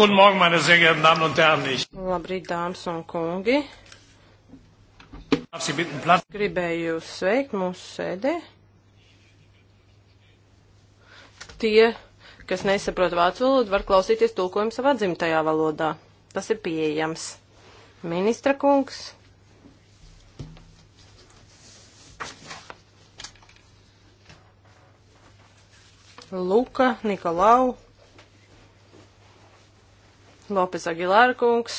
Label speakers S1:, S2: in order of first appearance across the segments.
S1: Guten Morgen, meine sehr geehrten Damen und Herren. Ich
S2: Labrīt, dāmas un kungi. Gribēju jūs sveikt mūsu sēdē. Tie, kas nesaprot vācu valodu, var klausīties tulkojumu savā dzimtajā valodā. Tas ir pieejams. Ministra kungs. Luka, Nikolau. Lopes Agilāra kungs.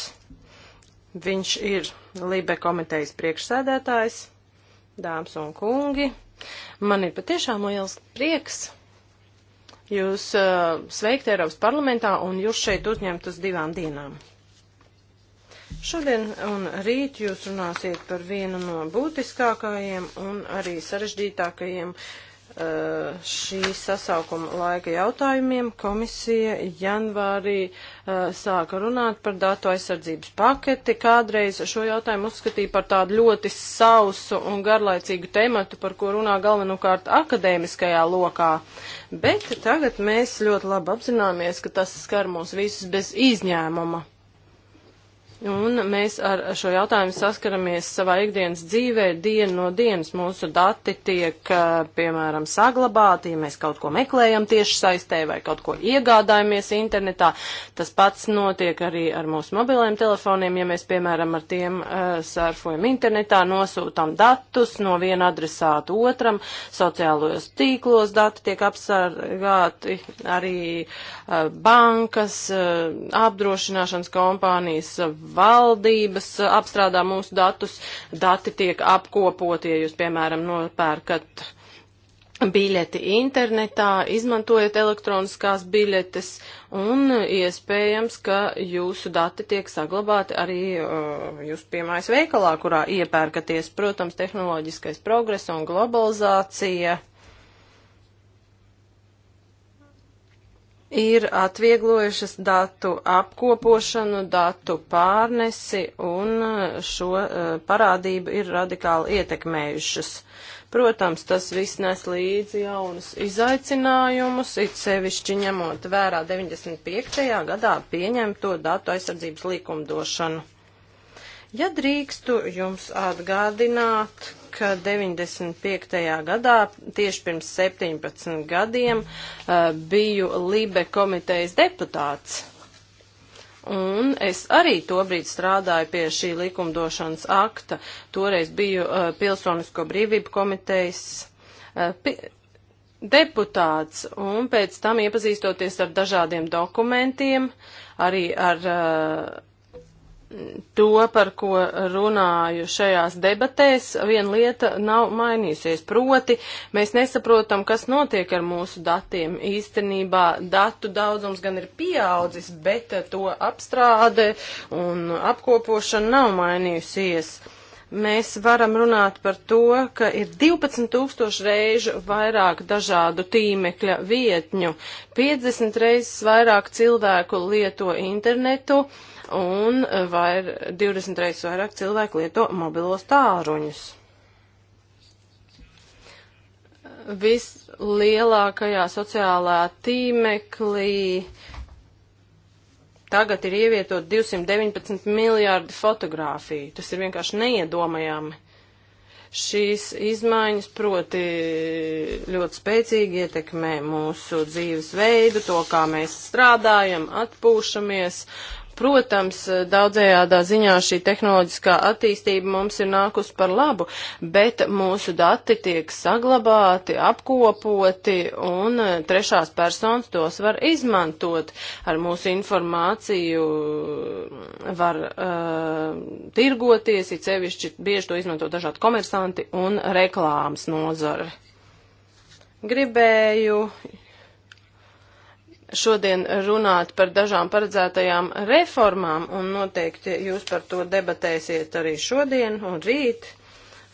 S2: Viņš ir Libe komitejas priekšsēdētājs, dāmas un kungi. Man ir patiešām liels prieks jūs uh, sveikt Eiropas parlamentā un jūs šeit uzņemt uz divām dienām. Šodien un rīt jūs runāsiet par vienu no būtiskākajiem un arī sarežģītākajiem uh, Eh, šī sasaukuma laika jautājumiem komisija janvārī uh, sāka runāt par datu aizsardzības paketi. Kādreiz šo jautājumu uzskatīja par tādu ļoti sausu un garlaicīgu tematu, par ko runā galvenokārt akadēmiskajā lokā. Bet tagad mēs ļoti labi apzināmies, ka tas skar mūs visus bez izņēmuma. Un mēs ar šo jautājumu saskaramies savā ikdienas dzīvē, dienu no dienas. Mūsu dati tiek, eh, piemēram, saglabāti, ja mēs kaut ko meklējam tieši saistē vai kaut ko iegādājamies internetā. Tas pats notiek arī ar mūsu mobiliem telefoniem, ja mēs, piemēram, ar tiem uh, sērfojam internetā, nosūtam datus no viena adresāta otram, sociālajos tīklos dati tiek apsargāti, arī uh, bankas, uh, apdrošināšanas kompānijas, valdības eh, apstrādā mūsu datus, dati tiek apkopoti, ja jūs, piemēram, nopērkat biļeti internetā, izmantojat elektroniskās biļetes un iespējams, ka jūsu dati tiek saglabāti arī uh, eh, jūsu piemājas veikalā, kurā iepērkaties. Protams, tehnoloģiskais progress un globalizācija ir atvieglojušas datu apkopošanu, datu pārnesi un uh, šo uh, parādību ir radikāli ietekmējušas. Protams, tas viss nes līdzi jaunus izaicinājumus, it sevišķi ņemot vērā 95. gadā pieņemto datu aizsardzības likumdošanu. Ja drīkstu jums atgādināt, ka 95. gadā, tieši pirms 17 gadiem, eh, biju Libe komitejas deputāts. Un es arī tobrīd strādāju pie šī likumdošanas akta. Toreiz biju eh, Pilsonisko brīvību komitejas eh, deputāts, un pēc tam iepazīstoties ar dažādiem dokumentiem, arī ar uh, to, par ko runāju šajās debatēs, viena lieta nav mainīsies. Proti, mēs nesaprotam, kas notiek ar mūsu datiem. Īstenībā datu daudzums gan ir pieaudzis, bet to apstrāde un apkopošana nav mainījusies mēs varam runāt par to, ka ir 12 tūkstoši reižu vairāk dažādu tīmekļa vietņu, 50 reizes vairāk cilvēku lieto internetu, uh, un vair, 20 reizes vairāk cilvēku lieto mobilos tāruņus. Vislielākajā sociālā tīmeklī tagad ir ievietot 219 miljārdi fotografiju. Tas ir vienkārši neiedomājami. Šīs izmaiņas proti ļoti spēcīgi ietekmē mūsu dzīves veidu, to, kā mēs strādājam, atpūšamies, uh, Protams, daudzējādā ziņā šī tehnoloģiskā attīstība mums ir nākus par labu, bet mūsu dati tiek saglabāti, apkopoti un eh, trešās personas tos var izmantot. Ar mūsu informāciju mm, var uh, tirgoties, it sevišķi bieži to izmanto dažādi komersanti un reklāmas nozare. Gribēju šodien runāt par dažām paredzētajām reformām, un noteikti jūs par to debatēsiet arī šodien un rīt.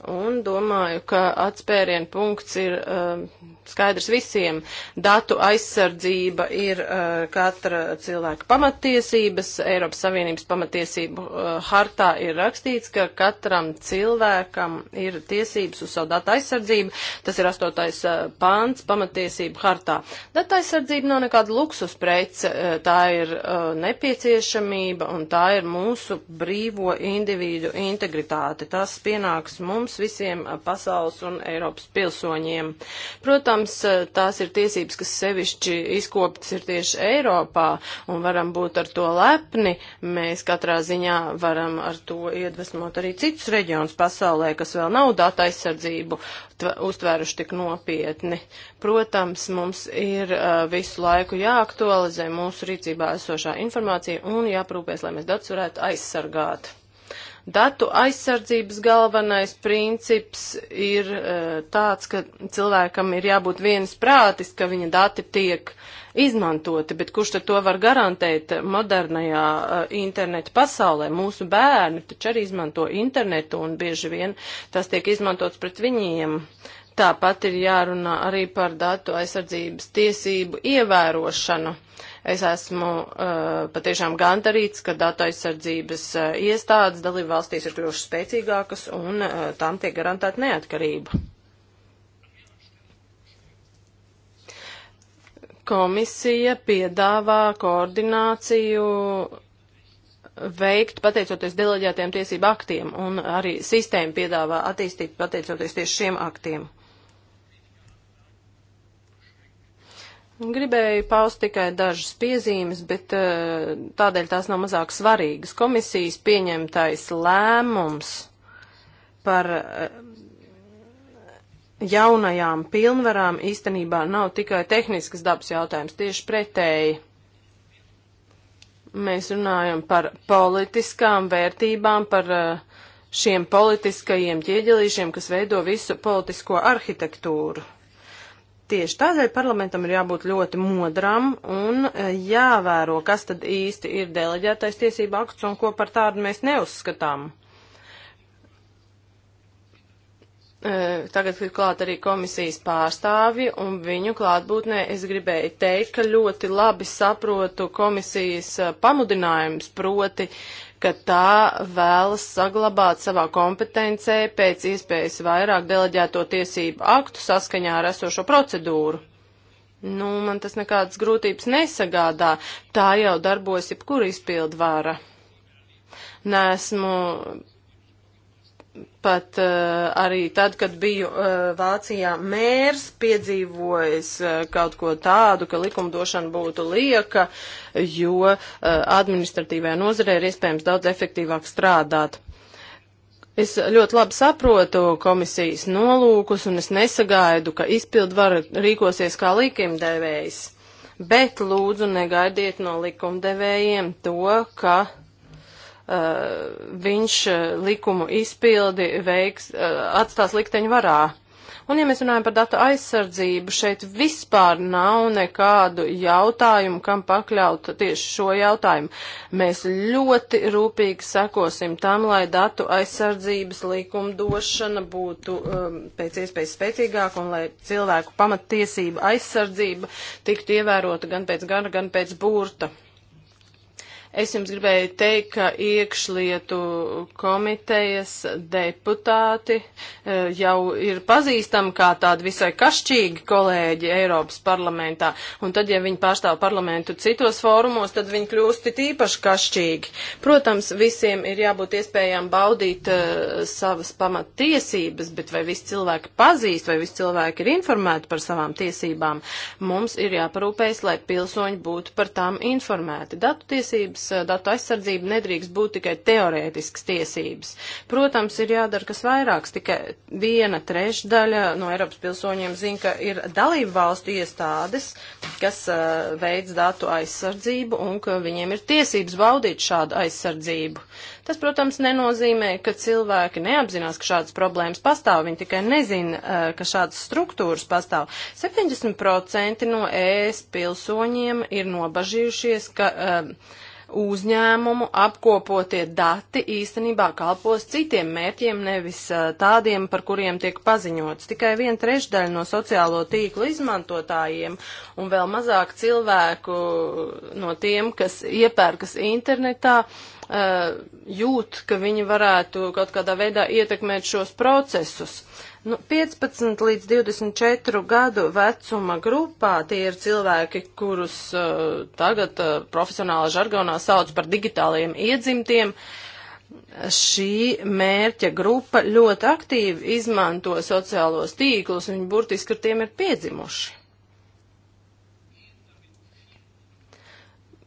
S2: Un domāju, ka atspērienu punkts ir uh, skaidrs visiem. Datu aizsardzība ir uh, katra cilvēka pamatiesības. Eiropas Savienības pamatiesību uh, hartā ir rakstīts, ka katram cilvēkam ir tiesības uz savu datu aizsardzību. Tas ir astotais uh, pāns pamatiesību hartā. Data aizsardzība nav nekāda luksus prece, uh, tā ir uh, nepieciešamība un tā ir mūsu brīvo individu integritāte. Tas pienāks mums mums visiem pasaules un Eiropas pilsoņiem. Protams, tās ir tiesības, kas sevišķi izkoptas ir tieši Eiropā un varam būt ar to lepni. Mēs katrā ziņā varam ar to iedvesmot arī citus reģionus pasaulē, kas vēl nav data aizsardzību uztvēruši tik nopietni. Protams, mums ir uh, visu laiku jāaktualizē mūsu rīcībā esošā informācija un jāprūpēs, lai mēs datus varētu aizsargāt. Datu aizsardzības galvenais princips ir e, tāds, ka cilvēkam ir jābūt vienas prātis, ka viņa dati tiek izmantoti, bet kurš tad to var garantēt modernajā e, interneta pasaulē? Mūsu bērni taču arī izmanto internetu un bieži vien tas tiek izmantots pret viņiem. Tāpat ir jārunā arī par datu aizsardzības tiesību ievērošanu. Uh, Es esmu uh, patiešām gandarīts, ka datu aizsardzības uh, iestādes dalību valstīs ir kļuvušas spēcīgākas un uh, tām tiek garantēta neatkarība. Komisija piedāvā koordināciju veikt pateicoties deleģētiem tiesību aktiem, un arī sistēma piedāvā attīstīt pateicoties tieši šiem aktiem. Gribēju paust tikai dažas piezīmes, bet eh, tādēļ tās nav mazāk svarīgas. Komisijas pieņemtais lēmums par eh, jaunajām pilnvarām īstenībā nav tikai tehniskas dabas jautājums, tieši pretēji. Mēs runājam par politiskām vērtībām, par eh, šiem politiskajiem ķieģelīšiem, kas veido visu politisko arhitektūru. Tieši tādēļ parlamentam ir jābūt ļoti modram un e, jāvēro, kas tad īsti ir deleģētais tiesība akts un ko par tādu mēs neuzskatām. E, tagad ir klāt arī komisijas pārstāvi, un viņu klātbūtnē es gribēju teikt, ka ļoti labi saprotu komisijas e, pamudinājums, proti uh, ka tā vēlas saglabāt savā kompetencē pēc iespējas vairāk deleģēto tiesību aktu saskaņā ar esošo procedūru. Nu, man tas nekādas grūtības nesagādā, tā jau darbojas jebkura izpildvāra. Nesmu pat uh, arī tad, kad biju uh, Vācijā mērs, piedzīvojis uh, kaut ko tādu, ka likumdošana būtu lieka, jo uh, administratīvajā nozarē ir iespējams daudz efektīvāk strādāt. Es ļoti labi saprotu komisijas nolūkus, un es nesagaidu, ka izpildvara rīkosies kā likumdevējs, bet lūdzu negaidiet no likumdevējiem to, ka uh, Uh, viņš uh, likumu izpildi veiks, uh, atstās likteņu varā. Un, ja mēs runājam par datu aizsardzību, šeit vispār nav nekādu jautājumu, kam pakļaut tieši šo jautājumu. Mēs ļoti rūpīgi sekosim tam, lai datu aizsardzības likumdošana būtu um, pēc iespējas spēcīgāka un lai cilvēku pamattiesība aizsardzība tiktu ievērota gan pēc gara, gan pēc burta. Es jums gribēju teikt, ka iekšlietu komitejas deputāti e, jau ir pazīstami kā tādi visai kašķīgi kolēģi Eiropas parlamentā. Un tad, ja viņi pārstāv parlamentu citos fórumos, tad viņi kļūst īpaši kašķīgi. Protams, visiem ir jābūt iespējām baudīt uh, savas pamattiesības, bet vai visi cilvēki pazīst, vai visi cilvēki ir informēti par savām tiesībām, mums ir jāparūpējas, lai pilsoņi būtu par tām informēti. Datu tiesības Eh, datu aizsardzība nedrīkst būt tikai teorētisks tiesības. Protams, ir jādara kas vairāks, tikai viena trešdaļa no Eiropas pilsoņiem zina, ka ir dalību valstu iestādes, kas uh, veids datu aizsardzību un ka viņiem ir tiesības baudīt šādu aizsardzību. Tas, protams, nenozīmē, ka cilvēki neapzinās, ka šādas problēmas pastāv, viņi tikai nezina, uh, ka šādas struktūras pastāv. 70% no ES pilsoņiem ir nobažījušies, ka uh, uzņēmumu apkopotie dati īstenībā kalpos citiem mērķiem, nevis tādiem, par kuriem tiek paziņots. Tikai viena trešdaļa no sociālo tīklu izmantotājiem un vēl mazāk cilvēku no tiem, kas iepērkas internetā, jūt, ka viņi varētu kaut kādā veidā ietekmēt šos procesus. Nu, 15 līdz 24 gadu vecuma grupā tie ir cilvēki, kurus uh, tagad uh, eh, profesionāla žargonā sauc par digitāliem iedzimtiem. Šī mērķa grupa ļoti aktīvi izmanto sociālos tīklus, viņi burtiski ar tiem ir piedzimuši.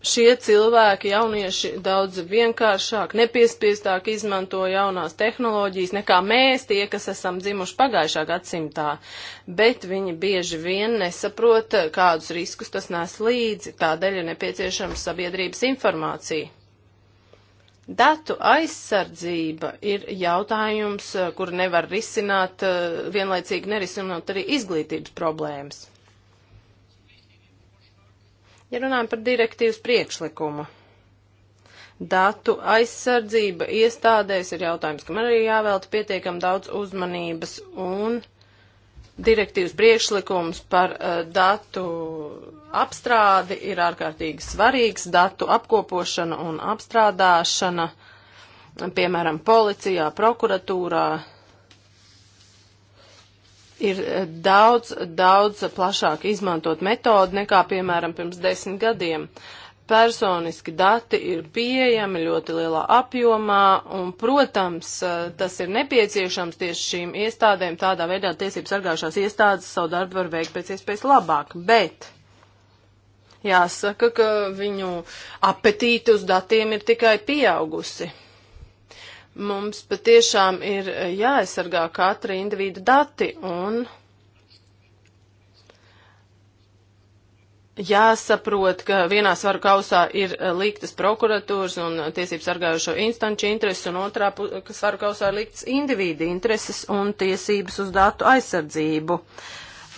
S2: šie cilvēki, jaunieši, daudz vienkāršāk, nepiespiestāk izmanto jaunās tehnoloģijas nekā mēs, tie, kas esam dzimuši pagājušā gadsimtā, bet viņi bieži vien nesaprot, kādus riskus tas nes līdzi, tādēļ ir nepieciešama sabiedrības informācija. Datu aizsardzība ir jautājums, kur nevar risināt, eh, vienlaicīgi nerisinot arī izglītības problēmas. Ja runājam par direktīvas priekšlikumu, datu aizsardzība iestādēs ir jautājums, kam arī jāvēlta pietiekam daudz uzmanības un direktīvas priekšlikums par uh, datu apstrādi ir ārkārtīgi svarīgs, datu apkopošana un apstrādāšana, piemēram, policijā, prokuratūrā, ir eh, daudz, daudz plašāk izmantot metodu nekā, piemēram, pirms desmit gadiem. Personiski dati ir pieejami ļoti lielā apjomā, un, protams, eh, tas ir nepieciešams tieši šīm iestādēm. Tādā veidā tiesības sargājušās iestādes savu darbu var veikt pēc iespējas labāk. Bet jāsaka, ka viņu apetīte uz datiem ir tikai pieaugusi. Mums patiešām ir eh, jāaizsargā katra individu dati un jāsaprot, ka vienā svaru kausā ir eh, liktas prokuratūras un tiesību sargājušo instanču intereses, un otrā svaru kausā ir liktas individu intereses un tiesības uz datu aizsardzību. Uh,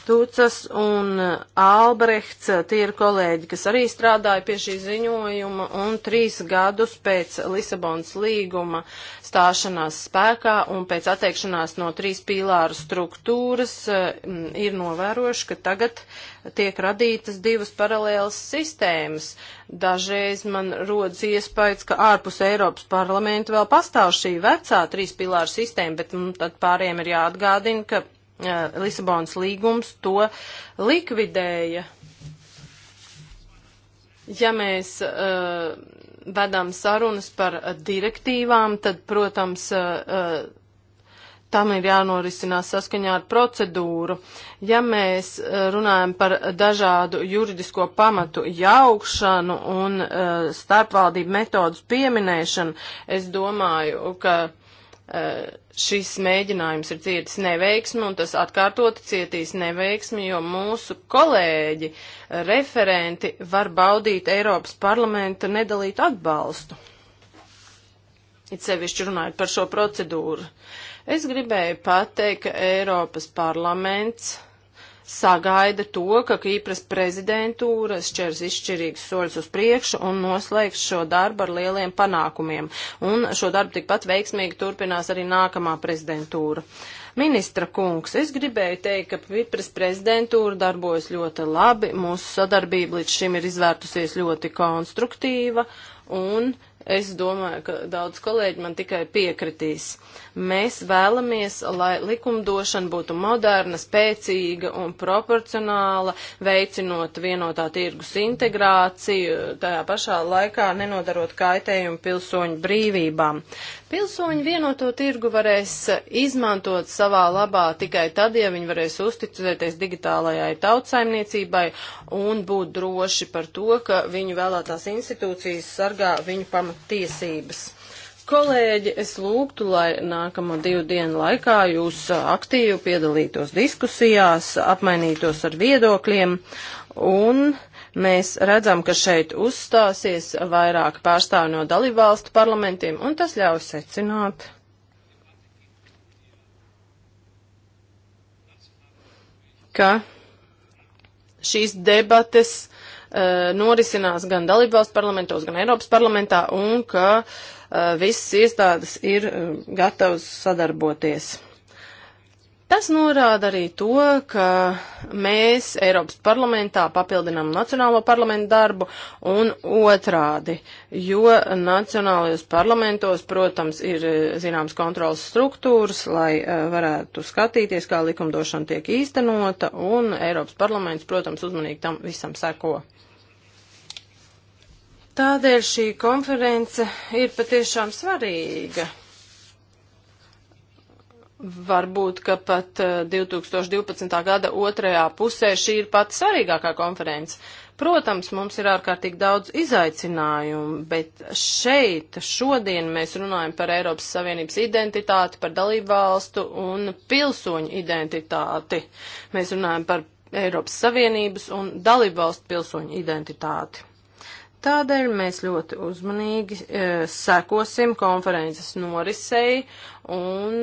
S2: Tucas un Albrechts, tie ir kolēģi, kas arī strādāja pie šī ziņojuma, un trīs gadus pēc Lisabonas līguma stāšanās spēkā un pēc atteikšanās no trīs pīlāru struktūras ir novērojuši, ka tagad tiek radītas divas paralēlas sistēmas. Dažreiz man rodas iespējas, ka ārpus Eiropas parlamenta vēl pastāv šī vecā trīs pīlāru sistēma, bet m, tad pāriem ir jāatgādina, ka Lisabonas līgums to likvidēja. Ja mēs uh, vedam sarunas par direktīvām, tad, protams, uh, uh tam ir jānorisinās saskaņā ar procedūru. Ja mēs uh, runājam par dažādu juridisko pamatu jaukšanu un uh, starpvaldību metodus pieminēšanu, es domāju, ka Eh, šis mēģinājums ir cietis neveiksmi, un tas atkārtoti cietīs neveiksmi, jo mūsu kolēģi, eh, referenti var baudīt Eiropas parlamenta nedalītu atbalstu. It sevišķi runājot par šo procedūru. Es gribēju pateikt, ka Eiropas parlaments uh, sagaida to, ka Kīpras prezidentūra šķers izšķirīgs soļus uz priekšu un noslēgs šo darbu ar lieliem panākumiem. Un šo darbu tikpat veiksmīgi turpinās arī nākamā prezidentūra. Ministra kungs, es gribēju teikt, ka Kipras prezidentūra darbojas ļoti labi, mūsu sadarbība līdz šim ir izvērtusies ļoti konstruktīva un uh, Es domāju, ka daudz kolēģi man tikai piekritīs. Mēs vēlamies, lai likumdošana būtu moderna, spēcīga un proporcionāla, veicinot vienotā tirgus integrāciju, tajā pašā laikā nenodarot kaitējumu pilsoņu brīvībām. Pilsoņi vienoto tirgu varēs izmantot savā labā tikai tad, ja viņi varēs uzticēties digitālajai tautsaimniecībai un būt droši par to, ka viņu vēlētās institūcijas sargā viņu pamatiesības. Kolēģi, es lūgtu, lai nākamo divu dienu laikā jūs aktīvi piedalītos diskusijās, apmainītos ar viedokļiem un uh, Mēs redzam, ka šeit uzstāsies vairāk pārstāvi no dalībvalstu parlamentiem, un tas ļauj secināt. ka šīs debates uh, norisinās gan dalībvalstu parlamentos, gan Eiropas parlamentā, un ka uh, visas iestādes ir uh, gatavas sadarboties. Tas norāda arī to, ka mēs Eiropas parlamentā papildinām Nacionālo parlamentu darbu un otrādi, jo Nacionālajos parlamentos, protams, ir eh, zināms kontrolas struktūras, lai eh, varētu skatīties, kā likumdošana tiek īstenota, un Eiropas parlaments, protams, uzmanīgi tam visam seko. Tādēļ šī konference ir patiešām svarīga. Varbūt, ka pat 2012. Eh, gada otrajā pusē šī ir pati svarīgākā konference. Protams, mums ir ārkārtīgi daudz izaicinājumu, bet šeit šodien mēs runājam par Eiropas Savienības identitāti, par dalību valstu un pilsoņu identitāti. Mēs runājam par Eiropas Savienības un dalību valstu pilsoņu identitāti. Tādēļ mēs ļoti uzmanīgi e, sekosim konferences norisei un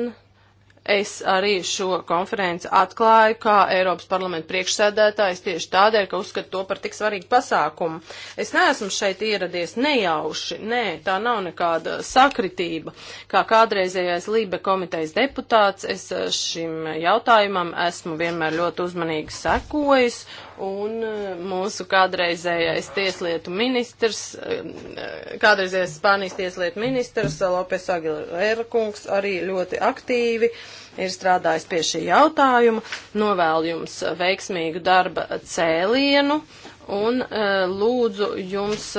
S2: Es arī šo konferenci atklāju kā Eiropas parlamenta priekšsēdētājs tieši tādēļ, ka uzskatu to par tik svarīgu pasākumu. Es neesmu šeit ieradies nejauši, nē, tā nav nekāda sakritība. Kā kādreizējais Lībe komitejas deputāts, es eh, šim jautājumam esmu vienmēr ļoti uzmanīgi sekojis un e, mūsu kādreizējais tieslietu ministrs, e, e, kādreizējais Spānijas tieslietu ministrs Lopes Aguilera kungs arī ļoti aktīvi ir strādājis pie šī jautājuma. Novēlu jums veiksmīgu darba cēlienu un lūdzu jums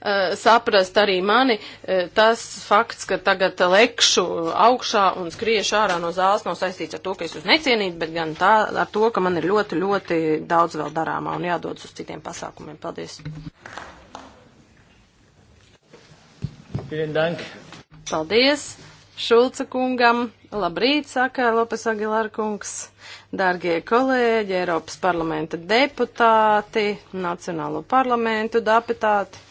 S2: Eh, saprast arī mani eh, tas fakts, ka tagad lekšu augšā un skriešu ārā no zāles nav saistīts ar to, ka es uz necienītu, bet gan tā, ar to, ka man ir ļoti, ļoti daudz vēl darāmā un jādodas uz citiem pasākumiem. Paldies! Paldies! Šulca kungam, labrīt, saka Lopes Agilāra kungs, dārgie kolēģi, Eiropas parlamenta deputāti, Nacionālo parlamentu deputāti.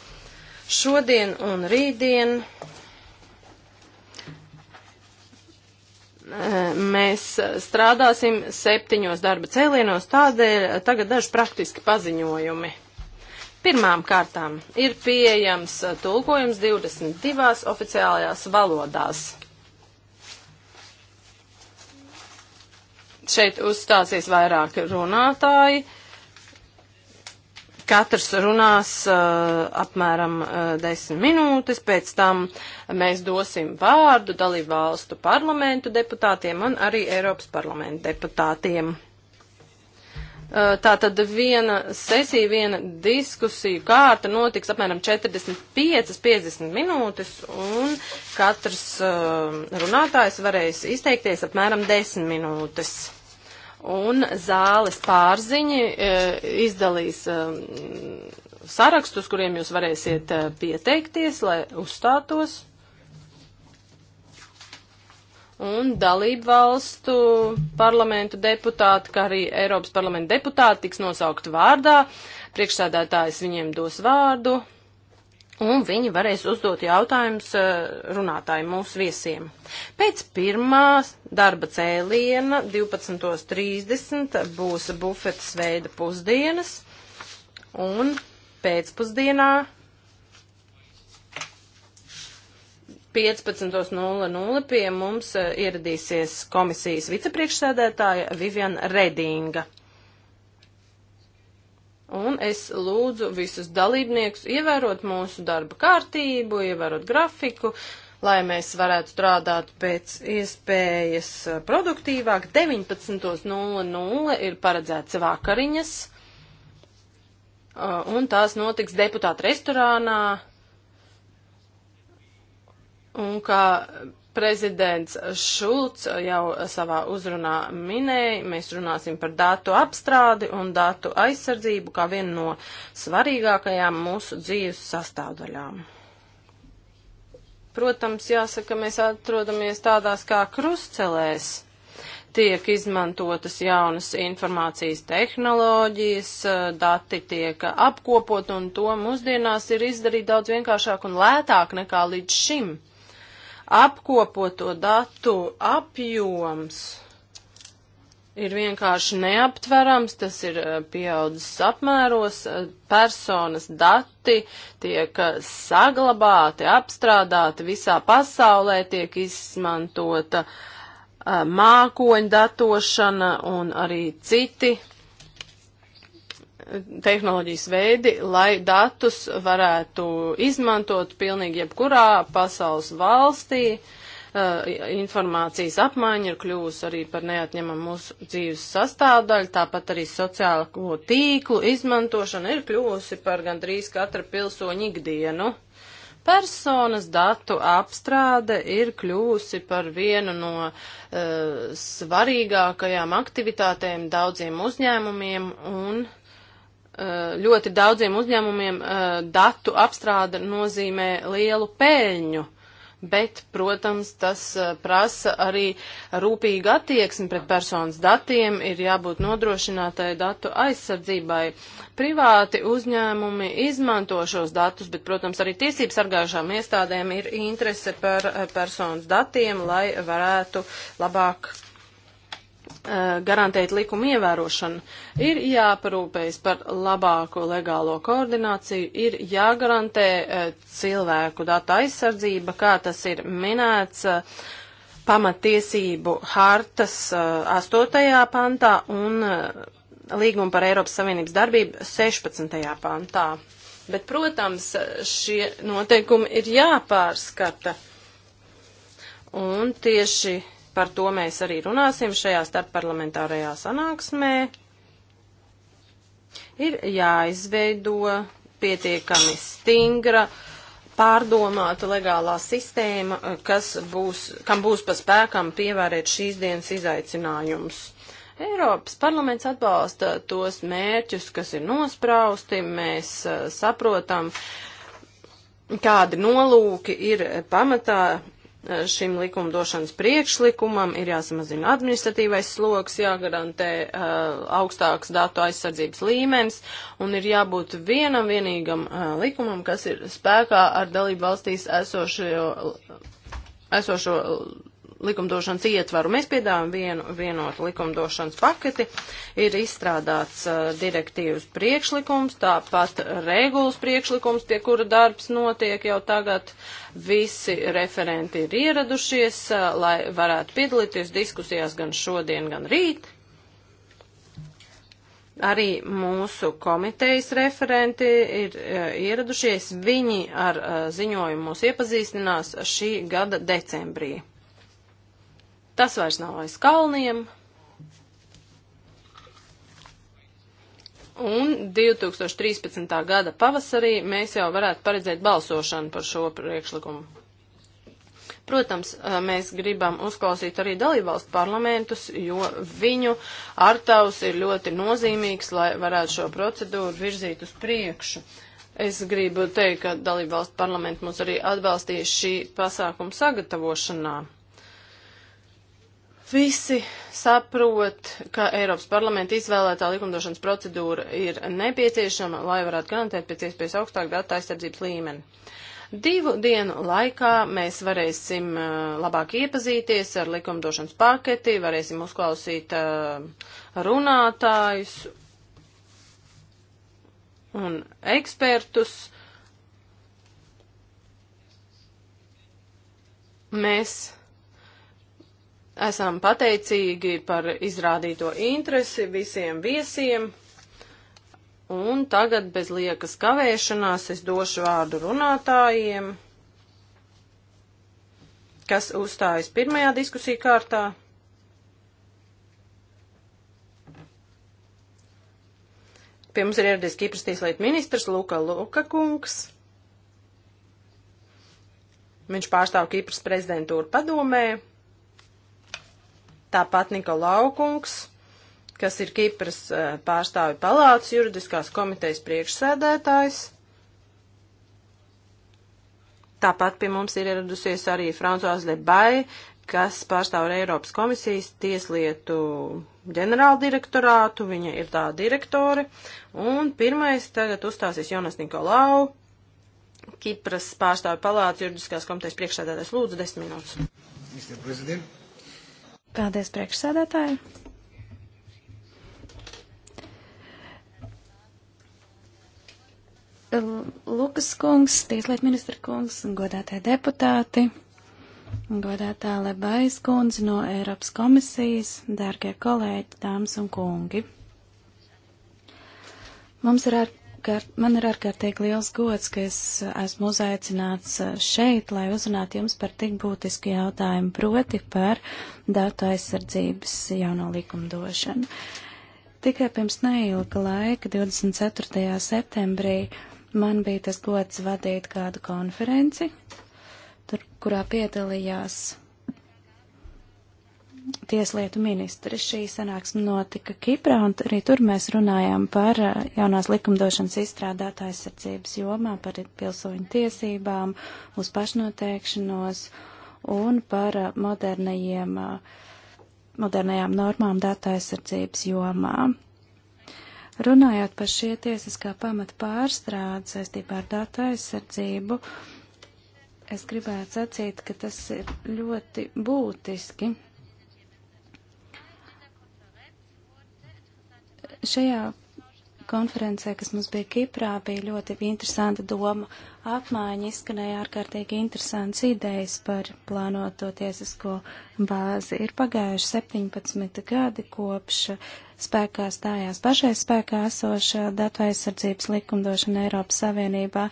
S2: Šodien un rītdien eh, mēs strādāsim septiņos darba cēlienos, tādēļ tagad daži praktiski paziņojumi. Pirmām kārtām ir pieejams tulkojums 22 oficiālajās valodās. Šeit uzstāsies vairāki runātāji. Uh, Katrs runās uh, apmēram uh, 10 minūtes, pēc tam mēs dosim vārdu dalību valstu parlamentu deputātiem un arī Eiropas parlamentu deputātiem. Uh, tā tad viena sesija, viena diskusija kārta notiks apmēram 45-50 minūtes, un katrs uh, runātājs varēs izteikties apmēram 10 minūtes un zāles pārziņi e, izdalīs e, sarakstus, kuriem jūs varēsiet e, pieteikties, lai uzstātos. Un dalību valstu parlamentu deputāti, kā arī Eiropas parlamenta deputāti tiks nosaukt vārdā. Priekšsēdētājs viņiem dos vārdu, un viņi varēs uzdot jautājumus eh, runātājiem mūsu viesiem. Pēc pirmās darba cēliena 12.30 būs bufetes veida pusdienas, un pēcpusdienā 15.00 pie mums eh, ieradīsies komisijas vicepriekšsēdētāja Viviana Redinga. Un es lūdzu visus dalībniekus ievērot mūsu darba kārtību, ievērot grafiku, lai mēs varētu strādāt pēc iespējas eh, produktīvāk. 19.00 ir paredzēts vakariņas, eh, un tās notiks deputāta restorānā. Un kā prezidents Šulcs jau savā uzrunā minēja, mēs runāsim par datu apstrādi un datu aizsardzību kā vienu no svarīgākajām mūsu dzīves sastāvdaļām. Protams, jāsaka, mēs atrodamies tādās kā krustcelēs tiek izmantotas jaunas informācijas tehnoloģijas, dati tiek apkopot, un to mūsdienās ir izdarīt daudz vienkāršāk un lētāk nekā līdz šim apkopoto datu apjoms ir vienkārši neaptverams, tas ir eh, pieaudzis apmēros, eh, personas dati tiek eh, saglabāti, apstrādāti visā pasaulē, tiek izmantota mākoņu datošana un arī citi tehnoloģijas veidi, lai datus varētu izmantot pilnīgi jebkurā pasaules valstī. Eh, informācijas apmaiņa ir kļuvusi arī par neatņemamu mūsu dzīves sastāvdaļu, tāpat arī sociālo tīklu izmantošana ir kļuvusi par gandrīz katra pilsoņa ikdienu. Personas datu apstrāde ir kļuvusi par vienu no uh, svarīgākajām aktivitātēm daudziem uzņēmumiem un uh, Eh, ļoti daudziem uzņēmumiem eh, datu apstrāde nozīmē lielu pēļņu. Bet, protams, tas eh, prasa arī rūpīgu attieksmi pret personas datiem, ir jābūt nodrošinātai datu aizsardzībai. Privāti uzņēmumi izmanto šos datus, bet, protams, arī tiesības sargājušām iestādēm ir interese par personas datiem, lai varētu labāk Uh, garantēt likumu ievērošanu, ir jāparūpējas par labāko legālo koordināciju, ir jāgarantē uh, cilvēku data aizsardzība, kā tas ir minēts uh, pamatiesību hartas 8. pantā un līguma par Eiropas Savienības darbību 16. pantā. Bet, protams, šie noteikumi ir jāpārskata. Un tieši Par to mēs arī runāsim šajā starpparlamentārajā sanāksmē. Ir jāizveido pietiekami stingra, pārdomāta legālā sistēma, kas būs, kam būs pa spēkam pievērēt šīs dienas izaicinājumus. Eiropas parlaments atbalsta tos mērķus, kas ir nosprausti, mēs eh, saprotam, kādi nolūki ir pamatā Eh, šim likumdošanas priekšlikumam ir jāsamazina administratīvais sloks, jāgarantē uh, augstāks datu aizsardzības līmenis un ir jābūt vienam vienīgam uh, likumam, kas ir spēkā ar dalību valstīs esošo, esošo likumdošanas ietvaru. Mēs piedāvājam vienu vienotu likumdošanas paketi, ir izstrādāts uh, direktīvas priekšlikums, tāpat regulas priekšlikums, pie kura darbs notiek jau tagad. Visi referenti ir ieradušies, uh, lai varētu piedalīties diskusijās gan šodien, gan rīt. Arī mūsu komitejas referenti ir uh, ieradušies. Viņi ar uh, ziņojumu mūs iepazīstinās šī gada decembrī. Tas vairs nav aiz kalniem. Un 2013. gada pavasarī mēs jau varētu paredzēt balsošanu par šo priekšlikumu. Protams, mēs gribam uzklausīt arī dalībvalstu parlamentus, jo viņu ārtaus ir ļoti nozīmīgs, lai varētu šo procedūru virzīt uz priekšu. Es gribu teikt, ka dalībvalstu parlamenti mūs arī atbalstīs šī pasākuma sagatavošanā. Visi saprot, ka Eiropas parlamenta izvēlētā likumdošanas procedūra ir nepieciešama, lai varētu garantēt pēc iespējas augstāku datu aizsardzības līmeni. Divu dienu laikā mēs varēsim eh, labāk iepazīties ar likumdošanas paketi, varēsim uzklausīt eh, runātājus un ekspertus. Mēs Esam pateicīgi par izrādīto interesi visiem viesiem. Un tagad bez liekas kavēšanās es došu vārdu runātājiem, kas uzstājas pirmajā diskusiju kārtā. Pie mums ir ieradies Kipras tieslietu ministrs Luka Luka kungs. Viņš pārstāv Kipras prezidentūru padomē. Tāpat Nikolau Kungs, kas ir Kipras eh, pārstāvi palātas juridiskās komitejas priekšsēdētājs. Tāpat pie mums ir ieradusies arī Francois Lebai, kas pārstāv Eiropas komisijas tieslietu ģenerāldirektorātu, viņa ir tā direktore, un pirmais tagad uzstāsies Jonas Nikolau, Kipras pārstāvi palātas juridiskās komitejas priekšsēdētājs. Lūdzu, desmit minūtes.
S3: Mr. President. Paldies, priekšsēdētāji! Lukas kungs, tieslietu ministra kungs, godātie deputāti, godātā Lebais kundze no Eiropas komisijas, dārgie kolēģi, dāmas un kungi. Mums ir ar Kār, man ir ārkārtīgi liels gods, ka es esmu uzaicināts šeit, lai uzrunātu jums par tik būtisku jautājumu, proti par datu aizsardzības jauno likumdošanu. Tikai pirms neilga laika, 24. septembrī, man bija tas gods vadīt kādu konferenci, tur, kurā piedalījās tieslietu ministri. Šī sanāksme notika Kiprā, un arī tur mēs runājām par uh, jaunās likumdošanas izstrādāta aizsardzības jomā, par pilsoņu tiesībām, uz pašnoteikšanos un par uh, modernajiem, uh, modernajām normām data aizsardzības jomā. Runājot par šie tiesiskā pamata pārstrādi saistībā ar data aizsardzību, es gribētu sacīt, ka tas ir ļoti būtiski Šajā konferencē, kas mums bija Kiprā, bija ļoti interesanta doma apmaiņa, izskanēja ārkārtīgi interesants idejas par plānoto tiesisko bāzi. Ir pagājuši 17 gadi kopš spēkā stājās pašais spēkā esošā datu aizsardzības likumdošana Eiropas Savienībā.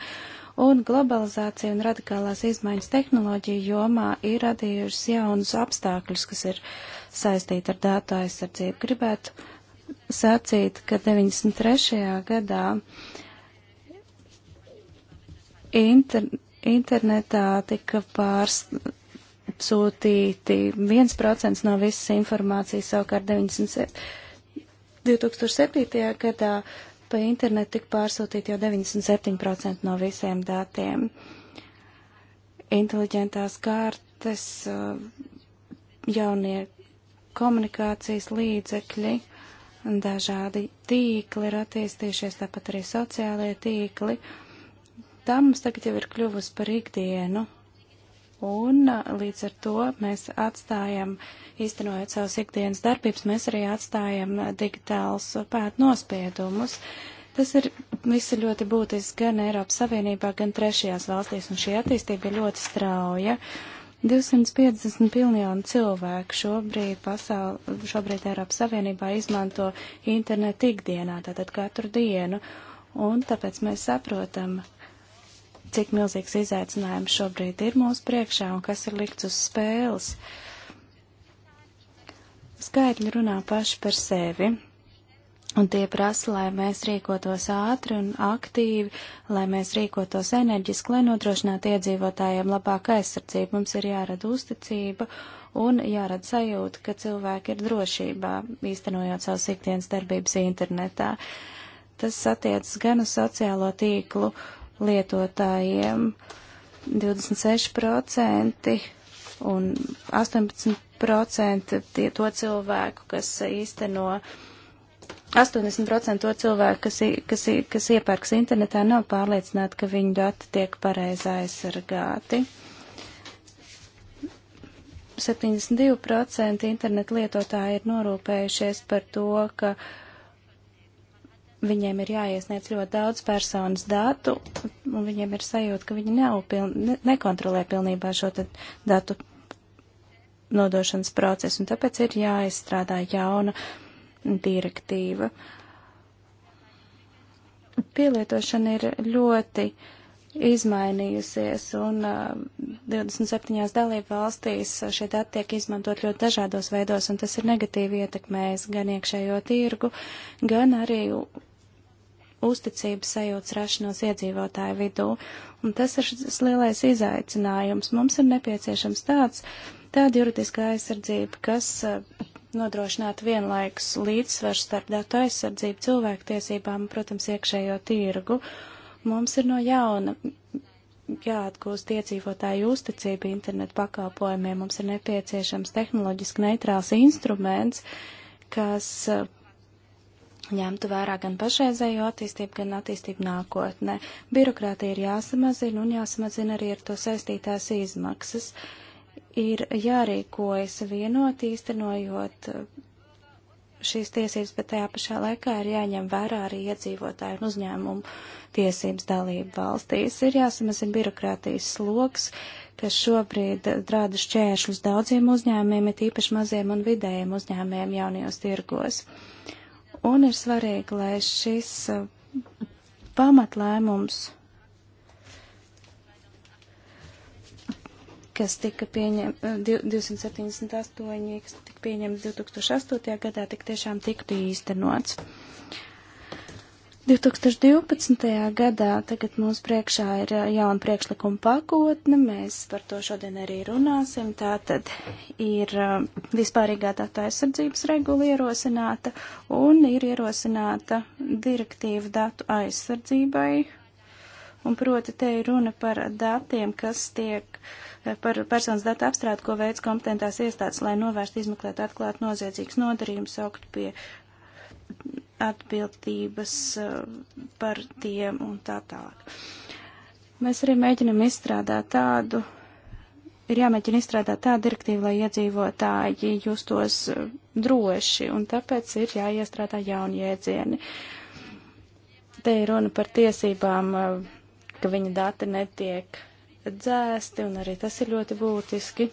S3: Un globalizācija un radikālās izmaiņas tehnoloģiju jomā ir radījušas jaunus apstākļus, kas ir saistīti ar datu aizsardzību. Gribētu sacīt, ka 93. gadā inter, internetā tika pārsūtīti 1% no visas informācijas, savukārt 97, 2007. gadā pa internetu tika pārsūtīti jau 97% no visiem datiem. Inteliģentās kartes, uh, jaunie komunikācijas līdzekļi dažādi tīkli ir attīstījušies, tāpat arī sociālie tīkli. Tā mums tagad jau ir kļuvusi par ikdienu. Un līdz ar to mēs atstājam, īstenojot savas ikdienas darbības, mēs arī atstājam digitāls pēt nospiedumus. Tas ir visi ļoti būtiski gan Eiropas Savienībā, gan trešajās valstīs, un šī attīstība ir ļoti strauja. Uh, 250 miljonu cilvēku šobrīd, pasauli, šobrīd Eiropas Savienībā izmanto internetu ikdienā, tātad katru dienu. Un tāpēc mēs saprotam, cik milzīgs izaicinājums šobrīd ir mūsu priekšā un kas ir likts uz spēles. Skaitļi runā paši par sevi. Un tie prasa, lai mēs rīkotos ātri un aktīvi, lai mēs rīkotos enerģiski, lai nodrošinātu iedzīvotājiem labāku aizsardzību. Mums ir jārada uzticība un jārada sajūta, ka cilvēki ir drošībā, īstenojot savus ikdienas darbības internetā. Tas attiecas gan uz sociālo tīklu lietotājiem 26% un 18% tie to cilvēku, kas īsteno 80% to cilvēku, kas, kas, kas iepērks internetā, nav pārliecināti, ka viņu dati tiek pareizi aizsargāti. 72% internetu lietotāji ir norūpējušies par to, ka viņiem ir jāiesniedz ļoti daudz personas datu, un viņiem ir sajūta, ka viņi neupiln, ne, nekontrolē pilnībā šo datu nodošanas procesu, un tāpēc ir jāizstrādā jauna direktīva. Pielietošana ir ļoti izmainījusies, un uh, 27. dalību valstīs šie dati tiek izmantot ļoti dažādos veidos, un tas ir negatīvi ietekmējis gan iekšējo tirgu, gan arī uzticības sajūtas rašanos iedzīvotāju vidū. Un tas ir šis lielais izaicinājums. Mums ir nepieciešams tāds, tāda juridiska aizsardzība, kas uh, nodrošināt vienlaikus līdzsvars starp datu aizsardzību, cilvēktiesībām un, protams, iekšējo tirgu. Mums ir no jauna jāatgūst iedzīvotāju uzticība internetu pakalpojumiem. Mums ir nepieciešams tehnoloģiski neitrāls instruments, kas eh, ņemtu vērā gan pašreizējo attīstību, gan attīstību nākotnē. Birokrātija ir jāsamazina un jāsamazina arī ar to saistītās izmaksas. Uh, ir jārīkojas vienot īstenojot šīs tiesības, bet tajā pašā laikā ir jāņem vērā arī iedzīvotāju un uzņēmumu tiesības dalību valstīs. Ir jāsamazina birokrātijas sloks, kas šobrīd rāda šķēršļus daudziem uzņēmumiem, it īpaši maziem un vidējiem uzņēmumiem jaunajos tirgos. Un ir svarīgi, lai šis uh, pamatlēmums kas tika pieņemta eh, 278, kas tika pieņemta 2008. gadā, tik tiešām tiktu īstenots. 2012. gadā tagad mums priekšā ir eh, jauna priekšlikuma pakotne, mēs par to šodien arī runāsim. Tā tad ir eh, vispārīgā data aizsardzības regula ierosināta un ir ierosināta direktīva datu aizsardzībai. Un proti te ir runa par datiem, kas tiek uh, par personas datu apstrādi, ko veids kompetentās iestādes, lai novērstu izmeklēt atklāt noziedzīgas nodarījumus, saukt pie atbildības uh, par tiem un tā tālāk. Mēs arī mēģinam izstrādāt tādu, ir jāmēģina izstrādāt tādu direktīvu, lai iedzīvotāji justos uh, droši, un tāpēc ir jāiestrādā jauni jēdzieni. Te ir runa par tiesībām, uh, ka viņa dati netiek dzēsti, un arī tas ir ļoti būtiski,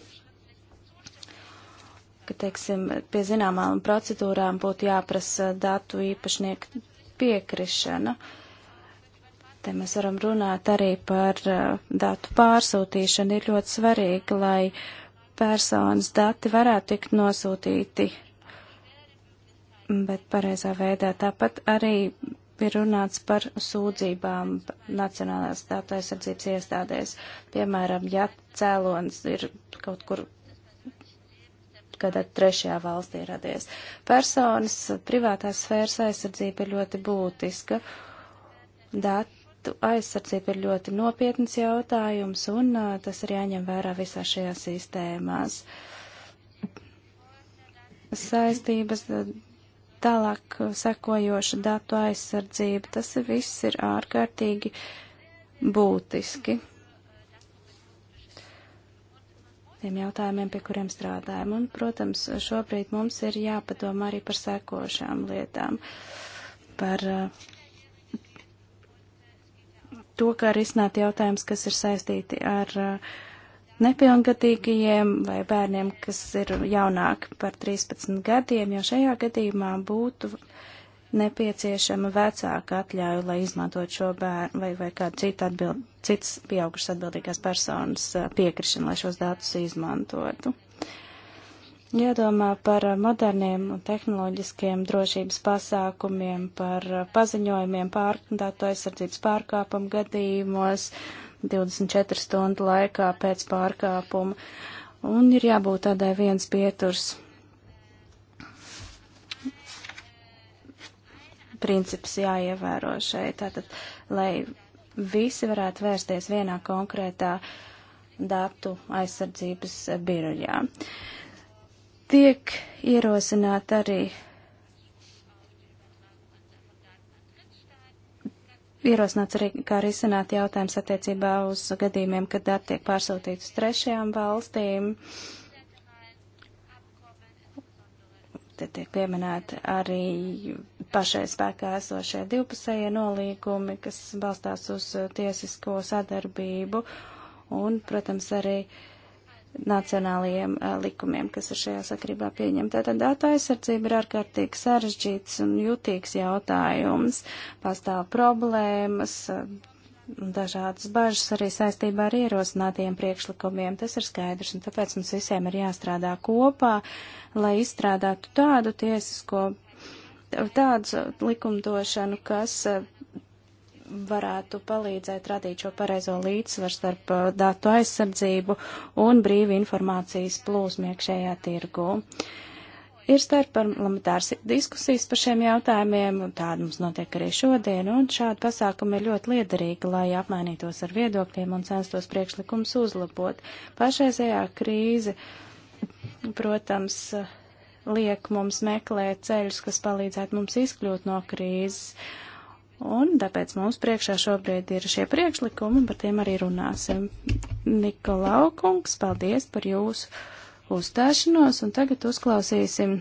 S3: ka, teiksim, pie zināmām procedūrām būtu jāprasa datu īpašnieku piekrišana. Te mēs varam runāt arī par uh, datu pārsūtīšanu. Ir ļoti svarīgi, lai personas dati varētu tikt nosūtīti, bet pareizā veidā tāpat arī ir runāts par sūdzībām Nacionālās datu aizsardzības iestādēs. Piemēram, ja cēlonis ir kaut kur kādā trešajā valstī radies. Personas privātās sfēras aizsardzība ir ļoti būtiska. Datu aizsardzība ir ļoti nopietns jautājums, un tas ir jāņem vērā visā šajā sistēmās. Saistības Tālāk uh, sekojoša datu aizsardzība, tas viss ir ārkārtīgi būtiski tiem jautājumiem, pie kuriem strādājam. Un, protams, šobrīd mums ir jāpadomā arī par sekošām lietām, par uh, to, kā risināt jautājumus, kas ir saistīti ar uh, nepilngadīgajiem vai bērniem, kas ir jaunāki par 13 gadiem, jo šajā gadījumā būtu nepieciešama vecāka atļauja, lai izmantot šo bērnu vai, vai kādu citu atbild, cits pieaugušas atbildīgās personas piekrišanu, lai šos datus izmantotu. Jādomā par moderniem un tehnoloģiskiem drošības pasākumiem, par paziņojumiem pār datu aizsardzības pārkāpumu gadījumos, uh, 24 stundu laikā pēc pārkāpuma. Un ir jābūt tādai viens pieturs princips jāievēro šeit, tātad, lai visi varētu vērsties vienā konkrētā datu aizsardzības birojā. Tiek ierosināt arī ierosināts arī, kā risināt jautājums attiecībā uz gadījumiem, kad dati tiek pārsūtīti uz trešajām valstīm. Te tiek pieminēti arī pašai spēkā esošie divpusējie nolīgumi, kas balstās uz tiesisko sadarbību un, protams, arī uh, nacionālajiem likumiem, kas ir šajā sakrībā pieņemta. Tātad datu aizsardzība ir ārkārtīgi sarežģīts un jutīgs jautājums. Pastāv problēmas, dažādas bažas arī saistībā ar ierosinātajiem priekšlikumiem. Tas ir skaidrs, un tāpēc mums visiem ir jāstrādā kopā, lai izstrādātu tādu tiesisko, tādu likumdošanu, kas varētu palīdzēt radīt šo pareizo līdzsvaru starp uh, datu aizsardzību un brīvu informācijas plūsmu iekšējā tirgu. Ir starpparlamentārs diskusijas par šiem jautājumiem, un tāda mums notiek arī šodien, un šāda pasākuma ir ļoti liederīga, lai apmainītos ar viedokļiem un censtos priekšlikums uzlabot. Pašreizējā krīze, protams, liek mums meklēt ceļus, kas palīdzētu mums izkļūt no krīzes. Uh, Un tāpēc mums priekšā šobrīd ir šie priekšlikumi, par tiem arī runāsim. Nikolau kungs, paldies par jūsu uzstāšanos, un tagad uzklausīsim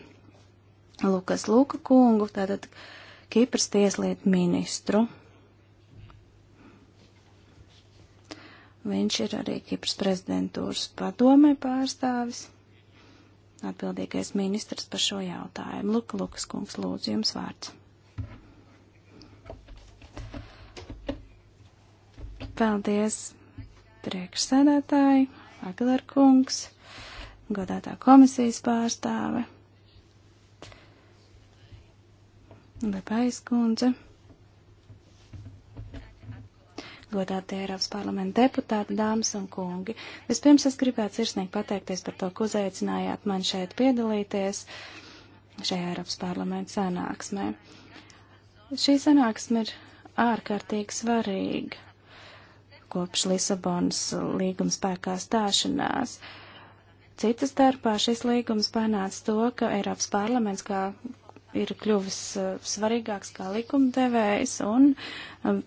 S3: Lukas Luka kungu, tātad Kipras tieslietu ministru. Viņš ir arī Kipras prezidentūras padomē pārstāvis, atbildīgais ministrs par šo jautājumu. Luka Lukas kungs, lūdzu, jums vārds. Paldies, priekšsēdētāji, Aglar kungs, godātā komisijas pārstāve, Lepais kundze, godātie Eiropas parlamenta deputāti, dāmas un kungi. Vispirms es gribētu sirsnīgi pateikties par to, ka uzaicinājāt man šeit piedalīties šajā Eiropas parlamenta sanāksmē. Šī sanāksme ir ārkārtīgi svarīga kopš Lisabonas līguma spēkā stāšanās. Citas starpā šis līgums panāca to, ka Eiropas parlaments kā ir kļuvis uh, svarīgāks kā likumdevējs un um,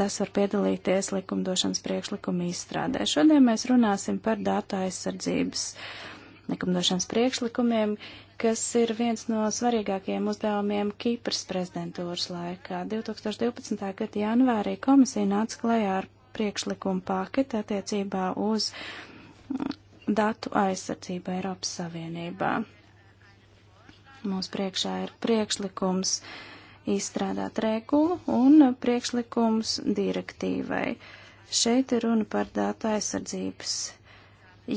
S3: tas var piedalīties likumdošanas priekšlikuma izstrādē. Šodien mēs runāsim par datu aizsardzības likumdošanas priekšlikumiem, kas ir viens no svarīgākajiem uzdevumiem Kīpras prezidentūras laikā. 2012. gada janvārī komisija nāca klajā ar priekšlikumu paketi attiecībā uz mm, datu aizsardzību Eiropas Savienībā. Mums priekšā ir priekšlikums izstrādāt regulu un priekšlikums direktīvai. Šeit ir runa par datu aizsardzības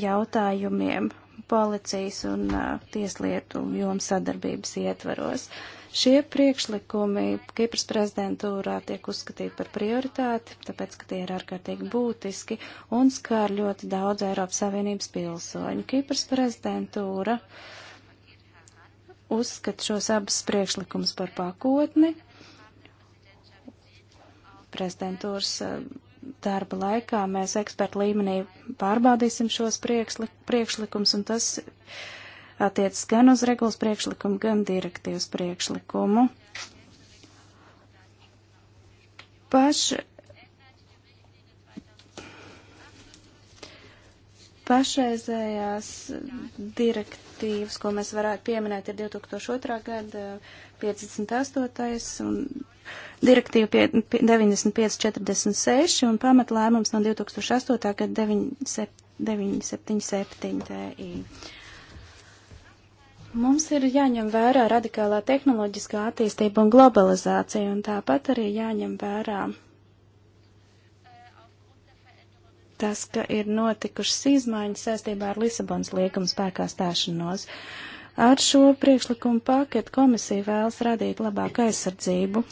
S3: jautājumiem policijas un uh, tieslietu jomu sadarbības ietvaros. Uh, Šie priekšlikumi Kipras prezidentūrā tiek uzskatīti par prioritāti, tāpēc, ka tie ir ārkārtīgi būtiski un skār ļoti daudz Eiropas Savienības pilsoņu. Kipras prezidentūra uzskata šos abus priekšlikumus par pakotni. Prezidentūras eh, darba laikā mēs ekspertu līmenī pārbaudīsim šos priekšlikums, un tas attiecas gan uz regulas priekšlikumu, gan direktīvas priekšlikumu. Paš, pašreizējās direktīvas, ko mēs varētu pieminēt, ir 2002. gada 58. un direktīva 9546 un pamatlēmums no 2008. gada 977 TI. Mums ir jāņem vērā radikālā tehnoloģiskā attīstība un globalizācija, un tāpat arī jāņem vērā tas, ka ir notikušas izmaiņas saistībā ar Lisabonas liekuma spēkā stāšanos. Ar šo priekšlikumu paketu komisija vēlas radīt labāku aizsardzību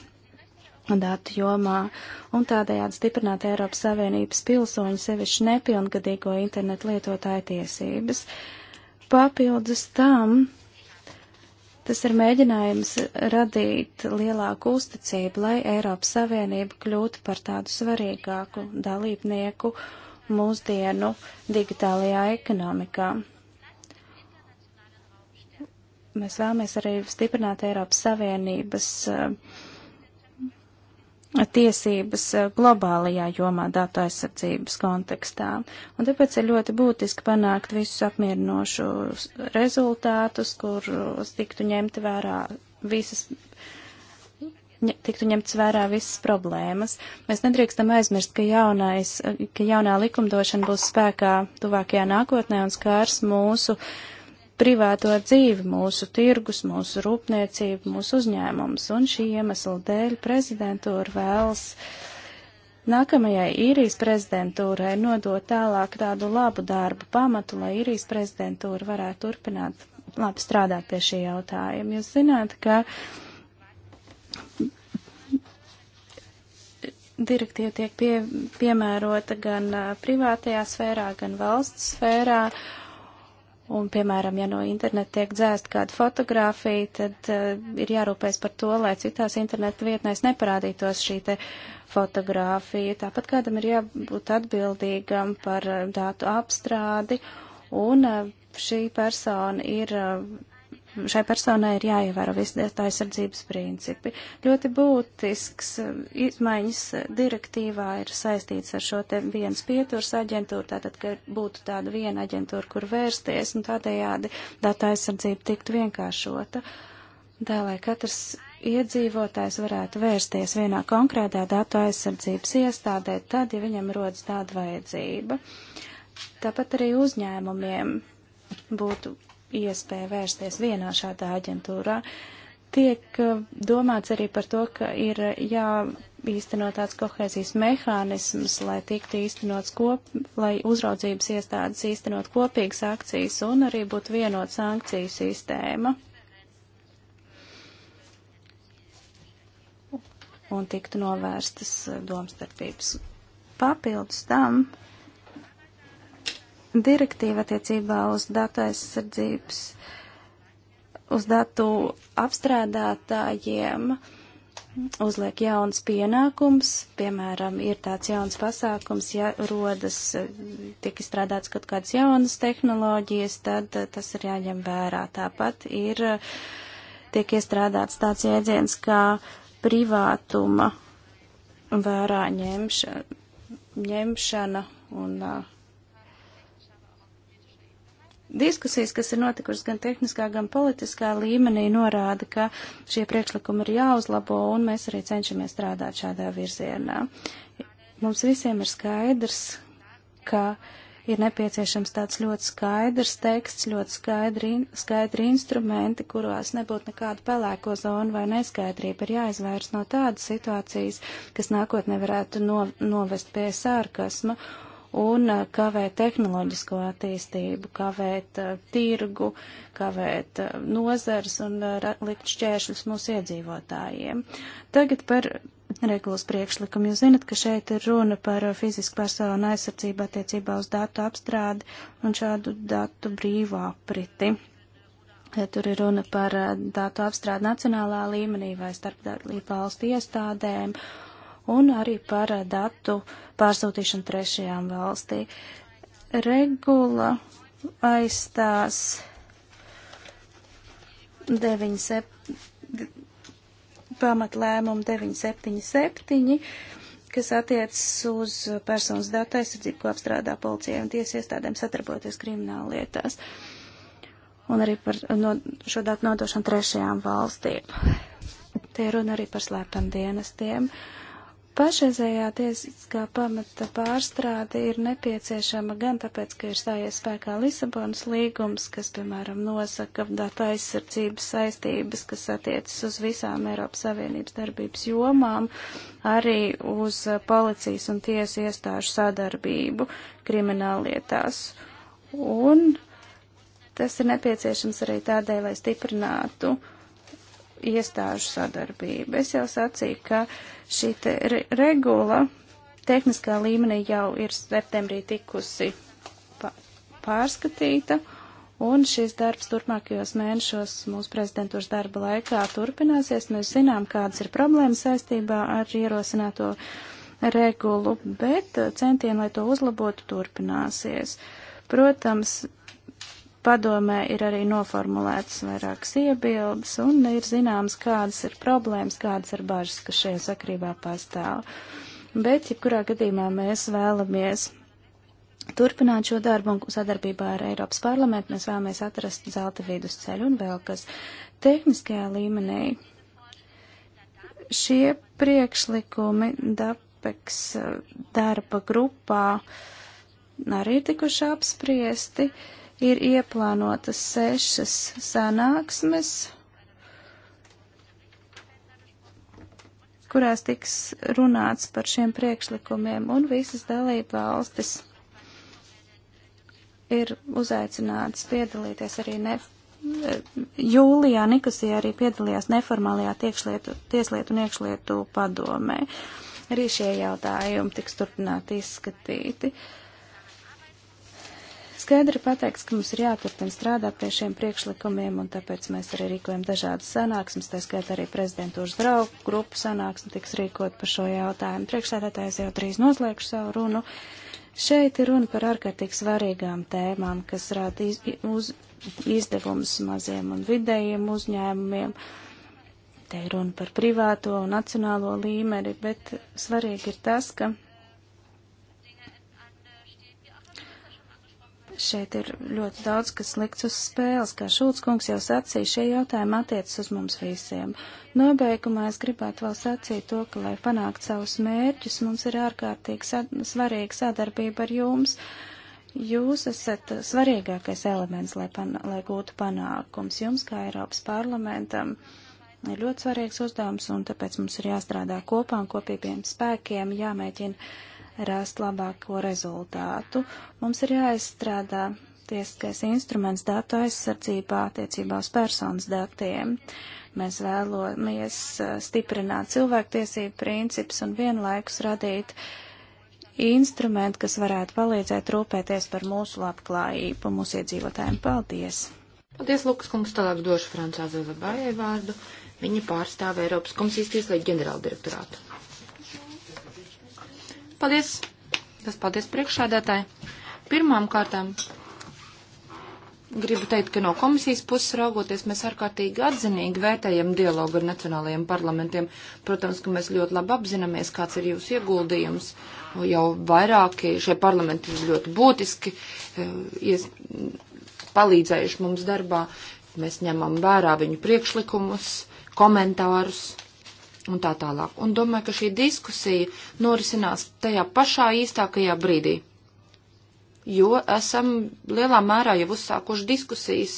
S3: datu jomā un tādējādi stiprināt Eiropas Savienības pilsoņu sevišķi nepilngadīgo internetu lietotāju tiesības. Papildus tam Tas ir mēģinājums radīt lielāku uzticību, lai Eiropas Savienība kļūtu par tādu svarīgāku dalībnieku mūsdienu digitālajā ekonomikā. Mēs vēlamies arī stiprināt Eiropas Savienības uh, tiesības eh, globālajā jomā datu aizsardzības kontekstā. Un tāpēc ir ļoti būtiski panākt visus apmierinošus rezultātus, kuros tiktu ņemti vērā visas tiktu ņemts vērā visas problēmas. Mēs nedrīkstam aizmirst, ka, jaunais, eh, ka jaunā likumdošana būs spēkā tuvākajā nākotnē un skārs mūsu uh, privāto dzīvi, mūsu tirgus, mūsu rūpniecību, mūsu uzņēmums, un šī iemesla dēļ prezidentūra vēlas nākamajai īrijas prezidentūrai nodot tālāk tādu labu darbu pamatu, lai īrijas prezidentūra varētu turpināt labi strādāt pie šī jautājuma. Jūs zināt, ka direktīva tiek pie, piemērota gan privātajā sfērā, gan valsts sfērā, uh, Un, piemēram, ja no interneta tiek dzēst kāda fotografija, tad uh, ir jārūpēs par to, lai citās interneta vietnēs neparādītos šī te fotografija. Tāpat kādam ir jābūt atbildīgam par uh, eh, dātu apstrādi, un uh, šī persona ir uh, šai personai ir jāievēro visi datu aizsardzības principi. Ļoti būtisks um, izmaiņas direktīvā ir saistīts ar šo te vienas pieturas aģentūru, tātad, ka būtu tāda viena aģentūra, kur vērsties, un tādējādi datu aizsardzība tiktu vienkāršota. Tā, lai katrs iedzīvotājs varētu vērsties vienā konkrētā datu aizsardzības iestādē, tad, ja viņam rodas tāda vajadzība. Tāpat arī uzņēmumiem būtu iespēja vērsties vienā šādā aģentūrā. Tiek uh, domāts arī par to, ka ir jāīsteno tāds kohēzijas mehānisms, lai tiktu īstenots kop, lai uzraudzības iestādes īstenot kopīgas akcijas un arī būtu vienot sankciju sistēma. Un tiktu novērstas uh, domstarpības. Papildus tam direktīva attiecībā uz datu aizsardzības, uz datu apstrādātājiem uzliek jauns pienākums, piemēram, ir tāds jauns pasākums, ja rodas, tiek izstrādāts kaut kādas jaunas tehnoloģijas, tad tas ir jāņem vērā. Tāpat ir, tiek iestrādāts tāds jēdziens kā privātuma vērā ņemša, ņemšana un uh, Diskusijas, kas ir notikušas gan tehniskā, gan politiskā līmenī, norāda, ka šie priekšlikumi ir jāuzlabo, un mēs arī cenšamies strādāt šādā virzienā. Mums visiem ir skaidrs, ka ir nepieciešams tāds ļoti skaidrs teksts, ļoti skaidri, skaidri instrumenti, kurās nebūtu nekāda pelēko zonu vai neskaidrība. Ir jāizvairs no tādas situācijas, kas nākotnē varētu no, novest pie sārkasma. Nu, un eh, kavēt tehnoloģisko attīstību, kavēt uh, tirgu, kavēt uh, eh, nozars un uh, likt šķēršļus mūsu iedzīvotājiem. Tagad par regulas priekšlikumu. Jūs zinat, ka šeit ir runa par fizisku personu aizsardzību attiecībā uz datu apstrādi un šādu datu brīvā priti. Ja tur ir runa par datu apstrādi nacionālā līmenī vai starp valstu iestādēm un arī par datu pārsūtīšanu trešajām valstī. Regula aizstās 9, pamatlēmumu 977, kas attiecas uz personas datu aizsardzību, ko apstrādā policijai un tiesa iestādēm sadarboties krimināllietās, un arī par no, šo datu nodošanu trešajām valstīm. Te runa arī par slēptam dienestiem. Uh, Pašreizējā tiesiskā pamata pārstrāde ir nepieciešama gan tāpēc, ka ir stājies spēkā Lisabonas līgums, kas, piemēram, nosaka datu aizsardzības saistības, kas attiecas uz visām Eiropas Savienības darbības jomām, arī uz policijas un tiesu iestāžu sadarbību krimināllietās. Un tas ir nepieciešams arī tādēļ, lai stiprinātu uh, iestāžu sadarbību. Es jau sacīju, ka šī te re regula tehniskā līmenī jau ir septembrī tikusi pa pārskatīta, un šis darbs turpmākajos mēnešos mūsu prezidentūras darba laikā turpināsies. Mēs zinām, kādas ir problēmas saistībā ar ierosināto regulu, bet centieni, lai to uzlabotu, turpināsies. Protams, padomē ir arī noformulētas vairākas iebildes un ir zināms, kādas ir problēmas, kādas ir bažas, kas šajā sakrībā pastāv. Bet, ja kurā gadījumā mēs vēlamies turpināt šo darbu un sadarbībā ar Eiropas parlamentu, mēs vēlamies atrast zelta vidusceļu un vēl kas tehniskajā līmenī. Šie priekšlikumi DAPEX eh, darba grupā arī tikuši apspriesti. Uh, ir ieplānotas sešas sanāksmes, kurās tiks runāts par šiem priekšlikumiem, un visas dalība valstis ir uzaicinātas piedalīties arī ne, jūlijā Nikosijā arī piedalījās neformālajā tiekšlietu, tieslietu un iekšlietu padomē. Arī šie jautājumi tiks turpināti izskatīti. Uh, skaidri pateikts, ka mums ir jāturpina strādāt pie šiem priekšlikumiem, un tāpēc mēs arī rīkojam dažādas sanāksmes, tā skaitā arī prezidentūras draugu grupu sanāksme tiks rīkot par šo jautājumu. Priekšsēdētājs jau drīz noslēgšu savu runu. Šeit ir runa par ārkārtīgi svarīgām tēmām, kas rāda iz, uz, izdevumus maziem un vidējiem uzņēmumiem. Te ir runa par privāto un nacionālo līmeni, bet svarīgi ir tas, ka šeit ir ļoti daudz, kas likts uz spēles, kā Šulc kungs jau sacīja, šie jautājumi attiecas uz mums visiem. Nobeigumā es gribētu vēl sacīt to, ka, lai panākt savus mērķus, mums ir ārkārtīgi sad svarīga sadarbība ar jums. Jūs esat svarīgākais elements, lai, pan lai gūtu panākums. Jums, kā Eiropas parlamentam, ir ļoti svarīgs uzdevums, un tāpēc mums ir jāstrādā kopā un kopīgiem spēkiem, jāmēģina rast labāko rezultātu. Mums ir jāizstrādā tiesiskais instruments datu aizsardzībā attiecībā uz personas datiem. Mēs vēlamies stiprināt cilvēktiesību principus un vienlaikus radīt instrumentu, kas varētu palīdzēt rūpēties par mūsu labklājību, mūsu iedzīvotājiem. Paldies!
S1: Paldies, Lukas kungs, tālāk došu Francāzai Labājai vārdu. Viņa pārstāv Eiropas komisijas tieslietu ģenerāldirektorātu. Paldies! Tas paldies priekšādātāji. Pirmām kārtām gribu teikt, ka no komisijas puses raugoties mēs ārkārtīgi atzinīgi vērtējam dialogu ar nacionālajiem parlamentiem. Protams, ka mēs ļoti labi apzināmies, kāds ir jūsu ieguldījums. Jau vairāki šie parlamenti ir ļoti būtiski eh, ies, palīdzējuši mums darbā. Mēs ņemam vērā viņu priekšlikumus, komentārus un tā tālāk. Un domāju, ka šī diskusija norisinās tajā pašā īstākajā brīdī, jo esam lielā mērā jau uzsākuši diskusijas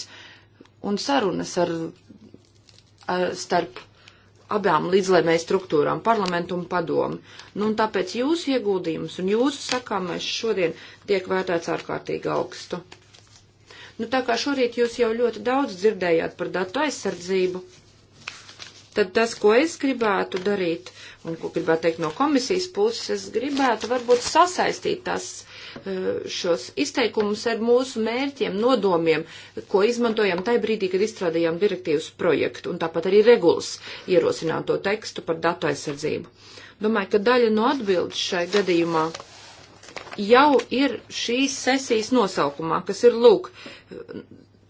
S1: un sarunas ar, ar starp abām līdzlēmēju struktūrām, parlamentu un padomu. Nu, un tāpēc jūsu ieguldījums un jūsu sakāmais šodien tiek vērtēts ārkārtīgi augstu. Nu, tā kā šorīt jūs jau ļoti daudz dzirdējāt par datu aizsardzību, Tad tas, ko es gribētu darīt un ko gribētu teikt no komisijas puses, es gribētu varbūt sasaistīt tās eh, šos izteikumus ar mūsu mērķiem, nodomiem, ko izmantojam tajā brīdī, kad izstrādājām direktīvas projektu un tāpat arī regulas ierosināto tekstu par datu aizsardzību. Domāju, ka daļa no atbildes šai gadījumā jau ir šīs sesijas nosaukumā, kas ir lūk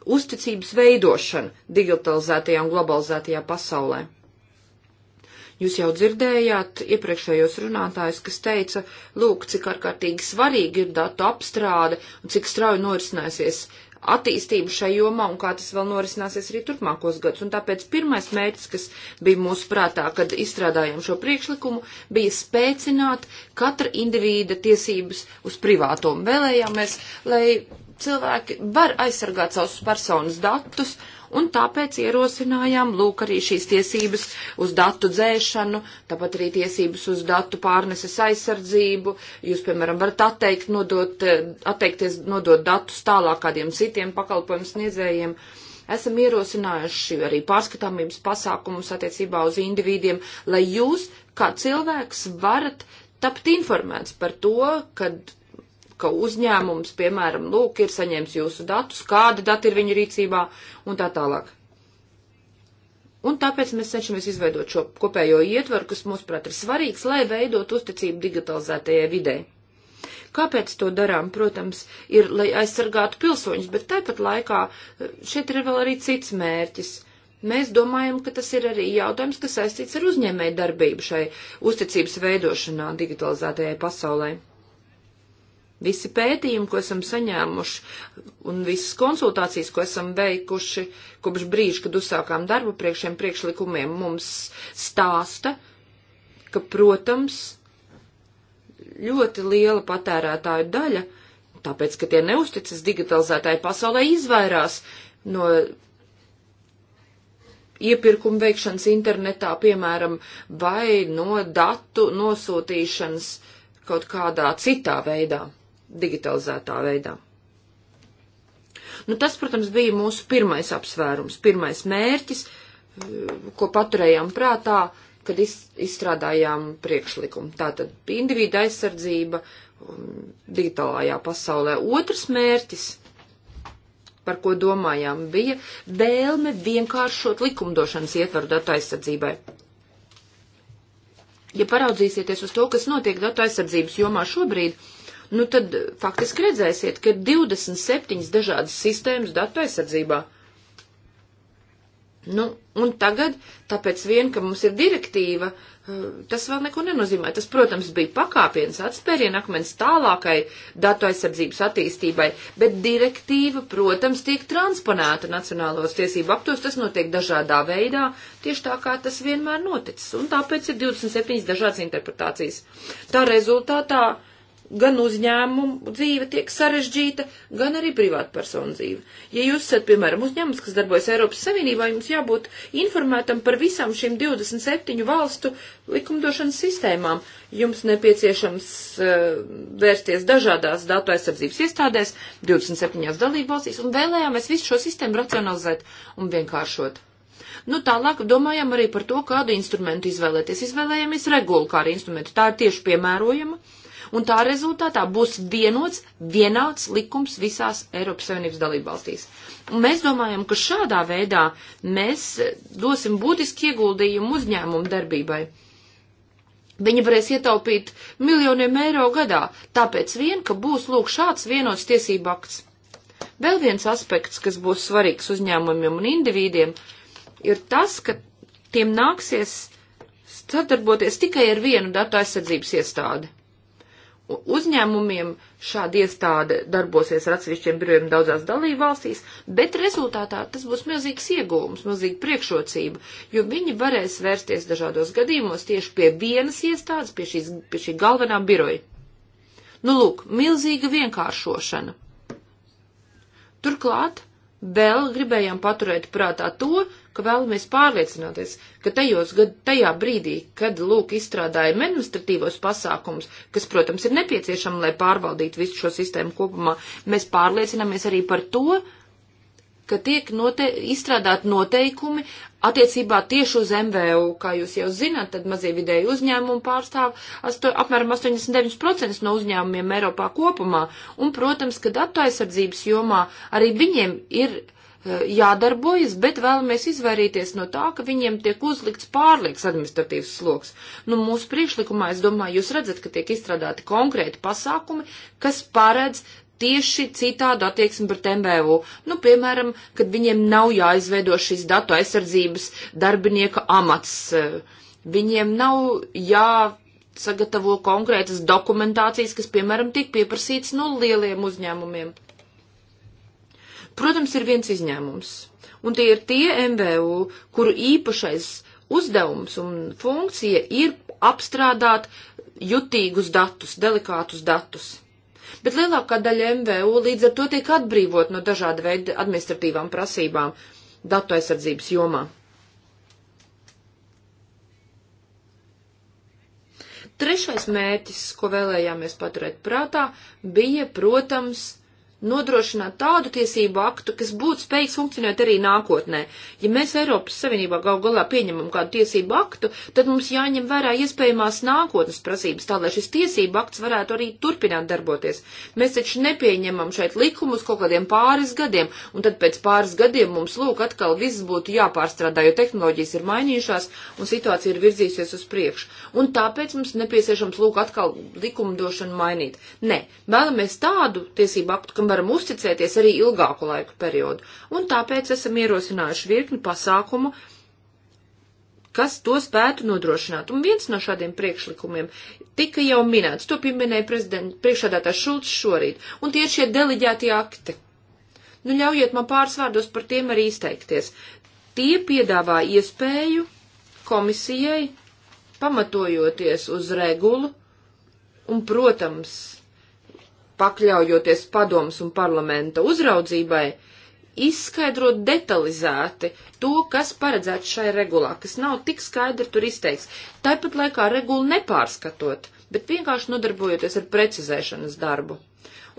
S1: uzticības veidošana digitalizētajā un globalizētajā pasaulē. Jūs jau dzirdējāt iepriekšējos runātājus, kas teica, lūk, cik ārkārtīgi svarīgi ir datu apstrāde un cik strauji norisināsies attīstību šai jomā un kā tas vēl norisināsies arī turpmākos gadus. Un tāpēc pirmais mērķis, kas bija mūsu prātā, kad izstrādājām šo priekšlikumu, bija spēcināt katra indivīda tiesības uz privātumu. Vēlējāmies, lai cilvēki var aizsargāt savus personas datus, un tāpēc ierosinājām lūk arī šīs tiesības uz datu dzēšanu, tāpat arī tiesības uz datu pārneses aizsardzību. Jūs, piemēram, varat atteikt, nodot, eh, atteikties nodot datus tālāk kādiem citiem pakalpojumu sniedzējiem. Esam ierosinājuši arī pārskatāmības pasākumus attiecībā uz individiem, lai jūs, kā cilvēks, varat tapt informēts par to, kad ka uzņēmums, piemēram, lūk, ir saņēmis jūsu datus, kādi dati ir viņa rīcībā un tā tālāk. Un tāpēc mēs cenšamies izveidot šo kopējo ietvaru, kas, mūsuprāt, ir svarīgs, lai veidot uzticību digitalizētajai videi. Kāpēc to darām? Protams, ir, lai aizsargātu pilsoņus, bet tāpat laikā eh, šeit ir vēl arī cits mērķis. Mēs domājam, ka tas ir arī jautājums, kas saistīts ar uzņēmēju darbību šai uzticības veidošanā digitalizētajai pasaulē. Visi pētījumi, ko esam saņēmuši un visas konsultācijas, ko esam veikuši kopš brīža, kad uzsākām darbu priekš šiem priekšlikumiem, mums stāsta, ka, protams, ļoti liela patērētāju daļa, tāpēc, ka tie neusticas digitalizētāji pasaulē, izvairās no iepirkumu veikšanas internetā, piemēram, vai no datu nosūtīšanas kaut kādā citā veidā digitalizētā veidā. Nu, tas, protams, bija mūsu pirmais apsvērums, pirmais mērķis, eh, ko paturējām prātā, kad izstrādājām priekšlikumu. Tātad individu aizsardzība um, digitālajā pasaulē. Otrs mērķis, par ko domājām, bija vēlme vienkāršot likumdošanas ietvaru datu aizsardzībai. Ja paraudzīsieties uz to, kas notiek datu aizsardzības jomā šobrīd, nu tad faktiski redzēsiet, ka ir 27 dažādas sistēmas datu aizsardzībā. Nu, un tagad, tāpēc vien, ka mums ir direktīva, eh, tas vēl neko nenozīmē. Tas, protams, bija pakāpiens, atspērienu akmens tālākai datu aizsardzības attīstībai, bet direktīva, protams, tiek transponēta nacionālos tiesību aktos, tas notiek dažādā veidā, tieši tā kā tas vienmēr noticis, un tāpēc ir 27 dažādas interpretācijas. Tā rezultātā gan uzņēmumu dzīve tiek sarežģīta, gan arī privātpersonu dzīve. Ja jūs esat, piemēram, uzņēmums, kas darbojas Eiropas Savienībā, jums jābūt informētam par visām šīm 27 valstu likumdošanas sistēmām. Jums nepieciešams uh, vērsties dažādās datu aizsardzības iestādēs, 27 dalību valstīs, un vēlējāmies visu šo sistēmu racionalizēt un vienkāršot. Nu, tālāk domājam arī par to, kādu instrumentu izvēlēties. Izvēlējamies regulu kā arī instrumentu. Tā ir tieši piemērojama un tā rezultātā būs vienots, vienāds likums visās Eiropas Savienības dalībvalstīs. Un mēs domājam, ka šādā veidā mēs dosim būtiski ieguldījumu uzņēmumu darbībai. Viņi varēs ietaupīt miljoniem eiro gadā, tāpēc vien, ka būs lūk šāds vienots tiesību akts. Vēl viens aspekts, kas būs svarīgs uzņēmumiem un individiem, ir tas, ka tiem nāksies sadarboties tikai ar vienu datu aizsardzības iestādi uzņēmumiem šāda iestāde darbosies ar atsevišķiem birojiem daudzās dalībvalstīs, bet rezultātā tas būs milzīgs iegūms, milzīga priekšrocība, jo viņi varēs vērsties dažādos gadījumos tieši pie vienas iestādes, pie, šīs, pie šī galvenā biroja. Nu, lūk, milzīga vienkāršošana. Turklāt vēl gribējām paturēt prātā to, ka vēlamies pārliecināties, ka tajos, gad, tajā brīdī, kad lūk izstrādājam administratīvos pasākumus, kas, protams, ir nepieciešami, lai pārvaldītu visu šo sistēmu kopumā, mēs pārliecināmies arī par to, ka tiek note, izstrādāt noteikumi attiecībā tieši uz MVU. Kā jūs jau zināt, tad mazie vidēji uzņēmumi pārstāv asto, apmēram 89% no uzņēmumiem Eiropā kopumā. Un, protams, ka datu aizsardzības jomā arī viņiem ir jādarbojas, bet vēlamies izvairīties no tā, ka viņiem tiek uzlikts pārlieks administratīvs sloks. Nu, mūsu priekšlikumā, es domāju, jūs redzat, ka tiek izstrādāti konkrēti pasākumi, kas paredz tieši citādu attieksmi pret MBU. Nu, piemēram, kad viņiem nav jāizveido šis datu aizsardzības darbinieka amats, viņiem nav jā sagatavo konkrētas dokumentācijas, kas, piemēram, tiek pieprasīts no lieliem uzņēmumiem. Protams, ir viens izņēmums, un tie ir tie MVU, kuru īpašais uzdevums un funkcija ir apstrādāt jutīgus datus, delikātus datus. Bet lielākā daļa MVU līdz ar to tiek atbrīvot no dažāda veida administratīvām prasībām datu aizsardzības jomā. Trešais mērķis, ko vēlējāmies paturēt prātā, bija, protams, nodrošināt tādu tiesību aktu, kas būtu spējīgs funkcionēt arī nākotnē. Ja mēs Eiropas Savienībā gal galā pieņemam kādu tiesību aktu, tad mums jāņem vērā iespējamās nākotnes prasības, tā lai šis tiesību akts varētu arī turpināt darboties. Mēs taču nepieņemam šeit likumus kaut kādiem pāris gadiem, un tad pēc pāris gadiem mums lūk atkal viss būtu jāpārstrādā, jo tehnoloģijas ir mainījušās un situācija ir virzīsies uz priekšu. Un tāpēc mums nepieciešams lūk atkal likumdošanu mainīt. Nē, vēlamies tādu tiesību aktu, kam varam uzticēties arī ilgāku laiku periodu. Un tāpēc esam ierosinājuši virkni pasākumu, kas to spētu nodrošināt. Un viens no šādiem priekšlikumiem tika jau minēts, to pieminēja priekšādātājs Šulcs šorīt, un tie ir šie deleģēti akti. Nu, ļaujiet man pāris vārdos par tiem arī izteikties. Tie piedāvā iespēju komisijai, pamatojoties uz regulu, un, protams, pakļaujoties padomus un parlamenta uzraudzībai, izskaidrot detalizēti to, kas paredzēts šai regulā, kas nav tik skaidri tur izteiks. Tāpat laikā regulu nepārskatot, bet vienkārši nodarbojoties ar precizēšanas darbu.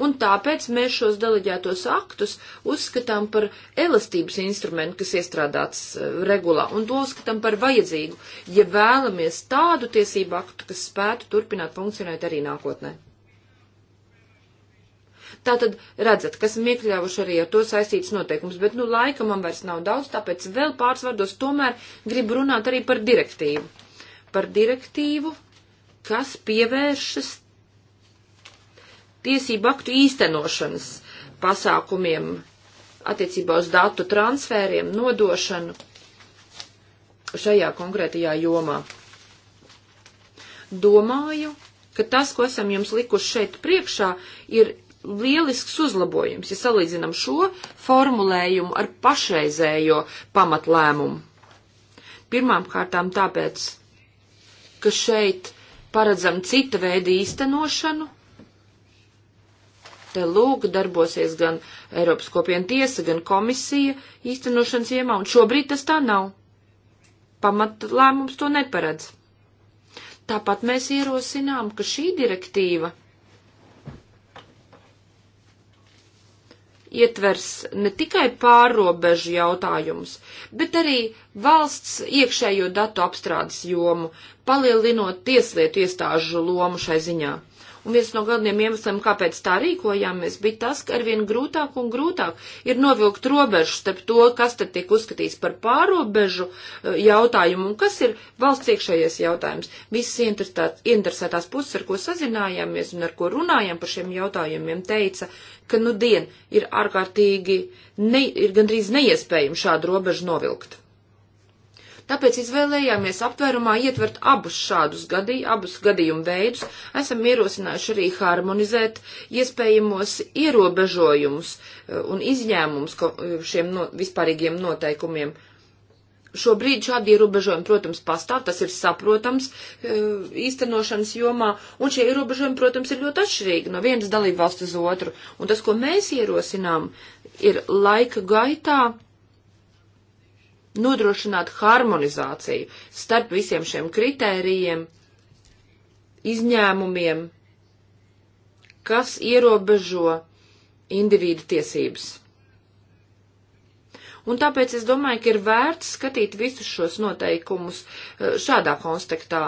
S1: Un tāpēc mēs šos deleģētos aktus uzskatām par elastības instrumentu, kas iestrādāts e, regulā, un to uzskatām par vajadzīgu, ja vēlamies tādu tiesību aktu, kas spētu turpināt funkcionēt arī nākotnē. Tātad redzat, kas iekļāvuši arī ar to saistīts noteikums, bet nu laika man vairs nav daudz, tāpēc vēl pāris vārdos tomēr gribu runāt arī par direktīvu. Par direktīvu, kas pievēršas tiesību aktu īstenošanas pasākumiem attiecībā uz datu transfēriem, nodošanu šajā konkrētajā jomā. Domāju, ka tas, ko esam jums likuši šeit priekšā, ir lielisks uzlabojums, ja salīdzinam šo formulējumu ar pašreizējo pamatlēmumu. Pirmām kārtām tāpēc, ka šeit paredzam cita veida īstenošanu. Te lūk, darbosies gan Eiropas kopiena tiesa, gan komisija īstenošanas iemā, un šobrīd tas tā nav. Pamatlēmums to neparedz. Tāpat mēs ierosinām, ka šī direktīva ietvers ne tikai pārrobežu jautājumus, bet arī valsts iekšējo datu apstrādes jomu, palielinot tieslietu iestāžu lomu šai ziņā. Un viens no galvenajiem iemesliem, kāpēc tā rīkojāmies, bija tas, ka arvien grūtāk un grūtāk ir novilkt robežu starp to, kas tad tiek uzskatīts par pārobežu eh, jautājumu un kas ir valsts iekšējais jautājums. Visas interesētās puses, ar ko sazinājāmies un ar ko runājām par šiem jautājumiem, teica, ka nu dien ir ārkārtīgi, ne, ir gandrīz neiespējami šādu robežu novilkt. Tāpēc izvēlējāmies aptvērumā ietvert abus šādus gadī, abus gadījumu veidus. Esam ierosinājuši arī harmonizēt iespējamos ierobežojumus e, un izņēmumus e, šiem no, vispārīgiem noteikumiem. Šobrīd šādi ierobežojumi, protams, pastāv, tas ir saprotams e, īstenošanas jomā, un šie ierobežojumi, protams, ir ļoti atšķirīgi no vienas dalībvalsts uz otru. Un tas, ko mēs ierosinām, ir laika gaitā nodrošināt harmonizāciju starp visiem šiem kritērijiem, izņēmumiem, kas ierobežo individu tiesības. Un tāpēc es domāju, ka ir vērts skatīt visus šos noteikumus eh, šādā kontekstā,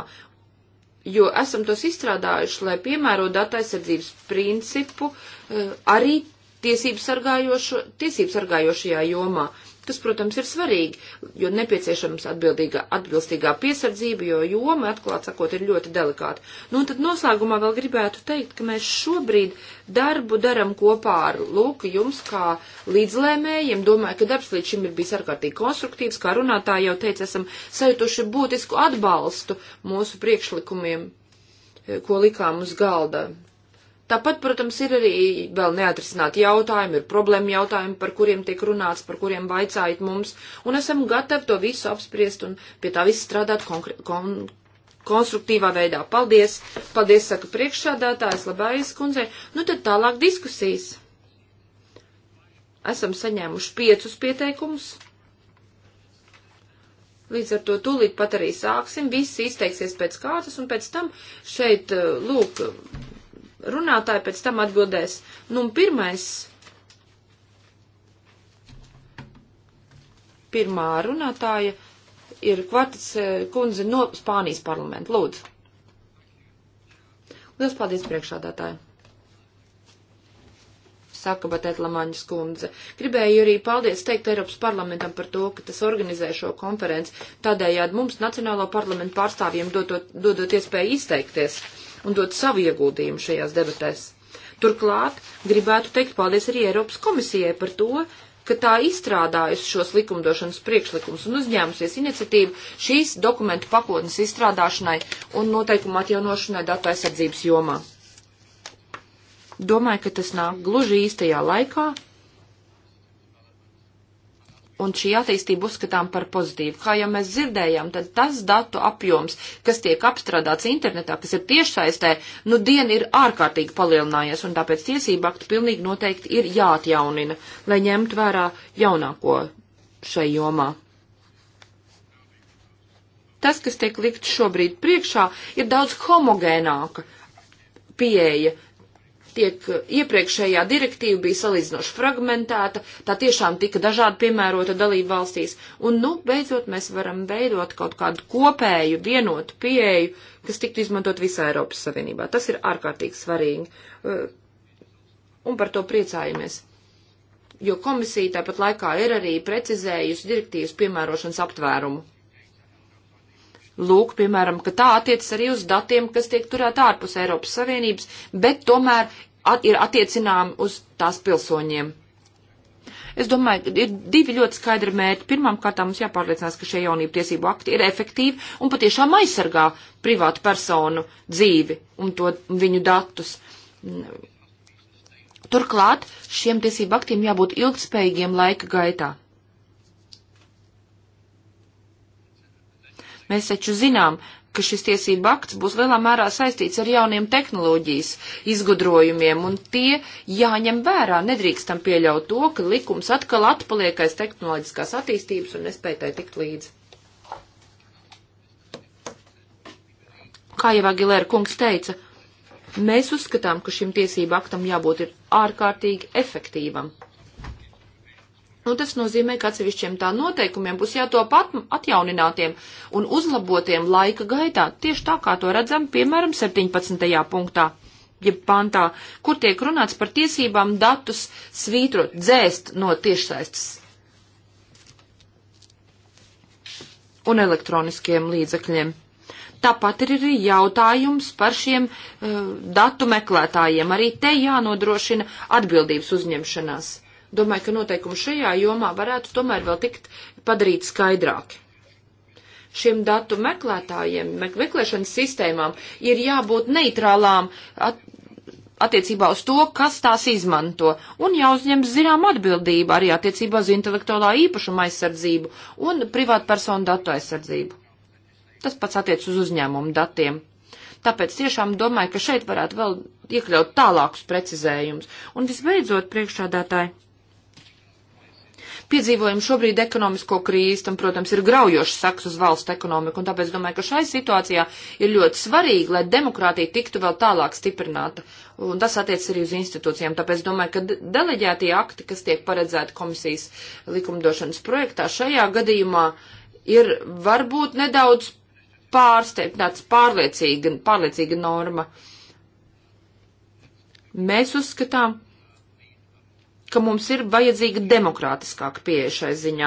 S1: jo esam tos izstrādājuši, lai piemērotu datu aizsardzības principu eh, arī tiesību sargājošajā jomā. Tas, protams, ir svarīgi, jo nepieciešams atbildīga, atbilstīgā piesardzība, jo joma, atklāt sakot, ir ļoti delikāta. Nu, un tad noslēgumā vēl gribētu teikt, ka mēs šobrīd darbu daram kopā ar Lūku jums kā līdzlēmējiem. Domāju, ka darbs līdz šim ir bijis ārkārtīgi konstruktīvs, kā runātāji jau teica, esam sajutuši būtisku atbalstu mūsu priekšlikumiem, ko likām uz galda Tāpat, protams, ir arī vēl neatrisināti jautājumi, ir problēma jautājumi, par kuriem tiek runāts, par kuriem vaicājat mums, un esam gatavi to visu apspriest un pie tā visu strādāt konkrē, kon, konstruktīvā veidā. Paldies! Paldies, saka priekšsādātājs, labājas kundze. Nu tad tālāk diskusijas. Esam saņēmuši piecus pieteikumus. Līdz ar to tūlīt pat arī sāksim. Visi izteiksies pēc kārtas un pēc tam šeit, lūk, runātāji pēc tam atbildēs. Nu, pirmais. Pirmā runātāja ir Kvartas eh, kundze no Spānijas parlamenta. Lūdzu. Liels paldies priekšādātāji. Saka Batēt Lamaņas kundze. Gribēju arī paldies teikt Eiropas parlamentam par to, ka tas organizē šo konferenci. Tādējādi mums Nacionālo parlamentu pārstāvjiem dodot, dodot iespēju izteikties. Uh, un dot savu ieguldījumu šajās debatēs. Turklāt gribētu teikt paldies arī Eiropas komisijai par to, ka tā izstrādājusi šos likumdošanas priekšlikumus un uzņēmusies iniciatīvu šīs dokumentu pakotnes izstrādāšanai un noteikumu atjaunošanai datu aizsardzības jomā. Domāju, ka tas nāk gluži īstajā laikā un šī attīstība uzskatām par pozitīvu. Kā jau mēs dzirdējām, tad tas datu apjoms, kas tiek apstrādāts internetā, kas ir tiešsaistē, nu diena ir ārkārtīgi palielinājies, un tāpēc tiesība aktu pilnīgi noteikti ir jāatjaunina, lai ņemtu vērā jaunāko šai jomā. Tas, kas tiek likt šobrīd priekšā, ir daudz homogēnāka pieeja tiek eh, iepriekšējā direktīva bija salīdzinoši fragmentēta, tā tiešām tika dažādi piemērota dalību valstīs, un nu, beidzot, mēs varam veidot kaut kādu kopēju, vienotu pieeju, kas tiktu izmantot visā Eiropas Savienībā. Tas ir ārkārtīgi svarīgi, eh, un par to priecājamies. Jo komisija tāpat laikā ir arī precizējusi direktīvas piemērošanas aptvērumu. Lūk, piemēram, ka tā attiecas arī uz datiem, kas tiek turēt ārpus Eiropas Savienības, bet tomēr at ir attiecinām uz tās pilsoņiem. Es domāju, ir divi ļoti skaidri mērķi. Pirmkārt, mums jāpārliecinās, ka šie jaunību tiesību akti ir efektīvi un patiešām aizsargā privātu personu dzīvi un to viņu datus. Turklāt šiem tiesību aktiem jābūt ilgspējīgiem laika gaitā. Mēs taču zinām, ka šis tiesība akts būs lielā mērā saistīts ar jauniem tehnoloģijas izgudrojumiem, un tie jāņem vērā. Nedrīkstam pieļaut to, ka likums atkal atpaliek aiz tehnoloģiskās attīstības un nespēj tai tikt līdzi. Kā jau Agilēra kungs teica, mēs uzskatām, ka šim tiesību aktam jābūt ir ārkārtīgi efektīvam. Un nu, tas nozīmē, ka atsevišķiem tā noteikumiem būs jātop atjauninātiem un uzlabotiem laika gaitā, tieši tā kā to redzam, piemēram, 17. punktā, jeb pantā, kur tiek runāts par tiesībām datus svītrot, dzēst no tiešsaistes un elektroniskiem līdzekļiem. Tāpat ir arī jautājums par šiem uh, datu meklētājiem. Arī te jānodrošina atbildības uzņemšanās Domāju, ka noteikumi šajā jomā varētu tomēr vēl tikt padarīt skaidrāki šiem datu meklētājiem, meklēšanas sistēmām ir jābūt neitrālām at, attiecībā uz to, kas tās izmanto, un jāuzņem zinām atbildība arī attiecībā uz intelektuālā īpašuma aizsardzību un privātpersonu datu aizsardzību. Tas pats attiec uz uzņēmumu datiem. Tāpēc tiešām domāju, ka šeit varētu vēl iekļaut tālākus precizējumus. Un visbeidzot, priekšādātāji Piedzīvojam šobrīd ekonomisko krīzi, tam, protams, ir graujošs saks uz valsts ekonomiku, un tāpēc domāju, ka šai situācijā ir ļoti svarīgi, lai demokrātija tiktu vēl tālāk stiprināta. Un tas attiec arī uz institūcijām, tāpēc domāju, ka deleģētie akti, kas tiek paredzēti komisijas likumdošanas projektā, šajā gadījumā ir varbūt nedaudz pārsteigts, tāds pārliecīga, pārliecīga norma. Mēs uzskatām, ka mums ir vajadzīga demokrātiskāka pieeja šai ziņā.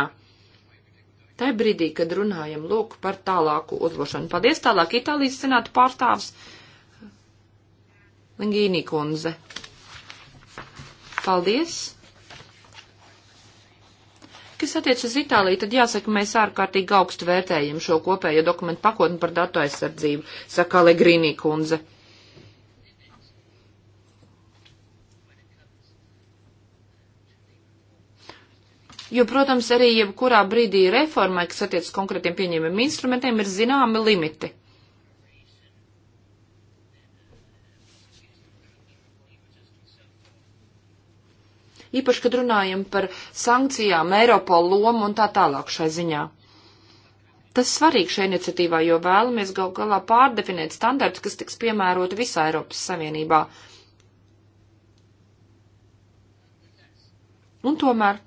S1: Tā brīdī, kad runājam lūk par tālāku uzlošanu. Paldies tālāk Itālijas senāta pārstāvs Lingīnī kundze. Paldies! Kas attiec uz Itāliju, tad jāsaka, mēs ārkārtīgi augstu vērtējam šo kopējo dokumentu pakotni par datu aizsardzību, saka Legrīnī kundze. jo, protams, arī jebkurā brīdī reformai, kas attiec konkrētiem pieņēmumiem instrumentiem, ir zināmi limiti. Īpaši, kad runājam par sankcijām, Eiropolu lomu un tā tālāk šai ziņā. Tas svarīgi šai iniciatīvā, jo vēlamies gal galā pārdefinēt standarts, kas tiks piemēroti visā Eiropas Savienībā. Un tomēr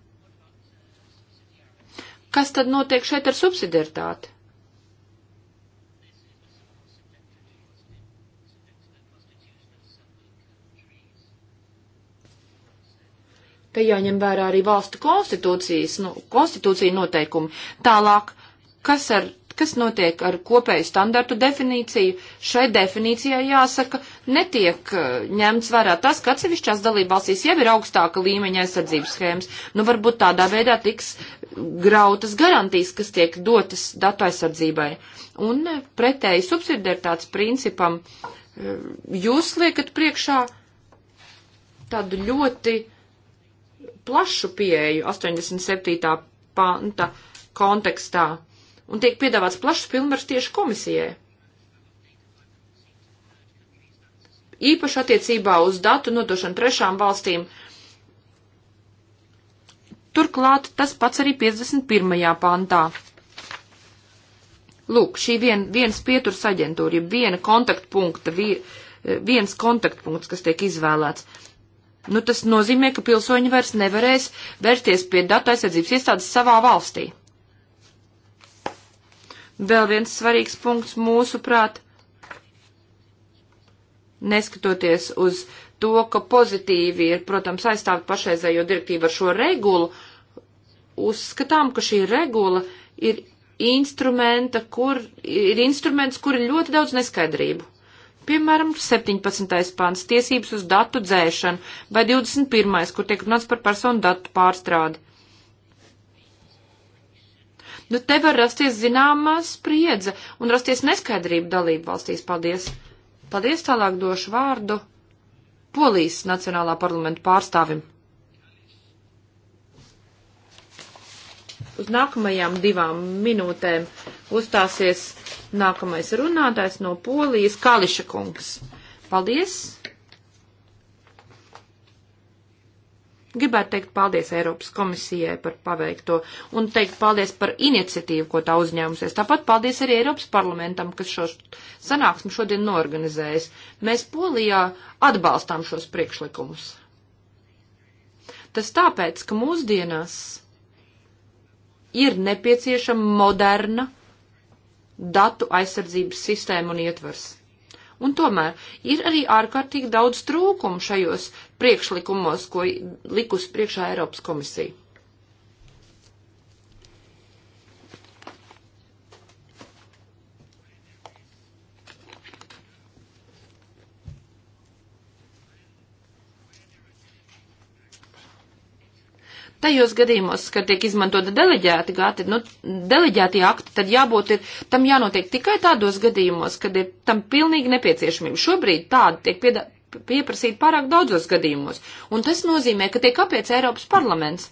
S1: Kas tad notiek šeit ar subsidiaritāti? Te jāņem vērā arī valstu konstitūcijas, nu, konstitūcija noteikumi. Tālāk, kas ar Kas notiek ar kopēju standartu definīciju? Šai definīcijai jāsaka, netiek uh, ņemts vērā tas, ka atsevišķās dalībvalstīs jau ir augstāka līmeņa aizsardzības schēmas. Nu, varbūt tādā veidā tiks grautas garantijas, kas tiek dotas datu aizsardzībai. Un uh, pretēji subsidiaritātes principam uh, jūs liekat priekšā tādu ļoti plašu pieeju 87. panta kontekstā un tiek piedāvāts plašs pilnvars tieši komisijai. Īpaši attiecībā uz datu nodošanu trešām valstīm. Turklāt tas pats arī 51. pantā. Lūk, šī vien, viens pieturs aģentūra, ja viena kontaktpunkta, vi, eh, viens kontaktpunkts, kas tiek izvēlēts. Nu, tas nozīmē, ka pilsoņi vairs nevarēs vērsties pie datu aizsardzības iestādes savā valstī. Vēl viens svarīgs punkts mūsuprāt, neskatoties uz to, ka pozitīvi ir, protams, aizstāvot pašreizējo direktīvu ar šo regulu, uzskatām, ka šī regula ir instrumenta, kur ir instruments, kur ir ļoti daudz neskaidrību. Piemēram, 17. pāns tiesības uz datu dzēšanu vai 21. kur tiek runāts par personu datu pārstrādi. Nu, te var rasties zināmā spriedze un rasties neskaidrība dalību valstīs. Paldies! Paldies, tālāk došu vārdu Polijas Nacionālā parlamenta pārstāvim. Uz nākamajām divām minūtēm uzstāsies nākamais runātājs no Polijas Kališa kungs. Paldies! Gribētu teikt paldies Eiropas komisijai par paveikto un teikt paldies par iniciatīvu, ko tā uzņēmusies. Tāpat paldies arī Eiropas parlamentam, kas šo sanāksmu šodien norganizējas. Mēs Polijā atbalstām šos priekšlikumus. Tas tāpēc, ka mūsdienās ir nepieciešama moderna datu aizsardzības sistēma un ietvers. Un tomēr ir arī ārkārtīgi daudz trūkumu šajos priekšlikumos, ko likus priekšā Eiropas komisija. tajos gadījumos, kad tiek izmantota deleģēti gāti, nu, deleģēti akti, tad jābūt ir, tam jānotiek tikai tādos gadījumos, kad ir tam pilnīgi nepieciešamība. Šobrīd tāda tiek piedāvāta pieprasīt pārāk daudzos gadījumos. Un tas nozīmē, ka tiek kāpēc Eiropas parlaments.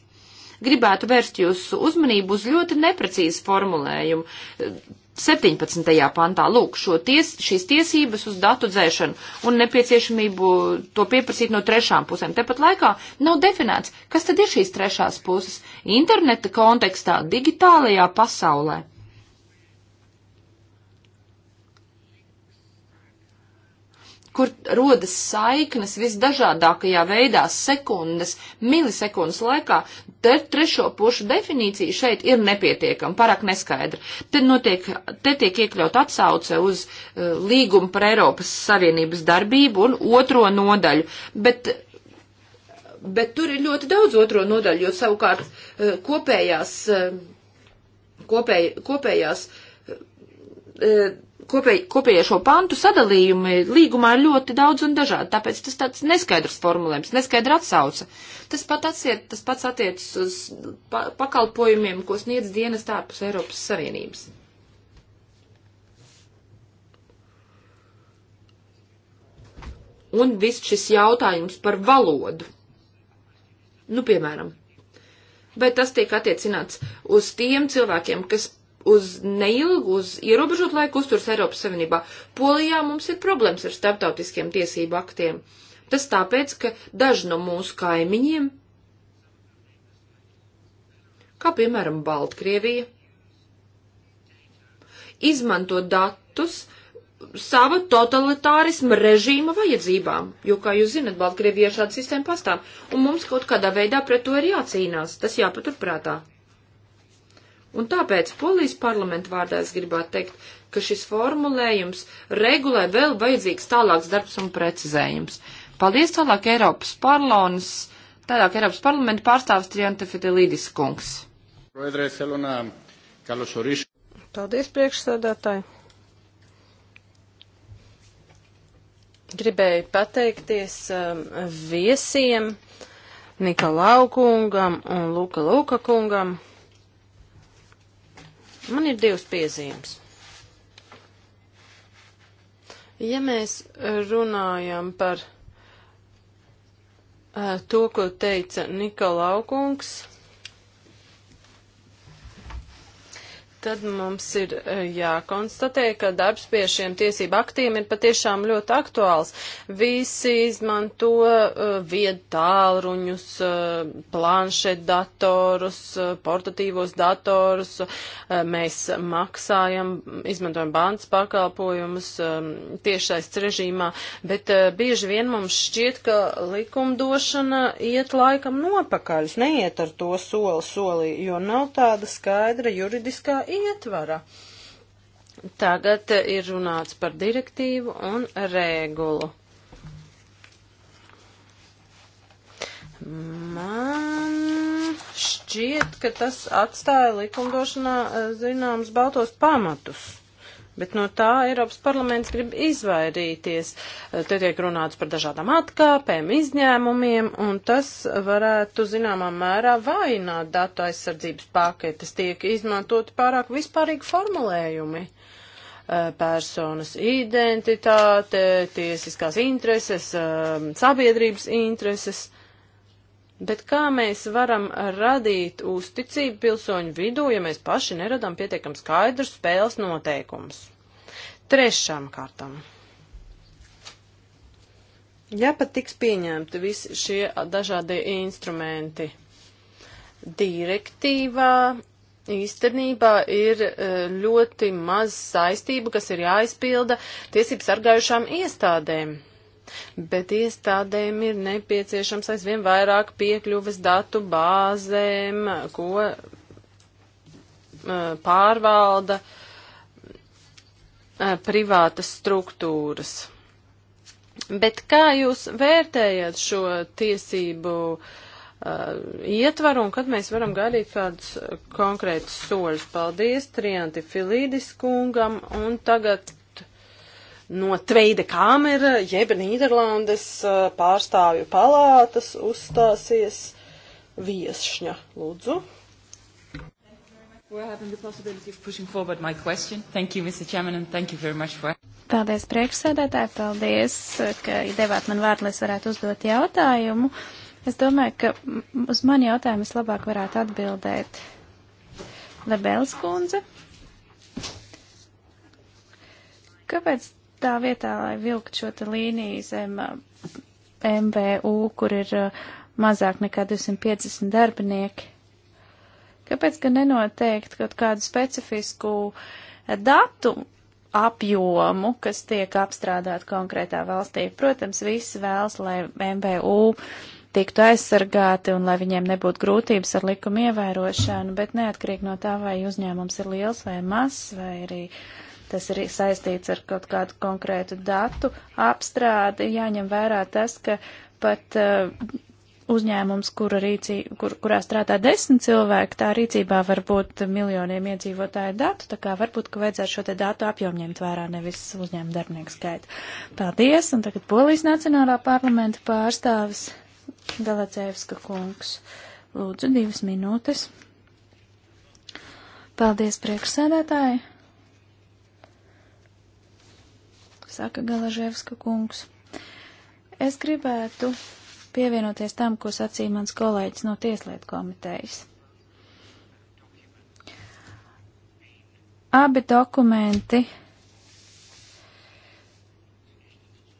S1: Gribētu vērst jūsu uzmanību uz ļoti neprecīzu formulējumu. 17. pantā lūk šo ties, šīs tiesības uz datu dzēšanu un nepieciešamību to pieprasīt no trešām pusēm. Tepat laikā nav definēts, kas tad ir šīs trešās puses interneta kontekstā, digitālajā pasaulē. kur rodas saiknes visdažādākajā veidā sekundes, milisekundes laikā, te trešo pušu definīcija šeit ir nepietiekama, pārāk neskaidra. Te, notiek, te tiek iekļaut atsauce uz uh, līgumu par Eiropas Savienības darbību un otro nodaļu, bet bet tur ir ļoti daudz otro nodaļu, jo savukārt uh, kopējās, uh, kopēj, kopējās uh, kopēj, kopējie šo pantu sadalījumi līgumā ir ļoti daudz un dažādi, tāpēc tas tāds neskaidrs formulējums, neskaidra atsauce. Tas, pat atsiet, tas pats attiecas uz pa, pakalpojumiem, ko sniedz dienas tārpus Eiropas Savienības. Un viss šis jautājums par valodu. Nu, piemēram, vai tas tiek attiecināts uz tiem cilvēkiem, kas uz neilgu, uz ierobežotu laiku uzturs Eiropas Savienībā. Polijā mums ir problēmas ar starptautiskiem tiesību aktiem. Tas tāpēc, ka daži no mūsu kaimiņiem, kā piemēram Baltkrievija, izmanto datus sava totalitārisma režīma vajadzībām, jo, kā jūs zinat, Baltkrievijā šāda sistēma pastāv, un mums kaut kādā veidā pret to ir jācīnās, tas jāpaturprātā. prātā. Un tāpēc polijas parlamentu vārdā es gribētu teikt, ka šis formulējums regulē vēl vajadzīgs tālāks darbs un precizējums. Paldies tālāk Eiropas parlaments, tālāk Eiropas parlamenta pārstāvs Trianta
S2: Fidelīdis kungs. Paldies priekšsēdētāji. Gribēju pateikties um, viesiem Nikolau kungam un Luka Luka kungam. Man ir divas piezīmes. Ja mēs runājam par uh, to, ko teica Nikolau kungs, tad mums ir e, jākonstatē, ka darbs pie šiem tiesību aktiem ir patiešām ļoti aktuāls. Visi izmanto uh, e, viedu tālruņus, uh, planšet datorus, uh, portatīvos datorus, uh, mēs maksājam, izmantojam bandas pakalpojumus um, tiešais režīmā, bet uh, bieži vien mums šķiet, ka likumdošana iet laikam nopakaļ, neiet ar to soli solī, jo nav tāda skaidra juridiskā ietvara. Tagad ir runāts par direktīvu un regulu. Man šķiet, ka tas atstāja likumdošanā zināms baltos pamatus bet no tā Eiropas parlaments grib izvairīties. Eh, Te tiek runāts par dažādām atkāpēm, izņēmumiem, un tas varētu zināmā mērā vainot datu aizsardzības paketes, tiek izmantot pārāk vispārīgi formulējumi eh, personas identitāte, tiesiskās intereses, eh, sabiedrības intereses. Bet kā mēs varam radīt uzticību pilsoņu vidū, ja mēs paši neradām pietiekam skaidrus spēles noteikumus? Trešām kārtām. Ja pat tiks pieņemti visi šie dažādie instrumenti direktīvā, īstenībā ir e, ļoti maz saistību, kas ir jāizpilda tiesību sargājušām iestādēm bet iestādēm ir nepieciešams aizvien vairāk piekļuves datu bāzēm, ko uh, pārvalda uh, privātas struktūras. Bet kā jūs vērtējat šo tiesību uh, ietvaru un kad mēs varam gaidīt kādus konkrētus soļus? Paldies Trianti Filīdis kungam un tagad no Tveida Kāmera, jeb Nīderlandes pārstāvju palātas uzstāsies viesšņa. Lūdzu.
S3: Paldies, priekšsēdētāji, paldies, ka devāt man vārdu, lai es varētu uzdot jautājumu. Es domāju, ka uz mani jautājumu es labāk varētu atbildēt Lebels kundze. Kāpēc tā vietā, lai vilkt šo te līniju zem eh, MVU, kur ir eh, mazāk nekā 250 darbinieki, kāpēc gan nenoteikt kaut kādu specifisku eh, datu apjomu, kas tiek apstrādāt konkrētā valstī. Protams, visi vēlas, lai MBU tiktu aizsargāti un lai viņiem nebūtu grūtības ar likumu ievērošanu, bet neatkarīgi no tā, vai uzņēmums ir liels vai mazs, vai arī uh, tas ir saistīts ar kaut kādu konkrētu datu apstrādi, jāņem vērā tas, ka pat uh, uzņēmums, kura rīcī, kur, kurā strādā desmit cilvēki, tā rīcībā var būt miljoniem iedzīvotāju datu, tā kā varbūt, ka vajadzētu šo te datu apjomu ņemt vērā, nevis uzņēmuma darbinieku skaitu. Paldies, un tagad Polijas Nacionālā parlamenta pārstāvis Galacēvska kungs. Lūdzu, divas minūtes. Paldies, priekšsēdētāji! saka Galaževska kungs. Es gribētu pievienoties tam, ko sacīja mans kolēģis no Tieslietu komitejas. Abi dokumenti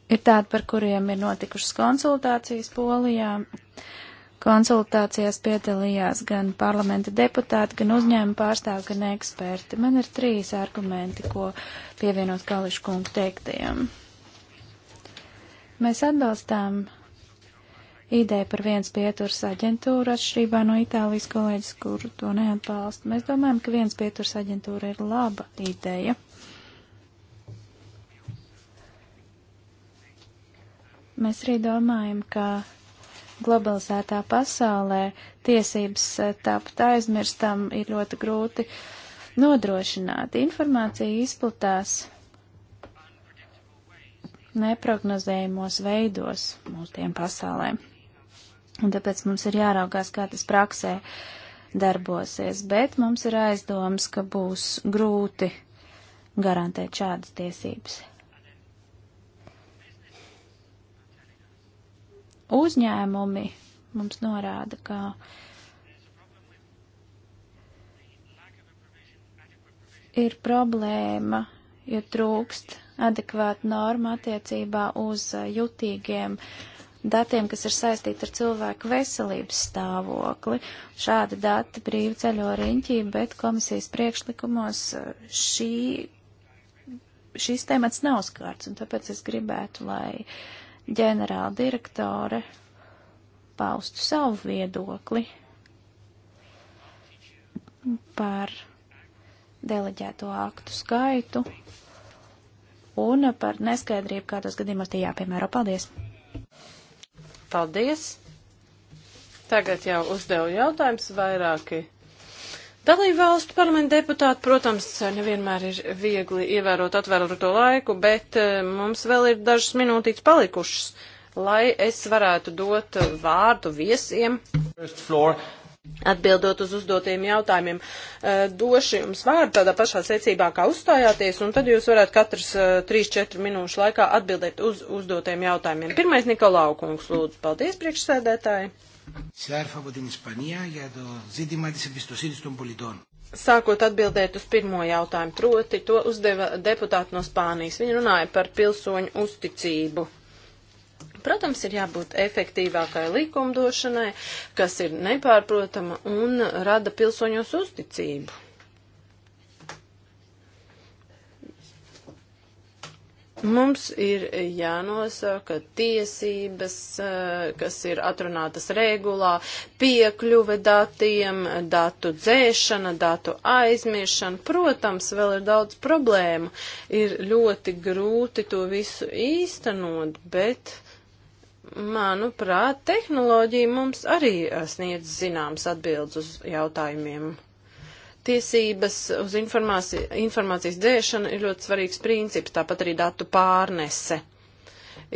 S3: ir tādi, par kuriem ir notikušas konsultācijas polijā, Konsultācijās piedalījās gan parlamenta deputāti, gan uzņēmuma pārstāvi, gan eksperti. Man ir trīs argumenti, ko pievienot Kališu kungu teiktajam. Mēs atbalstām ideju par viens pieturs aģentūru atšķirībā no Itālijas kolēģis, kur to neatbalsta. Mēs domājam, ka viens pieturs aģentūra ir laba ideja. Mēs arī domājam, ka globalizētā pasaulē tiesības eh, tapt aizmirstam ir ļoti grūti nodrošināt. Informācija izplatās neprognozējumos veidos mūsdien pasaulē. Un tāpēc mums ir jāraugās, kā tas praksē darbosies, bet mums ir aizdoms, ka būs grūti garantēt šādas tiesības. uzņēmumi mums norāda, ka ir problēma, jo trūkst adekvāta norma attiecībā uz uh, jutīgiem datiem, kas ir saistīti ar cilvēku veselības stāvokli. Šādi dati brīvi ceļo riņķī, bet komisijas priekšlikumos uh, šī, šīs temats nav skārts, un tāpēc es gribētu, lai uh, ģenerāla direktore paustu savu viedokli par deleģēto aktu skaitu un par neskaidrību, kādos gadījumos tie jāpiemēro. Paldies!
S2: Paldies! Tagad jau uzdevu jautājums vairāki Dalībvalstu parlamentu deputāti, protams, nevienmēr ir viegli ievērot atvēroto laiku, bet eh, mums vēl ir dažas minūtītes palikušas, lai es varētu dot vārdu viesiem. Atbildot uz uzdotiem jautājumiem, eh, došu jums vārdu tādā pašā secībā, kā uzstājāties, un tad jūs varētu katrs 3-4 eh, minūšu laikā atbildēt uz uzdotiem jautājumiem. Pirmais Nikolau kungs, lūdzu, paldies priekšsēdētāji.
S3: Sērfa από την Ισpanija για το ζήτημα της εμπιστοσύνης των πολιτών.
S2: Sākot atbildēt uz pirmo jautājumu, proti to uzdeva deputāti no Spānijas. Viņi runāja par pilsoņu uzticību. Protams, ir jābūt efektīvākai likumdošanai, kas ir nepārprotama un rada pilsoņos uzticību. Mums ir jānosaka tiesības, eh, kas ir atrunātas regulā, piekļuve datiem, datu dzēšana, datu aizmiešana. Protams, vēl ir daudz problēmu. Ir ļoti grūti to visu īstenot, bet, manuprāt, tehnoloģija mums arī eh, sniedz zināms atbildes uz jautājumiem. Tiesības uz informāci informācijas dēšanu ir ļoti svarīgs princips, tāpat arī datu pārnese.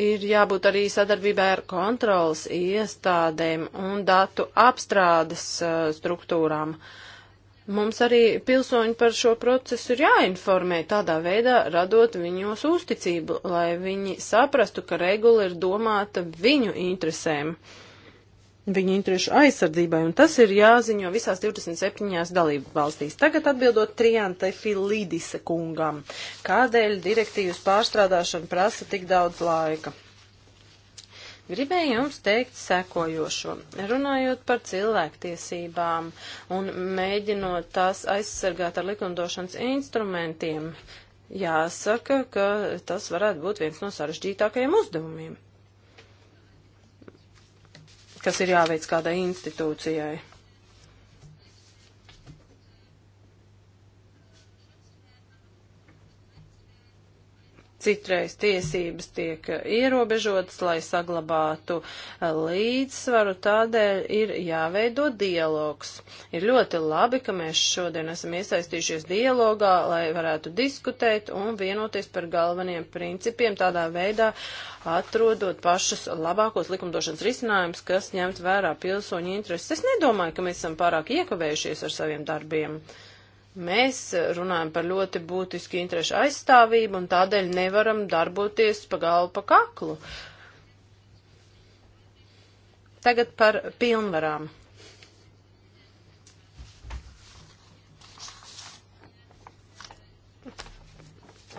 S2: Ir jābūt arī sadarbībai ar kontrolas iestādēm un datu apstrādes uh, struktūrām. Mums arī pilsoņi par šo procesu ir jāinformē tādā veidā, radot viņos uzticību, lai viņi saprastu, ka regula ir domāta viņu interesēm. Uh, viņu interešu aizsardzībai, un tas ir jāziņo visās 27 dalību valstīs. Tagad atbildot Triantai Filidise kungam, kādēļ direktīvas pārstrādāšana prasa tik daudz laika? Gribēju jums teikt sekojošo. Runājot par cilvēktiesībām un mēģinot tās aizsargāt ar likumdošanas instrumentiem, jāsaka, ka tas varētu būt viens no sarežģītākajiem uzdevumiem kas ir jāveic kādai institūcijai. citreiz tiesības tiek eh, ierobežotas, lai saglabātu eh, līdzsvaru, tādēļ ir jāveido dialogs. Ir ļoti labi, ka mēs šodien esam iesaistījušies dialogā, lai varētu diskutēt un vienoties par galveniem principiem, tādā veidā atrodot pašus labākos likumdošanas risinājumus, kas ņemt vērā pilsoņu intereses. Es nedomāju, ka mēs esam pārāk iekavējušies ar saviem darbiem. Thank you Mēs runājam par ļoti būtisku interešu aizstāvību un tādēļ nevaram darboties pa galvu pa kaklu. Tagad par pilnvarām.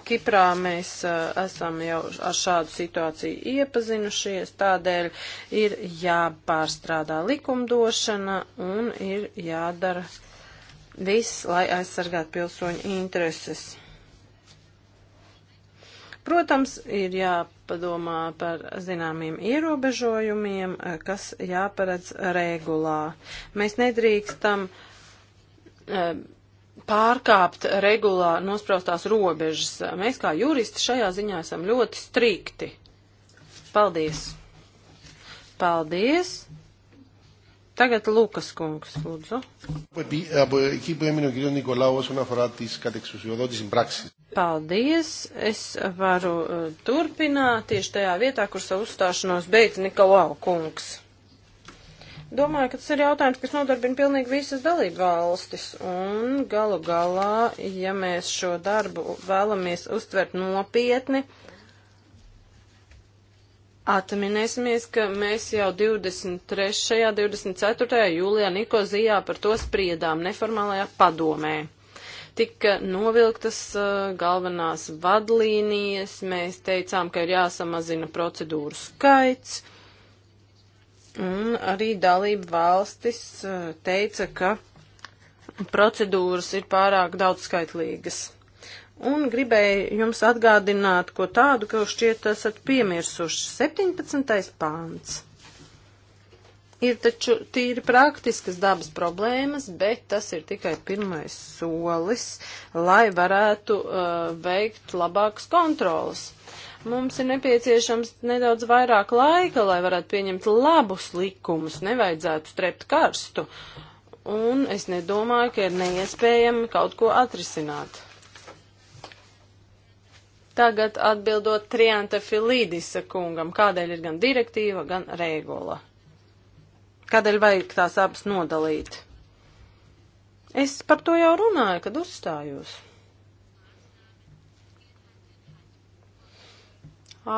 S2: Kiprā mēs uh, esam jau ar šādu situāciju iepazinušies, tādēļ ir jāpārstrādā likumdošana un ir jādara uh, viss, lai aizsargātu pilsoņu intereses. Protams, ir jāpadomā par zināmiem ierobežojumiem, kas jāparedz regulā. Mēs nedrīkstam eh, pārkāpt regulā nospraustās robežas. Mēs kā juristi šajā ziņā esam ļoti strikti. Paldies! Paldies! Tagad Lūkas kungs, lūdzu.
S3: Από εκεί που έμεινε ο κ. Νικολάου όσον αφορά τις κατεξουσιοδότης πράξεις.
S2: Paldies! Es varu uh, turpināt tieši tajā vietā, kur savu uzstāšanos beidz Nikolau kungs. Domāju, ka tas ir jautājums, kas nodarbina pilnīgi visas dalību valstis. Un galu galā, ja mēs šo darbu vēlamies uztvert nopietni, Atminēsimies, ka mēs jau 23. 24. jūlijā Nikozijā par to spriedām neformālajā padomē. Tika novilktas uh, galvenās vadlīnijas, mēs teicām, ka ir jāsamazina procedūru skaits, un arī dalība valstis uh, teica, ka procedūras ir pārāk daudz skaitlīgas un gribēju jums atgādināt ko tādu, ka šķiet esat piemirsuši. 17. pāns. Ir taču tīri praktiskas dabas problēmas, bet tas ir tikai pirmais solis, lai varētu uh, veikt labākas kontrolas. Mums ir nepieciešams nedaudz vairāk laika, lai varētu pieņemt labus likumus, nevajadzētu strept karstu. Un es nedomāju, ka ir neiespējami kaut ko atrisināt. Tagad atbildot Trianta Filīdisa kungam, kādēļ ir gan direktīva, gan regula. Kādēļ vajag tās abas nodalīt? Es par to jau runāju, kad uzstājos.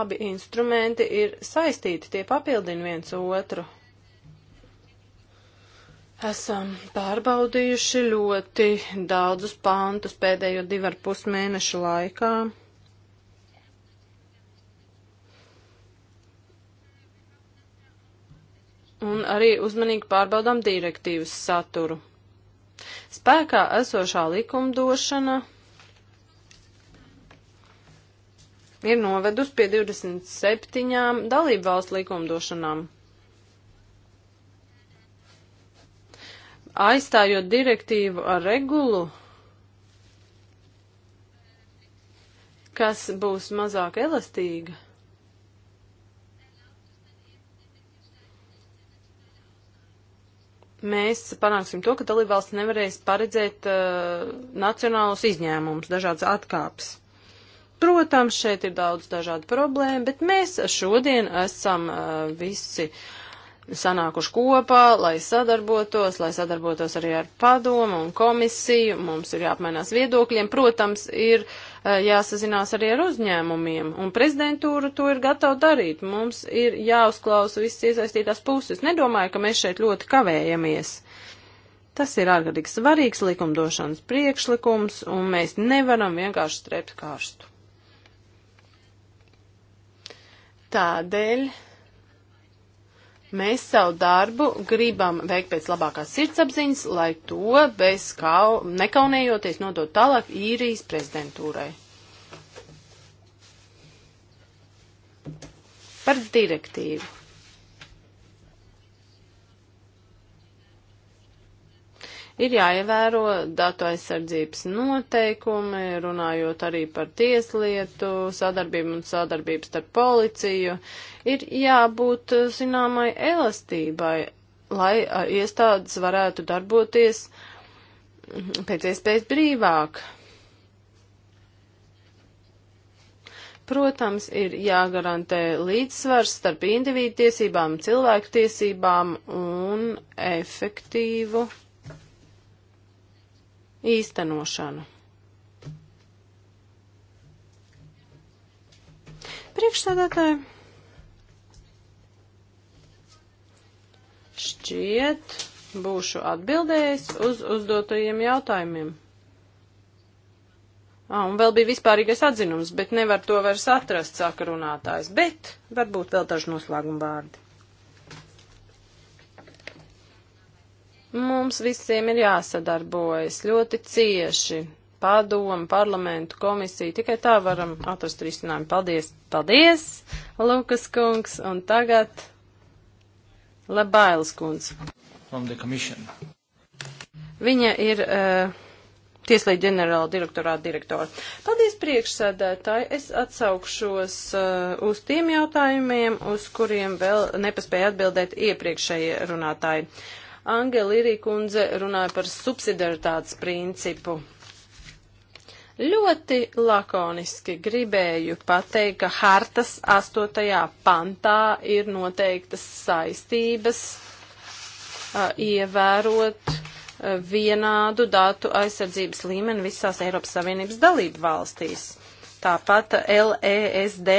S2: Abi instrumenti ir saistīti, tie papildina viens otru. Esam pārbaudījuši ļoti daudzus pantus pēdējo divu ar pus mēnešu laikā. un arī uzmanīgi pārbaudām direktīvas saturu. Spēkā esošā likumdošana ir novedus pie 27 dalību valstu likumdošanām. Aizstājot direktīvu ar regulu, kas būs mazāk elastīga. mēs panāksim to, ka dalībvalsts nevarēs paredzēt uh, nacionālus izņēmumus, dažādas atkāpes. Protams, šeit ir daudz dažādu problēmu, bet mēs šodien esam uh, visi uh, sanākuši kopā, lai sadarbotos, lai sadarbotos arī ar padomu un komisiju. Mums ir jāapmainās viedokļiem. Protams, ir e, jāsazinās arī ar uzņēmumiem, un prezidentūra to ir gatava darīt. Mums ir jāuzklausa visas iesaistītās puses. Nedomāju, ka mēs šeit ļoti kavējamies. Tas ir ārkārtīgi svarīgs likumdošanas priekšlikums, un mēs nevaram vienkārši strept karstu. Tādēļ Mēs savu darbu gribam veikt pēc labākās sirdsapziņas, lai to bez kau, nekaunējoties nodot tālāk īrijas prezidentūrai. Par direktīvu. Ir jāievēro datu aizsardzības noteikumi, runājot arī par tieslietu, sadarbību un sadarbības starp policiju. Ir jābūt zināmai elastībai, lai iestādes varētu darboties pēc iespējas brīvāk. protams, ir jāgarantē līdzsvars starp individu tiesībām, cilvēku tiesībām un efektīvu īstenošanu. Priekšsēdētāji, šķiet, būšu atbildējis uz uzdotajiem jautājumiem. Ah, un vēl bija vispārīgais atzinums, bet nevar to vairs atrast, saka runātājs, bet varbūt vēl daži noslēguma vārdi. Mums visiem ir jāsadarbojas ļoti cieši. Padomu, parlamentu, komisiju. Tikai tā varam atrast risinājumu. Paldies! Paldies, Lukas kungs! Un tagad Lebailas kungs. Viņa ir uh, Tieslietu ģenerāla direktorā direktora. Paldies priekšsēdētāji. Es atsaukšos uh, uz tiem jautājumiem, uz kuriem vēl nepaspēja atbildēt iepriekšējie runātāji. Uh, Angela Irīkundze runāja par subsidaritātes principu. Ļoti lakoniski gribēju pateikt, ka hartas 8. pantā ir noteiktas saistības a, ievērot a, vienādu datu aizsardzības līmeni visās Eiropas Savienības dalību valstīs. Tāpat LESD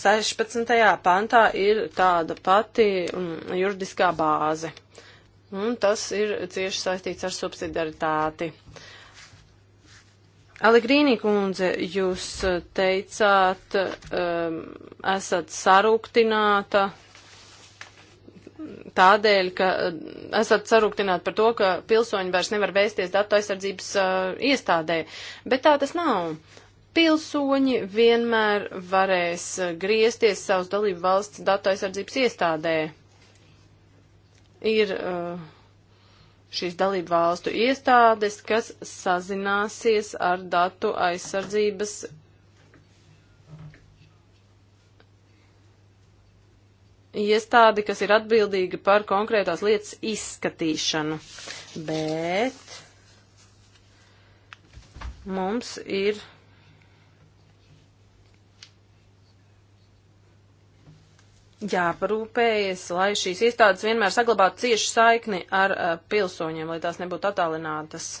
S2: 16. Eh, pantā ir tāda pati mm, juridiskā bāze. Un tas ir cieši saistīts ar subsidaritāti. Aligrīnī kundze, jūs teicāt, um, esat sarūktināta tādēļ, ka eh, esat sarūktināti par to, ka pilsoņi vairs nevar vēsties datu aizsardzības uh, iestādē. Bet tā tas nav. Pilsoņi vienmēr varēs eh, griezties savus dalību valsts datu aizsardzības iestādē. Ir uh, šīs dalību valstu iestādes, kas sazināsies ar datu aizsardzības iestādi, kas ir atbildīga par konkrētās lietas izskatīšanu. Bet mums ir. Jāparūpējas, lai šīs iestādes vienmēr saglabātu cieši saikni ar uh, pilsoņiem, lai tās nebūtu attālinātas.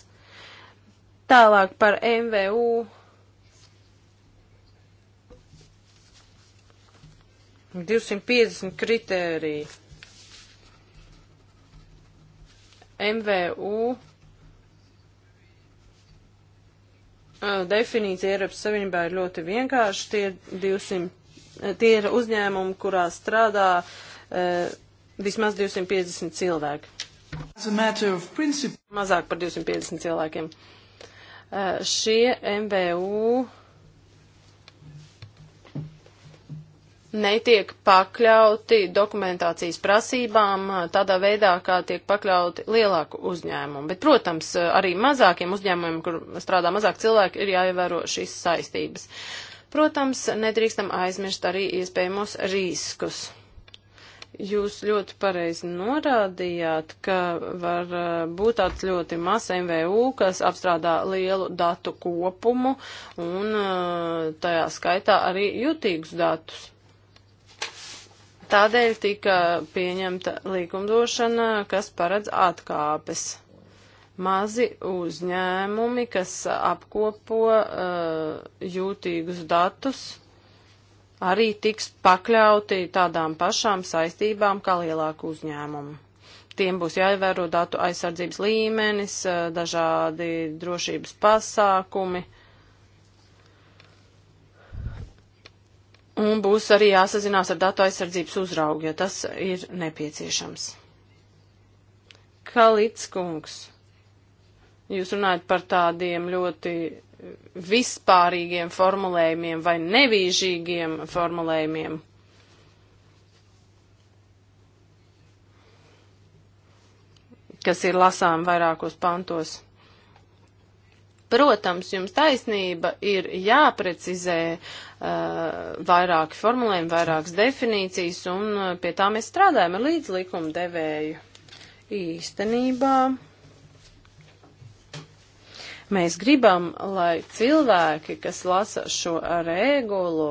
S2: Tālāk par MVU 250 kritēriju. MVU definīcija Eiropas Savienībā ir ļoti vienkārša. Tie, 200, tie ir uzņēmumi, kurā strādā uh, vismaz 250 cilvēki. Mazāk par 250 cilvēkiem. Uh, šie MVU netiek pakļauti dokumentācijas prasībām tādā veidā, kā tiek pakļauti lielāku uzņēmumu. Bet, protams, arī mazākiem uzņēmumiem, kur strādā mazāk cilvēki, ir jāievēro šīs saistības. Protams, nedrīkstam aizmirst arī iespējamos riskus. Jūs ļoti pareizi norādījāt, ka var būt tāds ļoti mazs MVU, kas apstrādā lielu datu kopumu un tajā skaitā arī jutīgus datus. Tādēļ tika pieņemta likumdošana, kas paredz atkāpes. Mazi uzņēmumi, kas apkopo uh, jūtīgus datus, arī tiks pakļauti tādām pašām saistībām kā lielāku uzņēmumu. Tiem būs jāievēro datu aizsardzības līmenis, uh, dažādi drošības pasākumi. Uh, un būs arī jāsazinās ar datu aizsardzības uzraugu, ja tas ir nepieciešams. Kalits kungs, jūs runājat par tādiem ļoti vispārīgiem formulējumiem vai nevīžīgiem formulējumiem. kas ir lasām vairākos pantos. Protams, jums taisnība ir jāprecizē uh, Eh, vairāki formulējumi, vairākas definīcijas, un eh, pie tā mēs strādājam ar līdzlikumu devēju īstenībā. Mēs gribam, lai cilvēki, kas lasa šo regulu,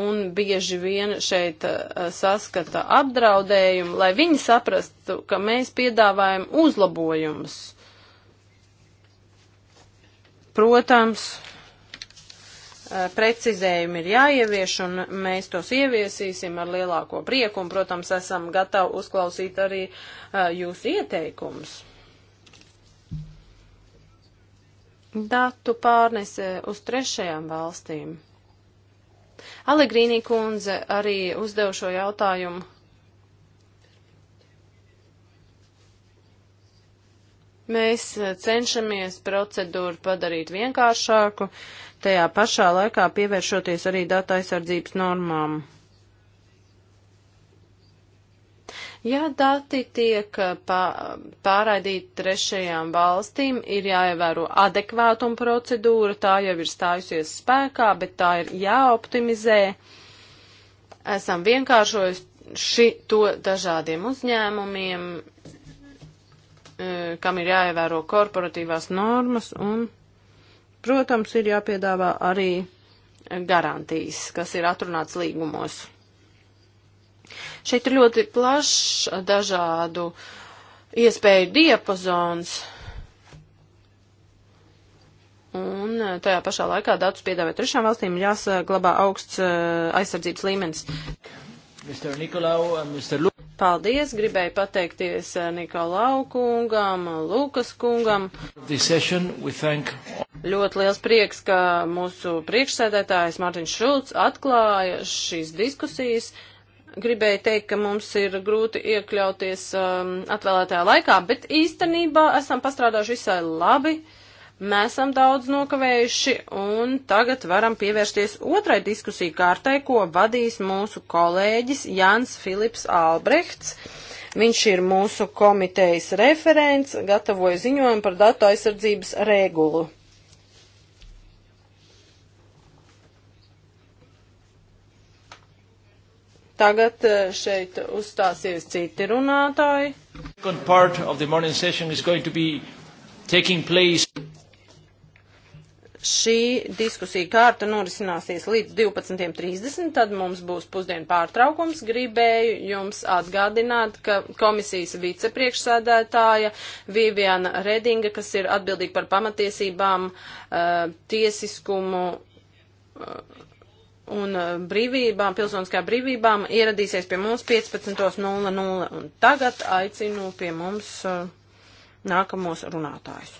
S2: un bieži vien šeit eh, saskata apdraudējumu, lai viņi saprastu, ka mēs piedāvājam uzlabojumus Protams, eh, precizējumi ir jāievieš, un mēs tos ieviesīsim ar lielāko prieku, un, protams, esam gatavi uzklausīt arī eh, jūsu ieteikumus. Datu pārnese uz trešajām valstīm. Alegrīnī kundze arī uzdev šo jautājumu Mēs eh, cenšamies procedūru padarīt vienkāršāku, tajā pašā laikā pievēršoties arī data aizsardzības normām. Ja dati tiek eh, pārraidīti trešajām valstīm, ir jāievēro adekvātuma procedūra, tā jau ir stājusies spēkā, bet tā ir jāoptimizē. Esam vienkāršojuši to dažādiem uzņēmumiem, E, kam ir jāievēro korporatīvās normas un, protams, ir jāpiedāvā arī garantijas, kas ir atrunāts līgumos. Šeit ir ļoti plašs dažādu iespēju diapazons. Un e, tajā pašā laikā datus piedāvāt trešām valstīm jāsaglabā augsts e, aizsardzības līmenis. Paldies, gribēju pateikties eh, Nikolau kungam, Lukas kungam. Ļoti liels prieks, ka mūsu priekšsēdētājs Mārtiņš Šulcs atklāja šīs diskusijas. Gribēju teikt, ka mums ir grūti iekļauties um, atvēlētajā laikā, bet īstenībā esam pastrādājuši visai labi. Uh, Mēs esam daudz nokavējuši un tagad varam pievērsties otrai diskusiju kārtai, ko vadīs mūsu kolēģis Jans Filips Albrechts. Viņš ir mūsu komitejas referents, gatavoja ziņojumu par datu aizsardzības regulu. Tagad eh, šeit uzstāsies citi runātāji. Šī diskusija kārta norisināsies līdz 12.30, tad mums būs pusdienu pārtraukums. Gribēju jums atgādināt, ka komisijas vicepriekšsēdētāja Viviana Redinga, kas ir atbildīga par pamatiesībām, eh, tiesiskumu eh, un eh, brīvībām, pilsoniskā brīvībām, ieradīsies pie mums 15.00. Un tagad aicinu pie mums nākamos runātājus.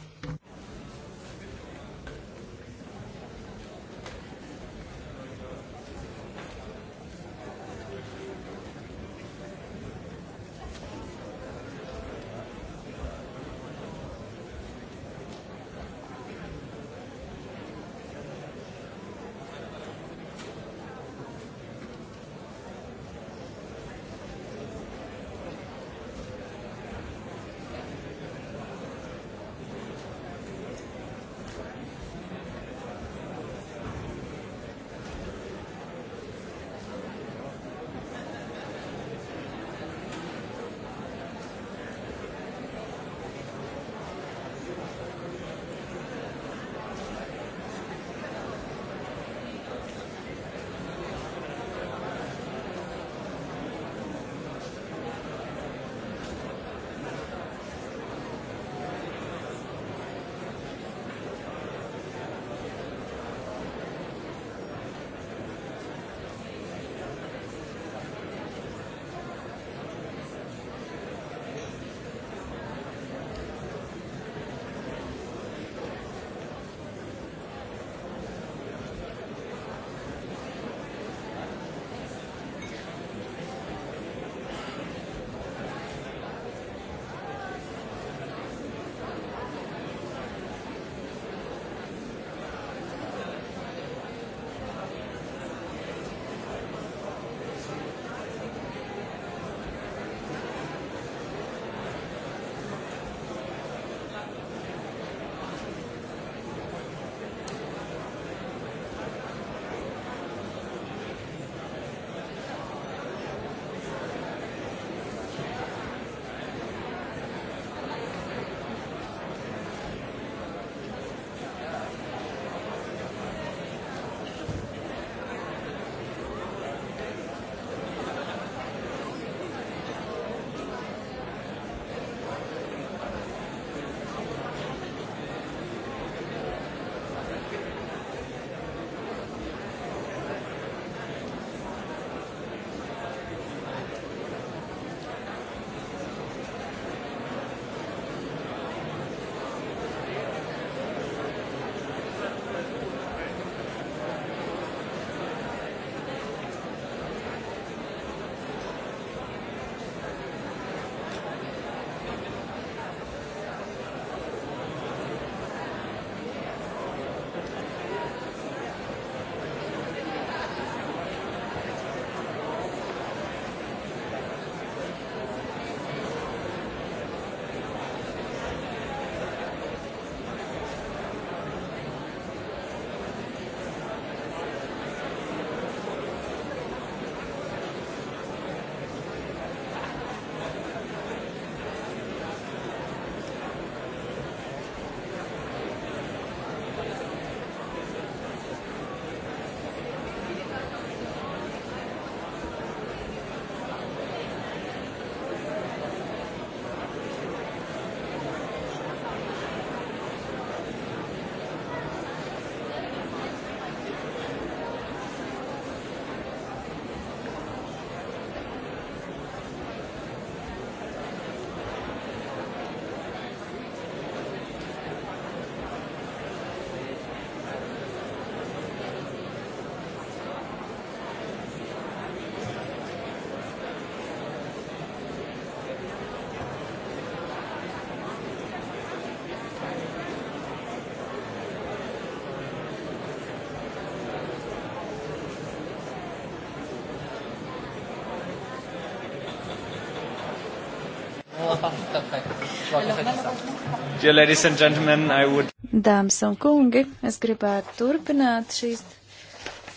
S3: Dear ladies and gentlemen, I would. Dāmas un kungi, es gribētu turpināt šīs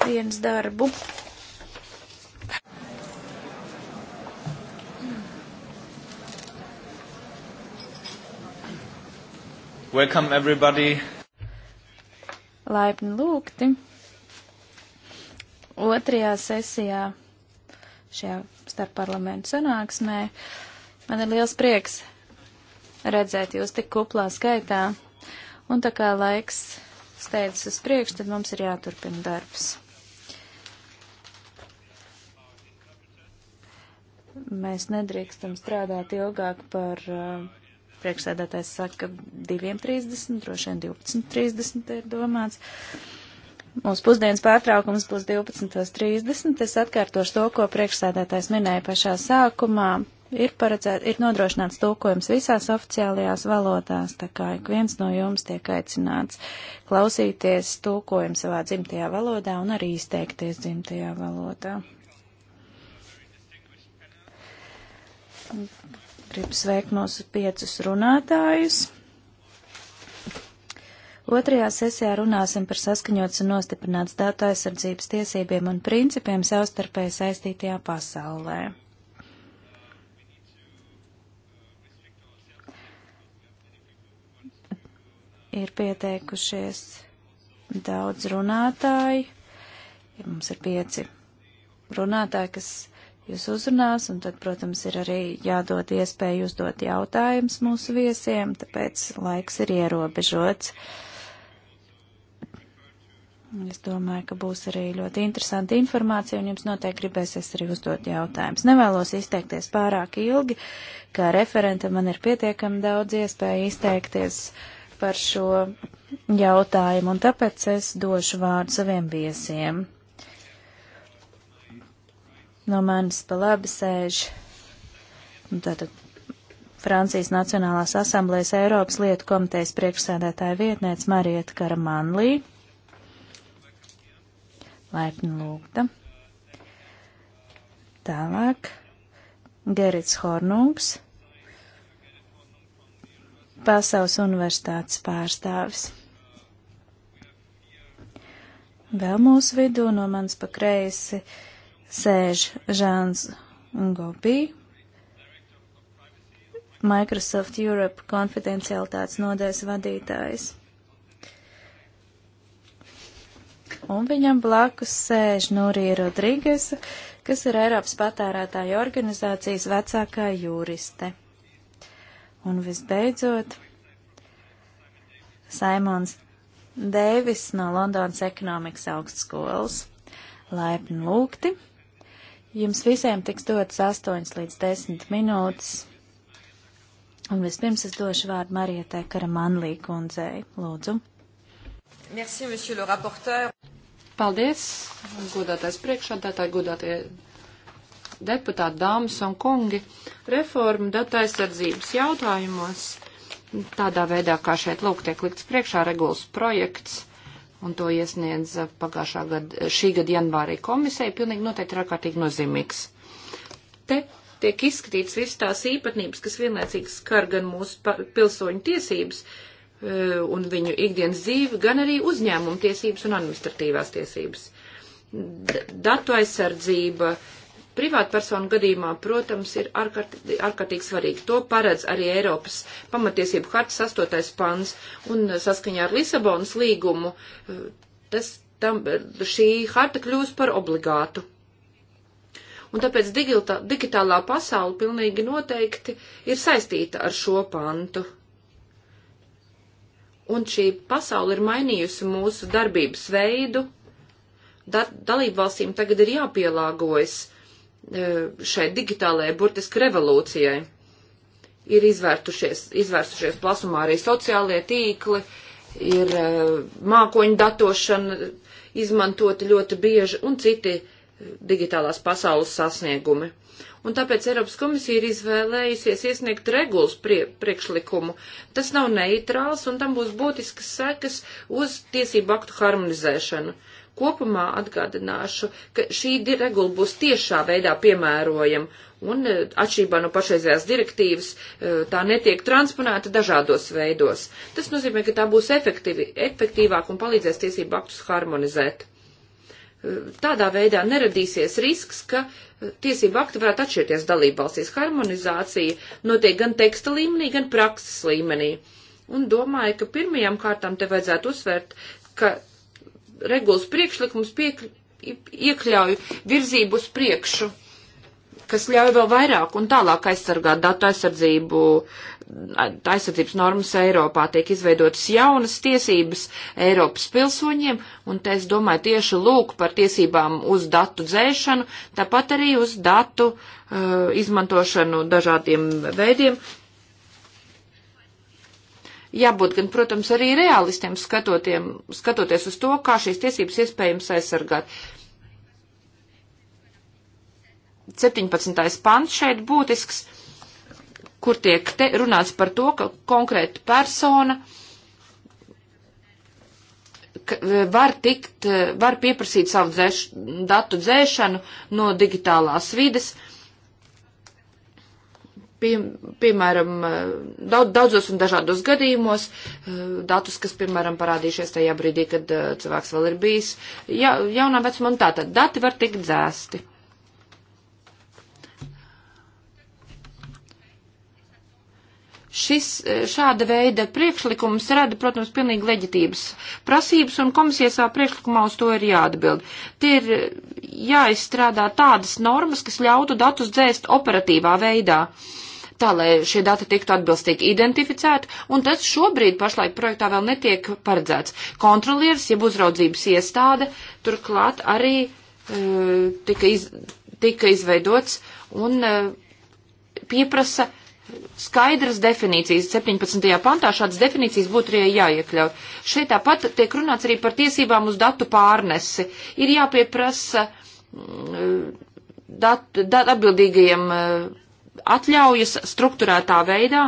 S3: dienas darbu.
S2: Welcome everybody.
S3: Laipni lūgti. Otrajā sesijā šajā starpparlamentu sanāksmē. Uh, Man ir liels prieks redzēt jūs tik kuplā skaitā, un tā kā laiks steidzas uz priekšu, tad mums ir jāturpina darbs. Mēs nedrīkstam strādāt ilgāk par uh, priekšsēdētājs saka 2.30, droši vien 12.30 ir domāts. Mūsu pusdienas pārtraukums būs 12.30. Es atkārtošu to, ko priekšsēdētājs minēja pašā sākumā ir paredzēts, ir nodrošināts tulkojums visās oficiālajās valodās, tā kā ik viens no jums tiek aicināts klausīties tulkojumu savā dzimtajā valodā un arī izteikties dzimtajā valodā. Gribu sveikt mūsu piecus runātājus. Otrajā sesijā runāsim par saskaņots un nostiprināts datu aizsardzības tiesībiem un principiem savstarpēji saistītajā pasaulē. ir pieteikušies daudz runātāji. Ja mums ir pieci runātāji, kas jūs uzrunās, un tad, protams, ir arī jādod iespēju uzdot jautājumus mūsu viesiem, tāpēc laiks ir ierobežots. Es domāju, ka būs arī ļoti interesanti informācija, un jums noteikti gribēsies arī uzdot jautājumus. Nevēlos izteikties pārāk ilgi, kā referenta man ir pietiekami daudz iespēju izteikties. Uh, par šo jautājumu, un tāpēc es došu vārdu saviem viesiem. No manis pa labi sēž tātad Francijas Nacionālās asamblējas Eiropas lietu komitejas priekšsēdētāja vietniece Marieta Karamanlī. Laipni lūgta. Tālāk. Gerits Hornungs Pasaules universitātes pārstāvis. Vēl mūsu vidū no manas pa kreisi sēž Žāns Ngobī, Microsoft Europe konfidencialitātes nodaļas vadītājs. Un viņam blakus sēž Nūrija Rodrīgesa, kas ir Eiropas patērētāju organizācijas vecākā juriste. Un visbeidzot, Saimons Dēvis no Londonas ekonomikas augstskolas. Laipni lūgti! Jums visiem tiks dotas 8 līdz 10 minūtes. Un vispirms es došu vārdu Marietai Karamanlī kundzei. Lūdzu!
S1: Merci, monsieur le rapporteur! Paldies, godātais priekšādātāji, godātie deputāti, dāmas un kungi, reforma datu aizsardzības jautājumos, tādā veidā, kā šeit lūk tiek likts priekšā regulas projekts, un to iesniedz pagājušā gada, šī gada janvārī komisija, pilnīgi noteikti ir ārkārtīgi nozīmīgs. Te tiek izskatīts visas tās īpatnības, kas vienlaicīgi skar gan mūsu pilsoņu tiesības e, un viņu ikdienas dzīvi, gan arī uzņēmumu tiesības un administratīvās tiesības. D datu aizsardzība, uh, Privātpersonu gadījumā, protams, ir ārkārtīgi arkart, svarīgi. To paredz arī Eiropas pamatiesību hartas 8. pants un eh, saskaņā ar Lisabonas līgumu eh, tas, tam, eh, šī harta kļūs par obligātu. Un tāpēc digilta, digitālā pasaule pilnīgi noteikti ir saistīta ar šo pantu. Un šī pasaule ir mainījusi mūsu darbības veidu. Da, dalību valstīm tagad ir jāpielāgojas uh, E, šai digitālajai burtiski revolūcijai. Ir izvērsušies plasumā arī sociālie tīkli, ir e, mākoņu datošana izmantota ļoti bieži un citi digitālās pasaules sasniegumi. Un tāpēc Eiropas komisija ir izvēlējusies iesniegt regulas prie, priekšlikumu. Tas nav neitrāls un tam būs būtiskas sekas uz tiesību aktu harmonizēšanu. Uh, Kopumā atgādināšu, ka šī regula būs tiešā veidā piemērojama, un eh, atšķirībā no pašreizējās direktīvas eh, tā netiek transponēta dažādos veidos. Tas nozīmē, ka tā būs efektīvi, efektīvāk un palīdzēs tiesību aktus harmonizēt. Eh, tādā veidā neradīsies risks, ka tiesība akti varētu atšķirties dalībvalstīs. Harmonizācija notiek gan teksta līmenī, gan prakses līmenī. Un domāju, ka pirmajām kārtām te vajadzētu uzsvērt, ka regulas priekšlikums piek, iekļauj virzību uz priekšu, kas ļauj vēl vairāk un tālāk aizsargāt datu aizsardzību. Aizsardzības normas Eiropā tiek izveidotas jaunas tiesības Eiropas pilsoņiem, un te es domāju tieši lūk par tiesībām uz datu dzēšanu, tāpat arī uz datu uh, izmantošanu dažādiem veidiem, jābūt gan, protams, arī realistiem skatoties uz to, kā šīs tiesības iespējams aizsargāt. 17. pants šeit būtisks, kur tiek te, runāts par to, ka konkrēta persona e, var tikt, e, var pieprasīt savu dzēš, datu dzēšanu no digitālās vides. Uh, pie, piemēram, daudz, daudzos un dažādos gadījumos eh, datus, kas, piemēram, parādījušies tajā brīdī, kad eh, cilvēks vēl ir bijis ja, jaunā vecumā, un tā tad dati var tikt dzēsti. Šis eh, šāda veida priekšlikums rada, protams, pilnīgi leģitības prasības, un komisija savā priekšlikumā uz to ir jāatbild. Tie ir jāizstrādā tādas normas, kas ļautu datus dzēst operatīvā veidā. Uh, tā lai šie dati tiktu atbilstīgi identificēti, un tas šobrīd pašlaik projektā vēl netiek paredzēts. Kontrolieris, jeb uzraudzības iestāde, turklāt arī uh, tika, iz, tika izveidots un uh, pieprasa skaidras definīcijas. 17. pantā šādas definīcijas būtu arī jāiekļauj. Šeit tāpat tiek runāts arī par tiesībām uz datu pārnesi. Ir jāpieprasa uh, dat, dat, atbildīgajiem uh, atļaujas strukturētā veidā,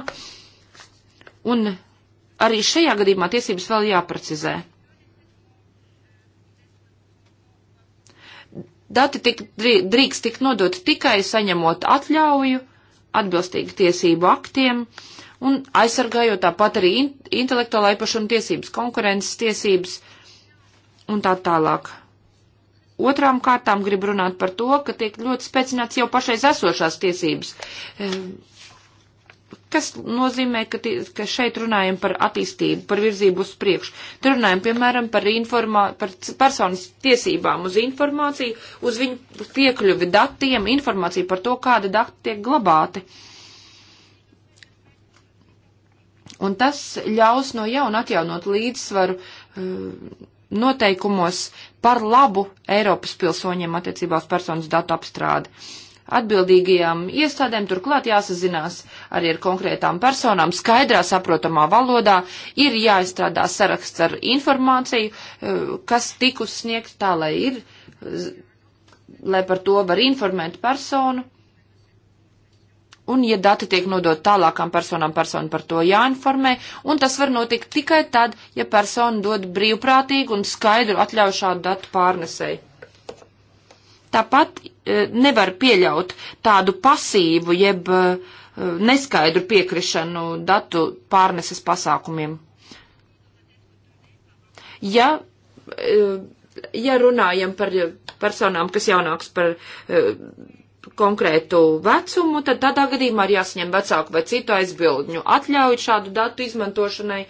S1: un arī šajā gadījumā tiesības vēl jāprecizē. Dati tik, drīkst tikt nodot tikai saņemot atļauju, atbilstīgi tiesību aktiem, un aizsargājot tāpat arī intelektuālā īpašuma tiesības, konkurences tiesības un tā tālāk. Otrām kārtām grib runāt par to, ka tiek ļoti spēcināts jau pašreiz esošās tiesības. Ehm, kas nozīmē, ka, tie, ka šeit runājam par attīstību, par virzību uz priekšu? Te runājam, piemēram, par, informā, par personas tiesībām uz informāciju, uz viņu piekļuvi datiem, informāciju par to, kāda dati tiek glabāti. Un tas ļaus no jauna atjaunot līdzsvaru uh, noteikumos par labu Eiropas pilsoņiem attiecībā uz personas datu apstrādi. Atbildīgajām iestādēm turklāt jāsazinās arī ar konkrētām personām, skaidrā, saprotamā valodā ir jāizstrādā saraksts ar informāciju, eh, kas tikus sniegt tā, lai ir, lai par to var informēt personu, un, ja dati tiek nodot tālākām personām, persona par to jāinformē, un tas var notikt tikai tad, ja persona dod brīvprātīgu un skaidru atļauju šādu datu pārnesēju. Tāpat e, nevar pieļaut tādu pasīvu jeb e, neskaidru piekrišanu datu pārneses pasākumiem. Ja, e, ja runājam par personām, kas jaunāks par e, konkrētu vecumu, tad tādā gadījumā ir jāsaņem vecāku vai citu aizbildņu atļauju šādu datu izmantošanai.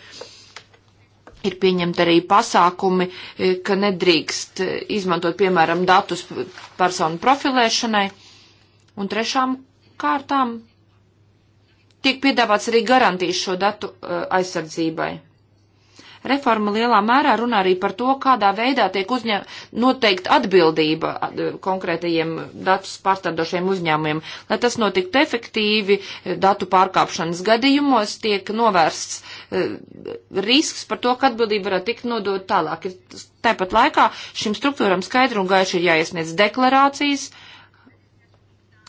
S1: Ir pieņemti arī pasākumi, e, ka nedrīkst izmantot, piemēram, datus personu profilēšanai. Un trešām kārtām tiek piedāvāts arī garantijas šo datu e, aizsardzībai. Reforma lielā mērā runā arī par to, kādā veidā tiek uzņem, noteikt atbildība konkrētajiem datus pārstādošiem uzņēmumiem. Lai tas notiktu efektīvi, datu pārkāpšanas gadījumos tiek novērsts eh, risks par to, ka atbildība varētu tikt nodot tālāk. Tāpat laikā šim struktūram skaidri un gaiši ir jāiesniedz deklarācijas,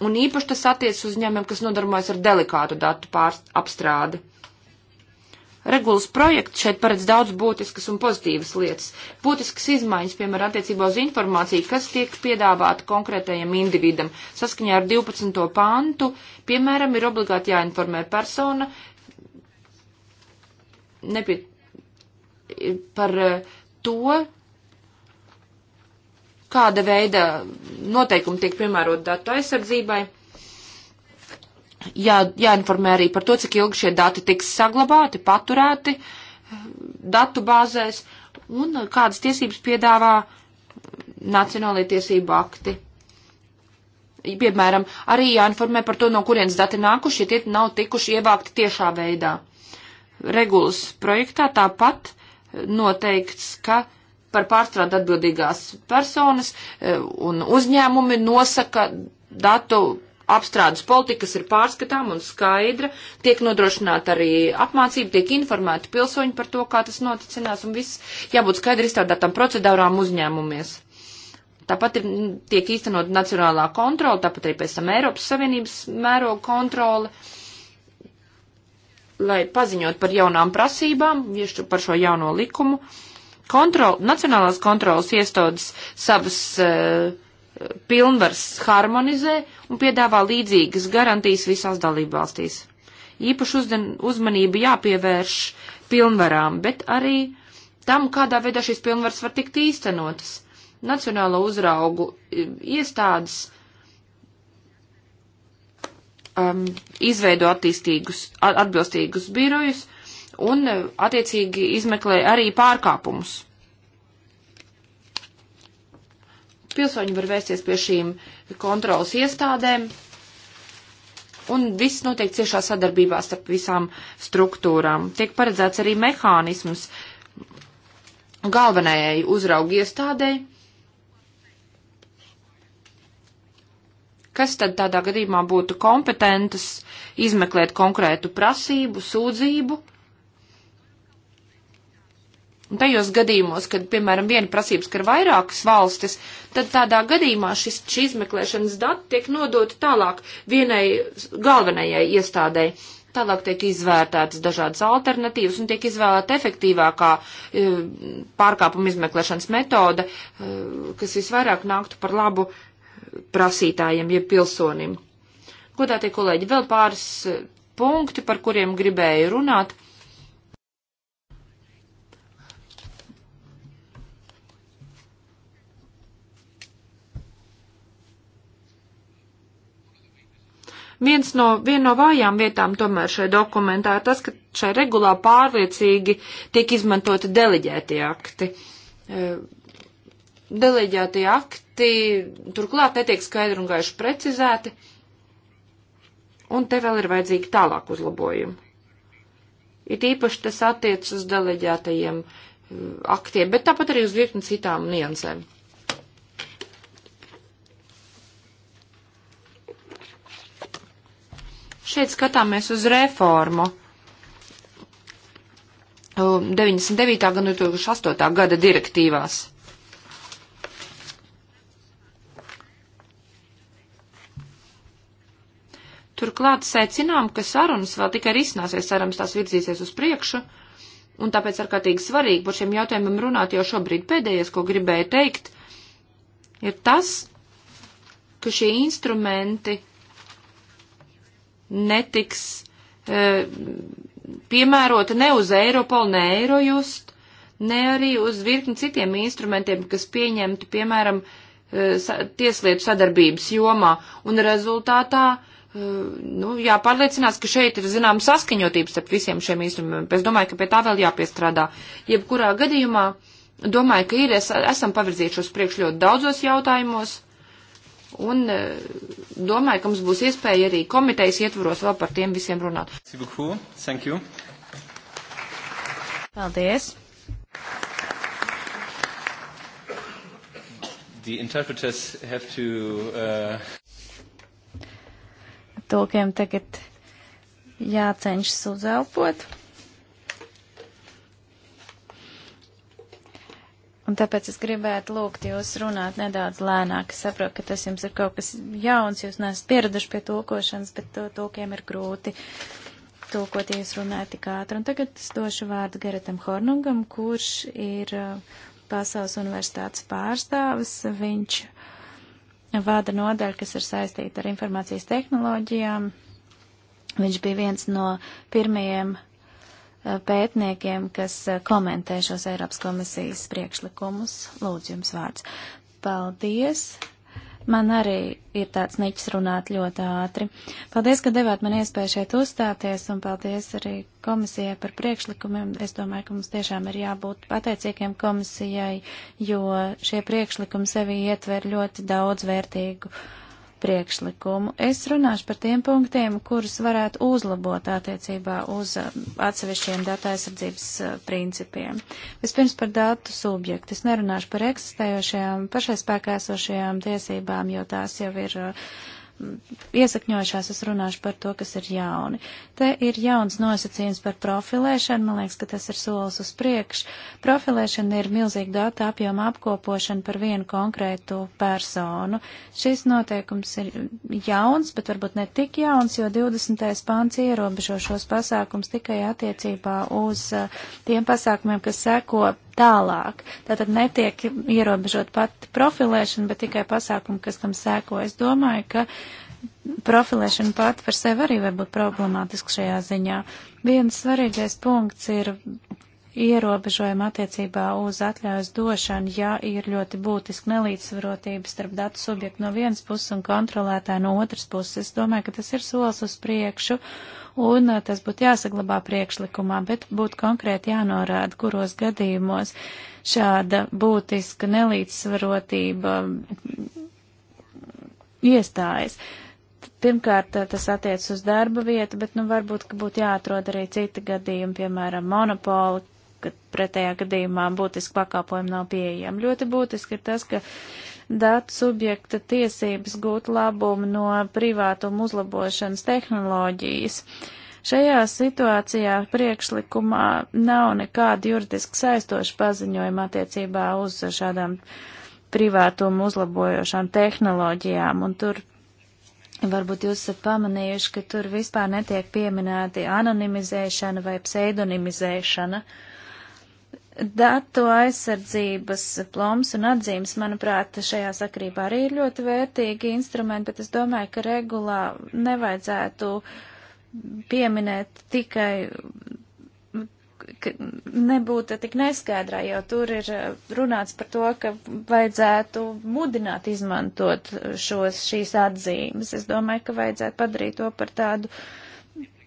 S1: un īpaši tas attiec uzņēmumiem, kas nodarbojas ar delikātu datu pār, apstrādi. Regulas projekts šeit paredz daudz būtiskas un pozitīvas lietas. Būtiskas izmaiņas, piemēram, attiecībā uz informāciju, kas tiek piedāvāta konkrētajam individam. Saskaņā ar 12. pantu, piemēram, ir obligāti jāinformē persona nepie, par e, to, kāda veida noteikumi tiek piemērot datu aizsardzībai jā, jāinformē arī par to, cik ilgi šie dati tiks saglabāti, paturēti eh, datu bāzēs un eh, kādas tiesības piedāvā nacionālajie tiesību akti. Piemēram, arī jāinformē par to, no kurienes dati nākuši, ja tie nav tikuši ievākti tiešā veidā. Regulas projektā tāpat eh, noteikts, ka par pārstrādu atbildīgās personas un uzņēmumi nosaka datu apstrādes politikas ir pārskatām un skaidra, tiek nodrošināta arī apmācība, tiek informēta pilsoņi par to, kā tas noticinās, un viss jābūt skaidri izstrādātām procedūrām uzņēmumies. Tāpat ir, mm, tiek īstenot nacionālā kontrola, tāpat arī pēc tam Eiropas Savienības mēroga kontrola, lai paziņot par jaunām prasībām, par šo jauno likumu. Kontrol, nacionālās kontrolas iestādes savas uh, pilnvars harmonizē un piedāvā līdzīgas garantijas visās dalībvalstīs. Īpaši uzmanību jāpievērš pilnvarām, bet arī tam, kādā veidā šīs pilnvaras var tikt īstenotas. Nacionālo uzraugu iestādes um, izveido attīstīgus, atbilstīgus birojus un uh, attiecīgi izmeklē arī pārkāpumus. Pilsoņi var vērsties pie šīm kontrolas iestādēm. Un viss notiek ciešā sadarbībā starp visām struktūrām. Tiek paredzēts arī mehānisms galvenajai uzraugu iestādēji, kas tad tādā gadījumā būtu kompetentas izmeklēt konkrētu prasību, sūdzību Un tajos gadījumos, kad, piemēram, viena prasības, ka ir vairākas valstis, tad tādā gadījumā šis, šī izmeklēšanas dati tiek nodota tālāk vienai galvenajai iestādēji. Tālāk tiek izvērtētas dažādas alternatīvas un tiek izvēlēta efektīvākā e, pārkāpuma izmeklēšanas metode, e, kas visvairāk nāktu par labu prasītājiem, jeb pilsonim. Godātie kolēģi, vēl pāris e, punkti, par kuriem gribēju runāt. Viens no, viena no vājām vietām tomēr šai dokumentā ir tas, ka šai regulā pārliecīgi tiek izmantoti deleģēti akti. E, deleģēti akti turklāt netiek skaidri un gaiši precizēti, un te vēl ir vajadzīgi tālāk uzlabojumi. It īpaši tas attiec uz deleģētajiem e, aktiem, bet tāpat arī uz virkni citām niansēm. Šeit skatāmies uz reformu. 99. gan 2008. gada direktīvās. Turklāt secinām, ka sarunas vēl tikai risināsies, cerams, tās virzīsies uz priekšu, un tāpēc ārkārtīgi svarīgi par šiem jautājumiem runāt jau šobrīd. Pēdējais, ko gribēju teikt, ir tas, ka šie instrumenti netiks e, piemērota ne uz Eiropolu, ne Eirojust, ne arī uz virkni citiem instrumentiem, kas pieņemti, piemēram, e, sa tieslietu sadarbības jomā. Un rezultātā, e, nu, jāpārliecinās, ka šeit ir zinām saskaņotības starp visiem šiem instrumentiem. Es domāju, ka pie tā vēl jāpiestrādā. Jebkurā gadījumā, domāju, ka ir, es, esam pavirzījušos priekš ļoti daudzos jautājumos un e, domāju, ka mums būs iespēja arī komitejas ietvaros vēl par tiem visiem runāt.
S3: Paldies!
S2: The interpreters have to.
S3: Uh... Tolkiem tagad jācenšas uzelpot. Un tāpēc es gribētu lūgt jūs runāt nedaudz lēnāk. Es saprotu, ka tas jums ir kaut kas jauns, jūs neesat pieraduši pie tulkošanas, bet tulkiem ir grūti tulkot, ja jūs runājat tik ātri. Un tagad es došu vārdu Geretam Hornungam, kurš ir uh, Pasaules universitātes pārstāvis. Viņš vada nodaļu, kas ir saistīta ar informācijas tehnoloģijām. Viņš bija viens no pirmajiem pētniekiem, kas eh, komentē šos Eiropas komisijas priekšlikumus. Lūdzu, jums vārds. Paldies! Man arī ir tāds niķis runāt ļoti ātri. Paldies, ka devāt man iespēju šeit uzstāties, un paldies arī komisijai par priekšlikumiem. Es domāju, ka mums tiešām ir jābūt pateicīgiem komisijai, jo šie priekšlikumi sevi ietver ļoti daudz vērtīgu uh, priekšlikumu. Es runāšu par tiem punktiem, kurus varētu uzlabot attiecībā uz uh, atsevišķiem datu aizsardzības uh, principiem. Vispirms par datu subjektu. Es nerunāšu par eksistējošajām, pašai spēkā esošajām tiesībām, jo tās jau ir uh, iesakņojušās, es runāšu par to, kas ir jauni. Te ir jauns nosacījums par profilēšanu, man liekas, ka tas ir solis uz priekšu. Profilēšana ir milzīga data apjoma apkopošana par vienu konkrētu personu. Šis noteikums ir jauns, bet varbūt ne tik jauns, jo 20. pāns ierobežo šos pasākums tikai attiecībā uz uh, tiem pasākumiem, kas seko tālāk. Tātad netiek ierobežot pat profilēšana, bet tikai pasākumi, kas tam sēko. Es domāju, ka profilēšana pat par sevi arī var būt problemātiska šajā ziņā. Viens svarīgais punkts ir ierobežojumi attiecībā uz atļaujas došanu, ja ir ļoti būtiski nelīdzsvarotības starp datu subjektu no vienas puses un kontrolētāju no otras puses. Es domāju, ka tas ir solis uz priekšu. Uh, un tas būtu jāsaglabā priekšlikumā, bet būtu konkrēti jānorāda, kuros gadījumos šāda būtiska nelīdzsvarotība mm, iestājas. Pirmkārt, tas attiec uz darba vietu, bet, nu, varbūt, ka būtu jāatrod arī citi gadījumi, piemēram, monopoli, kad pretējā gadījumā būtiski pakalpojumi nav pieejami. Ļoti būtiski ir tas, ka uh, datu subjekta tiesības gūt labumu no privātuma uzlabošanas tehnoloģijas. Šajā situācijā priekšlikumā nav nekāda juridiski saistoša paziņojuma attiecībā uz šādām privātumu uzlabojošām tehnoloģijām, un tur varbūt jūs esat pamanījuši, ka tur vispār netiek pieminēti anonimizēšana vai pseidonimizēšana. Uh, Datu aizsardzības ploms un atzīmes, manuprāt, šajā sakrībā arī ir ļoti vērtīgi instrumenti, bet es domāju, ka regulā nevajadzētu pieminēt tikai, ka nebūtu tik neskaidrā, jo tur ir runāts par to, ka vajadzētu mudināt izmantot šos, šīs atzīmes. Es domāju, ka vajadzētu padarīt to par tādu uh,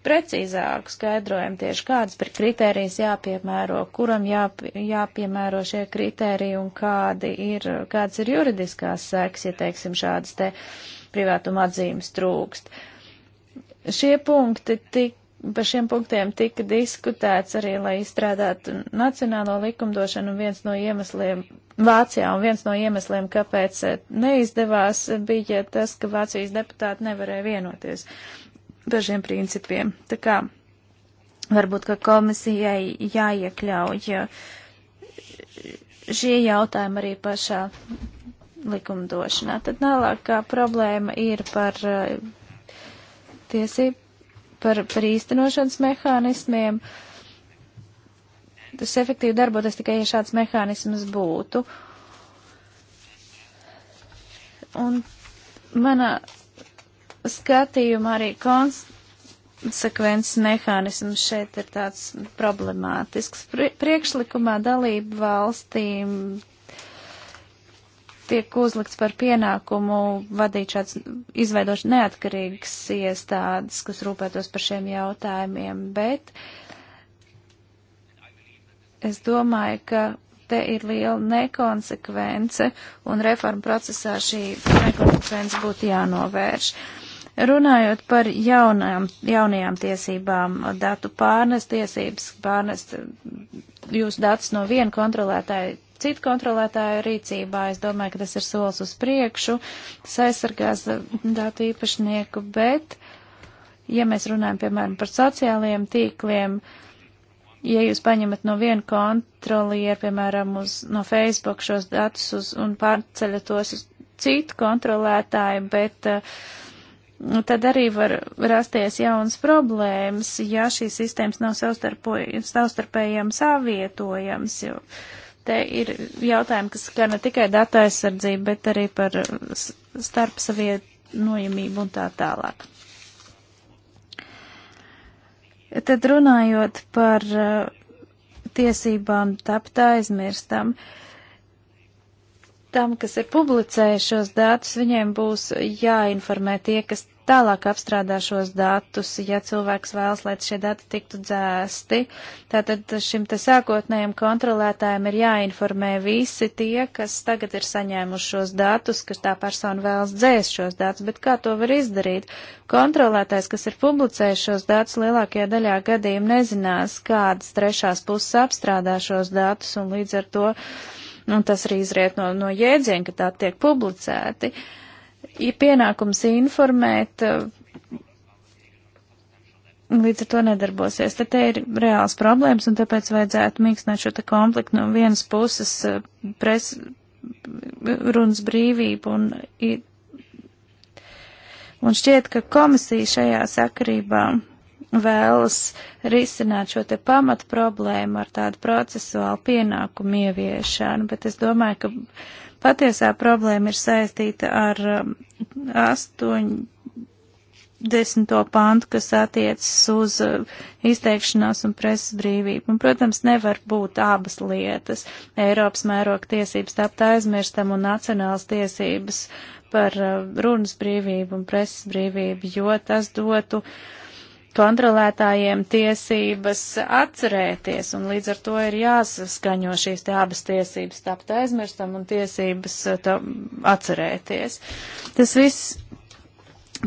S3: precīzāku skaidrojumu tieši kādas kritērijas jāpiemēro, kuram jāp, jāpiemēro šie kritēriji un kādi ir, kādas ir juridiskās sēks, ja teiksim šādas te privātuma atzīmes trūkst. Šie punkti tik par šiem punktiem tika diskutēts arī, lai izstrādātu nacionālo likumdošanu, un viens no iemesliem Vācijā, un viens no iemesliem, kāpēc eh, neizdevās, bija tas, ka Vācijas deputāti nevarēja vienoties dažiem principiem. Tā kā varbūt, ka komisijai jāiekļauj šie jautājumi arī pašā likumdošanā. Tad nālākā problēma ir par eh, tiesību, par, par īstenošanas mehānismiem. Tas efektīvi darbotas tikai, ja šāds mehānisms būtu. Un manā skatījuma arī konsekvences mehānisms šeit ir tāds problemātisks. Priekšlikumā dalību valstīm tiek uzlikts par pienākumu vadīt šāds izveidoši neatkarīgas iestādes, kas rūpētos par šiem jautājumiem, bet es domāju, ka te ir liela nekonsekvence un reforma procesā šī nekonsekvence būtu jānovērš. Uh, Runājot par jaunajām, jaunajām tiesībām, datu pārnest tiesības, pārnest mm, jūs datus no viena kontrolētāja citu kontrolētāju rīcībā, es domāju, ka tas ir solis uz priekšu, tas aizsargās mm, datu īpašnieku, bet, ja mēs runājam, piemēram, par sociālajiem tīkliem, ja jūs paņemat no viena kontrolieru, piemēram, uz, no Facebook šos datus uz, un pārceļat tos uz citu kontrolētāju, bet uh, Nu, tad arī var rasties jaunas problēmas, ja šīs sistēmas nav savstarpējām savietojams, jo te ir jautājumi, kas skar ne tikai datu aizsardzību, bet arī par starp savienojamību un tā tālāk. Tad runājot par uh, tiesībām tapt aizmirstam, uh, tam, kas ir publicējis šos datus, viņiem būs jāinformē tie, kas tālāk apstrādā šos datus, ja cilvēks vēlas, lai šie dati tiktu dzēsti. Tātad šim te sākotnējiem kontrolētājiem ir jāinformē visi tie, kas tagad ir saņēmuši šos datus, kas tā persona vēlas dzēst šos datus, bet kā to var izdarīt? Kontrolētājs, kas ir publicējis šos datus, lielākajā daļā gadījumā nezinās, kādas trešās puses apstrādā šos datus un līdz ar to. Uh, un nu, tas arī izriet no, no jēdziena, ka tā tiek publicēti, ir pienākums informēt, uh, līdz ar to nedarbosies. Tad te ir reāls problēmas, un tāpēc vajadzētu mīkstināt šo te konfliktu no vienas puses uh, pres, runas brīvību un, un šķiet, ka komisija šajā sakarībā vēlas risināt šo te pamatu problēmu ar tādu procesuālu pienākumu ieviešanu, bet es domāju, ka patiesā problēma ir saistīta ar um, 80. pantu, kas attiecas uz uh, izteikšanās un presas brīvību. Un, protams, nevar būt abas lietas. Eiropas mēroga tiesības tapt aizmirstam un nacionālas tiesības par uh, runas brīvību un presas brīvību, jo tas dotu uh, kontrolētājiem tiesības atcerēties, un līdz ar to ir jāsaskaņo šīs te abas tiesības tapt aizmirstam un tiesības uh, atcerēties. Tas viss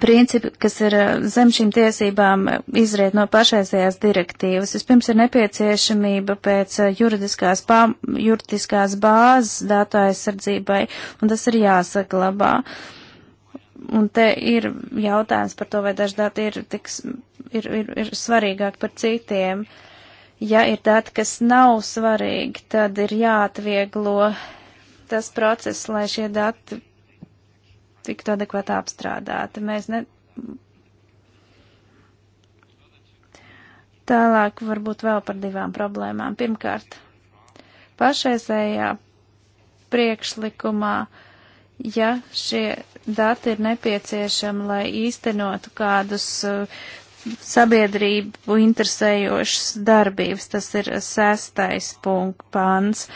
S3: principi, kas ir uh, zem šīm tiesībām, uh, izriet no pašreizējās direktīvas. Vispirms ir nepieciešamība pēc juridiskās, pā, juridiskās bāzes datu aizsardzībai, un tas ir jāsaglabā. Uh, Un te ir jautājums par to, vai daži dati ir, tiks, ir, ir, ir svarīgāk par citiem. Ja ir dati, kas nav svarīgi, tad ir jāatvieglo tas process, lai šie dati tiktu adekvāti apstrādāti. Mēs ne. Tālāk varbūt vēl par divām problēmām. Pirmkārt, pašreizējā priekšlikumā uh, ja šie dati ir nepieciešami, lai īstenotu kādus uh, sabiedrību interesējošas darbības. Tas ir sestais punkts pāns.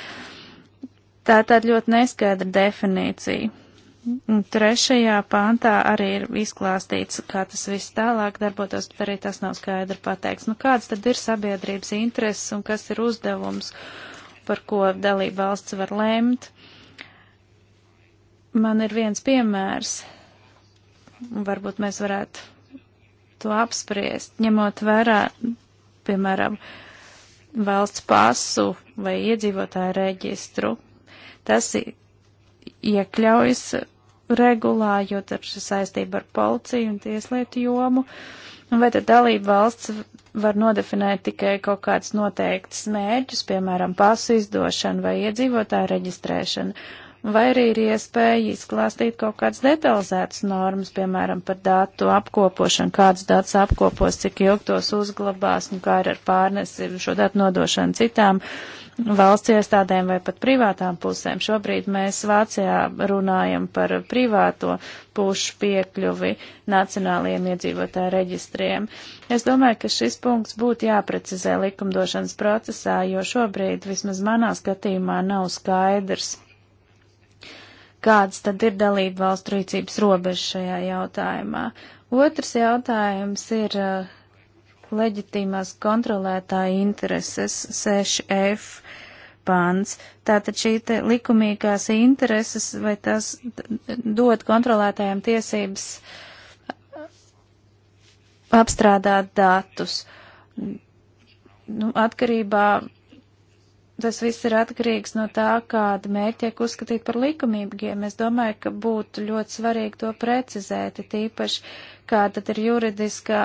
S3: Tā tāda ļoti neskaidra definīcija. Un trešajā pāntā arī ir izklāstīts, kā tas viss tālāk darbotos, bet arī tas nav skaidri pateikts. Nu, kāds tad ir sabiedrības intereses un kas ir uzdevums, par ko dalība valsts var lemt? Man ir viens piemērs, varbūt mēs varētu to apspriest, ņemot vērā, piemēram, valsts pasu vai iedzīvotāju reģistru. Tas iekļaujas regulā, jo tas ir saistība ar policiju un tieslietu jomu. Un vai tad dalība valsts var nodefinēt tikai kaut kāds noteikts mērķus, piemēram, pasu izdošanu vai iedzīvotāju reģistrēšanu, vai arī ir iespēja izklāstīt kaut kādas detalizētas normas, piemēram, par datu apkopošanu, kādas datus apkopos, cik ilgi tos uzglabās, un kā ir ar pārnesi šo datu nodošanu citām valsts iestādēm vai pat privātām pusēm. Šobrīd mēs Vācijā runājam par privāto pušu piekļuvi nacionālajiem iedzīvotāju reģistriem. Es domāju, ka šis punkts būtu jāprecizē likumdošanas procesā, jo šobrīd vismaz manā skatījumā nav skaidrs kādas tad ir dalība valstu rīcības robežas šajā jautājumā. Otrs jautājums ir uh, leģitīmās kontrolētāja intereses 6F pants. Tātad šī te likumīgās intereses, vai tas dod kontrolētājiem tiesības apstrādāt datus? Nu, atkarībā tas viss ir atkarīgs no tā, kāda mērķa tiek uzskatīta par likumīgiem. Es domāju, ka būtu ļoti svarīgi to precizēt, tīpaši, kā tad ir juridiskā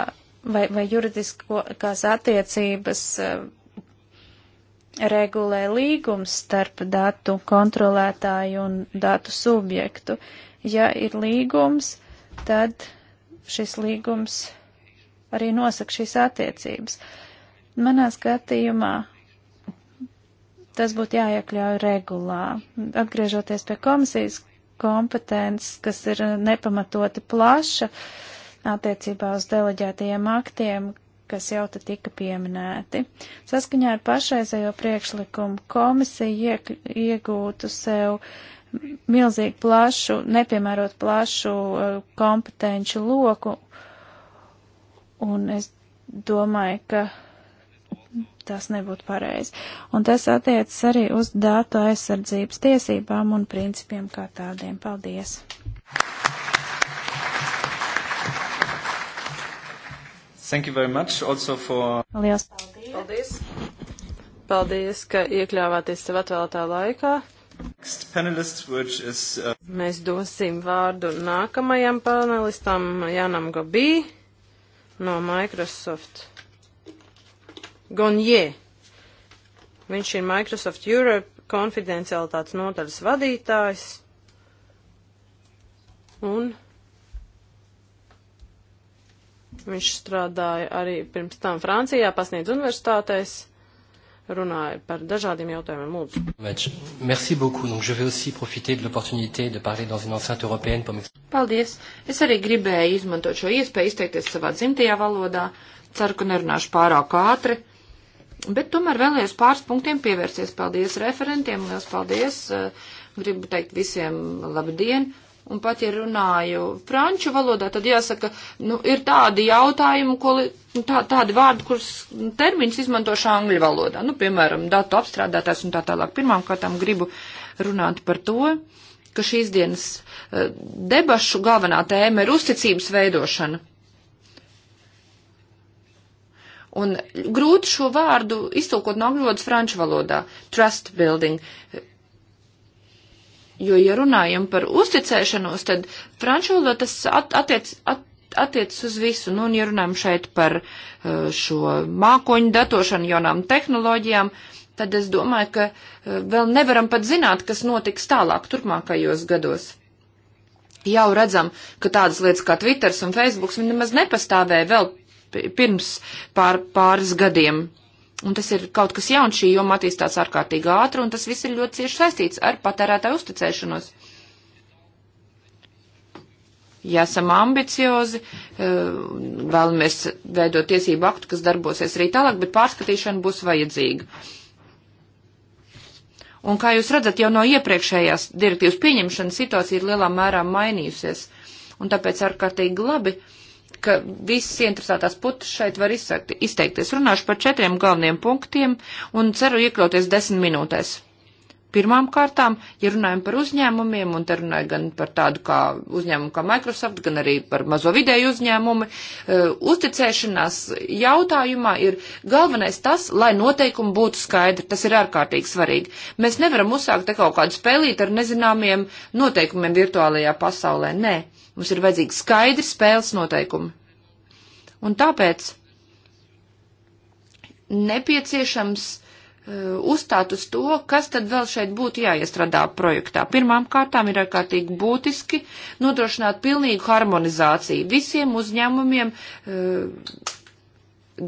S3: vai, vai juridiskās attiecības eh, regulē līgums starp datu kontrolētāju un datu subjektu. Ja ir līgums, tad šis līgums arī nosaka šīs attiecības. Manā skatījumā tas būtu jāiekļauj regulā. Atgriežoties pie komisijas kompetences, kas ir nepamatoti plaša attiecībā uz deleģētajiem aktiem, kas jau te tika pieminēti. Saskaņā ar pašreizējo priekšlikumu komisija iegūtu sev milzīgi plašu, nepiemērot plašu uh, kompetenci loku, un es domāju, ka tas nebūtu pareizi. Un tas attiecas arī uz datu aizsardzības tiesībām un principiem kā tādiem. Paldies! Thank you very much also for.
S2: Lielas paldies! Paldies, paldies ka iekļāvāties sev atvēlētā laikā.
S3: Panelist, is, uh...
S2: Mēs dosim vārdu nākamajam panelistam Janam Gabī no Microsoft. Gonje. Viņš ir Microsoft Europe konfidencialitātes nodaļas vadītājs. Un viņš strādāja arī pirms tam Francijā, pasniedz universitātēs, runāja par dažādiem jautājumiem.
S1: Lūdzu. Merci beaucoup. Donc je vais aussi profiter de l'opportunité de parler dans une enceinte européenne pour Paldies. Es arī gribēju izmantot šo iespēju izteikties savā dzimtajā valodā. Ceru, ka nerunāšu pārāk ātri Bet tomēr vēlējos pāris punktiem pievērsties. Paldies referentiem, liels paldies. Eh, gribu teikt visiem labdien. Un pat, ja runāju franču valodā, tad jāsaka, nu, ir tādi jautājumi, ko, nu, tā, tādi vārdi, kurus termins izmantošu angļu valodā. Nu, piemēram, datu apstrādātājs un tā tālāk. Pirmām kārtām gribu runāt par to, ka šīs dienas eh, debašu galvenā tēma ir uzticības veidošana. Un grūti šo vārdu iztulkot no angļu valodas franču valodā - trust building. Jo, ja runājam par uzticēšanos, tad franču valodā tas at, attiec, at, attiecas uz visu. Nu, un, ja runājam šeit par uh, šo mākoņu datošanu, jaunām tehnoloģijām, tad es domāju, ka uh, vēl nevaram pat zināt, kas notiks tālāk turpmākajos gados. Jau redzam, ka tādas lietas kā Twitters un Facebooks nemaz nepastāvēja vēl pirms pār, pāris gadiem. Un tas ir kaut kas jauns, šī joma attīstās ārkārtīgi ātri, un tas viss ir ļoti cieši saistīts ar patērētāju uzticēšanos. Ja esam ambiciozi, eh, vēlamies veidot tiesību aktu, kas darbosies arī tālāk, bet pārskatīšana būs vajadzīga. Un kā jūs redzat, jau no iepriekšējās direktīvas pieņemšanas situācija ir lielā mērā mainījusies, un tāpēc ārkārtīgi labi, uh, ka visas interesētās putas šeit var izsakt, izteikties. Runāšu par četriem galveniem punktiem un ceru iekļauties desmit minūtēs. Pirmām kārtām, ja runājam par uzņēmumiem, un te runāju gan par tādu kā uzņēmumu kā Microsoft, gan arī par mazo vidēju uzņēmumu, e, uzticēšanās jautājumā ir galvenais tas, lai noteikumi būtu skaidri. Tas ir ārkārtīgi svarīgi. Mēs nevaram uzsākt te kaut kādu spēlīt ar nezināmiem noteikumiem virtuālajā pasaulē. Nē. Mums ir vajadzīgi skaidri spēles noteikumi. Un tāpēc nepieciešams uh, uzstāt uz to, kas tad vēl šeit būtu jāiestrādā projektā. Pirmām kārtām ir ārkārtīgi būtiski nodrošināt pilnīgu harmonizāciju visiem uzņēmumiem. Uh,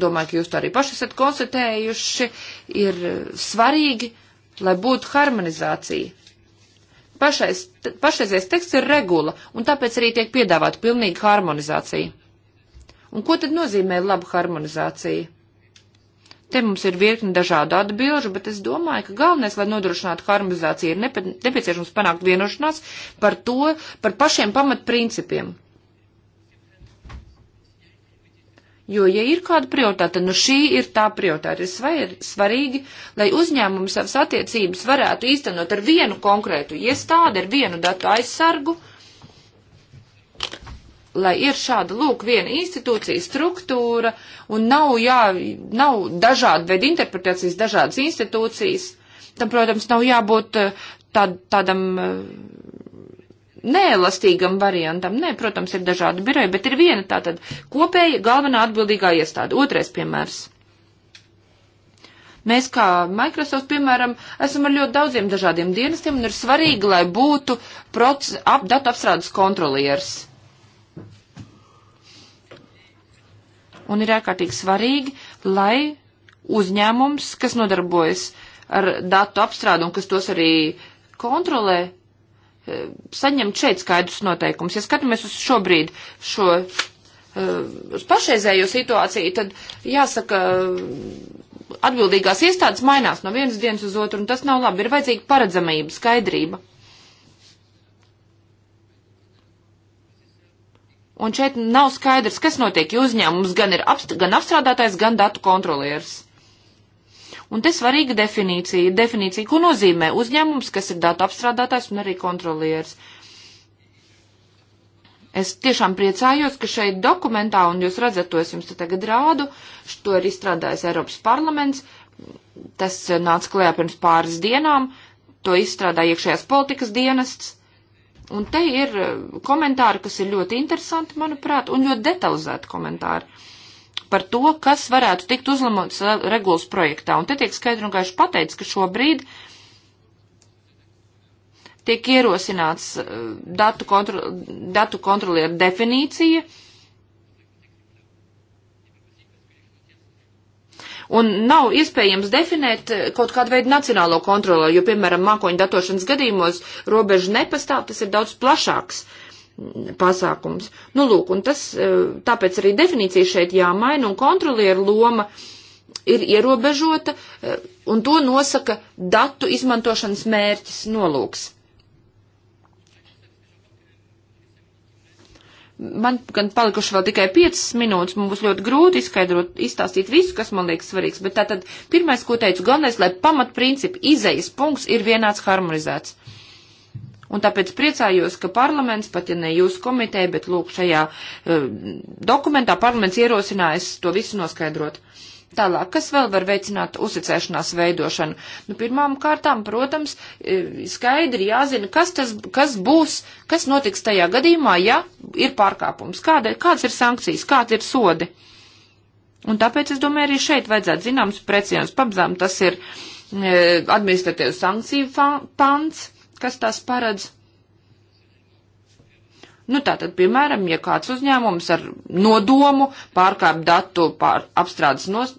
S1: domāju, ka jūs to arī paši esat konstatējuši, ir uh, svarīgi, lai būtu harmonizācija pašais, pašreizies teksts ir regula, un tāpēc arī tiek piedāvāta pilnīga harmonizācija. Un ko tad nozīmē laba harmonizācija? Te mums ir virkni dažādu atbilžu, bet es domāju, ka galvenais, lai nodrošinātu harmonizāciju, ir nepieciešams panākt vienošanās par to, par pašiem pamatprincipiem. Jo, ja ir kāda prioritāte, nu šī ir tā prioritāte. Ir svarīgi, lai uzņēmumi savas attiecības varētu īstenot ar vienu konkrētu iestādi, ar vienu datu aizsargu, lai ir šāda lūk viena institūcija struktūra un nav, jā, nav dažādi veidi interpretācijas, dažādas institūcijas. Tam, protams, nav jābūt eh, tād, tādam eh, neelastīgam variantam. Nē, protams, ir dažādi biroji, bet ir viena tātad kopēja galvenā atbildīgā iestāde. Otrais piemērs. Mēs kā Microsoft, piemēram, esam ar ļoti daudziem dažādiem dienestiem un ir svarīgi, lai būtu proces, ap, datu apstrādes kontrolieris. Un ir ārkārtīgi svarīgi, lai uzņēmums, kas nodarbojas ar datu apstrādu un kas tos arī kontrolē, E, saņemt šeit skaidrus noteikumus. Ja skatāmies uz šobrīd šo, e, uz pašreizējo situāciju, tad jāsaka, atbildīgās iestādes mainās no vienas dienas uz otru, un tas nav labi. Ir vajadzīga paredzamība, skaidrība. Un šeit nav skaidrs, kas notiek, jo uzņēmums gan ir apst gan apstrādātājs, gan datu kontrolieris. Un te svarīga definīcija, definīcija, ko nozīmē uzņēmums, kas ir datu apstrādātājs un arī kontrolieris. Es tiešām priecājos, ka šeit dokumentā, un jūs redzat, to es jums te tagad rādu, to ir izstrādājis Eiropas parlaments, tas eh, nāca klējā pirms pāris dienām, to izstrādāja iekšējās politikas dienests, un te ir eh, komentāri, kas ir ļoti interesanti, manuprāt, un ļoti detalizēti komentāri par to, kas varētu tikt uzlamots regulas projektā. Un te tiek skaidri un gaiši pateicis, ka šobrīd tiek ierosināts uh, datu, kontro, datu kontrolieru definīcija. Un nav iespējams definēt uh, kaut kādu veidu nacionālo kontroli, jo, piemēram, mākoņu datošanas gadījumos robeža nepastāv, tas ir daudz plašāks uh, pasākums. Nu, lūk, un tas, e, tāpēc arī definīcija šeit jāmaina, un kontrolieru loma ir ierobežota, e, un to nosaka datu izmantošanas mērķis nolūks. Man gan palikuši vēl tikai 5 minūtes, man būs ļoti grūti izskaidrot, izstāstīt visu, kas man liekas svarīgs, bet tātad pirmais, ko teicu, galvenais, lai pamatprincipi, izējas punkts ir vienāds harmonizēts. Un tāpēc priecājos, ka parlaments, pat ja ne jūsu komiteja, bet lūk šajā uh, dokumentā parlaments ierosinājis to visu noskaidrot. Tālāk, kas vēl var veicināt uzticēšanās veidošanu? Nu, pirmām kārtām, protams, eh, skaidri jāzina, kas tas, kas būs, kas notiks tajā gadījumā, ja ir pārkāpums, kāda, kāds ir sankcijas, kādi ir sodi. Un tāpēc, es domāju, arī šeit vajadzētu zināms precijums, pamazām tas ir e, eh, administratīvas sankciju pants kas tās paredz. Nu, tātad, piemēram, ja kāds uzņēmums ar nodomu pārkāp datu pār apstrādes nos,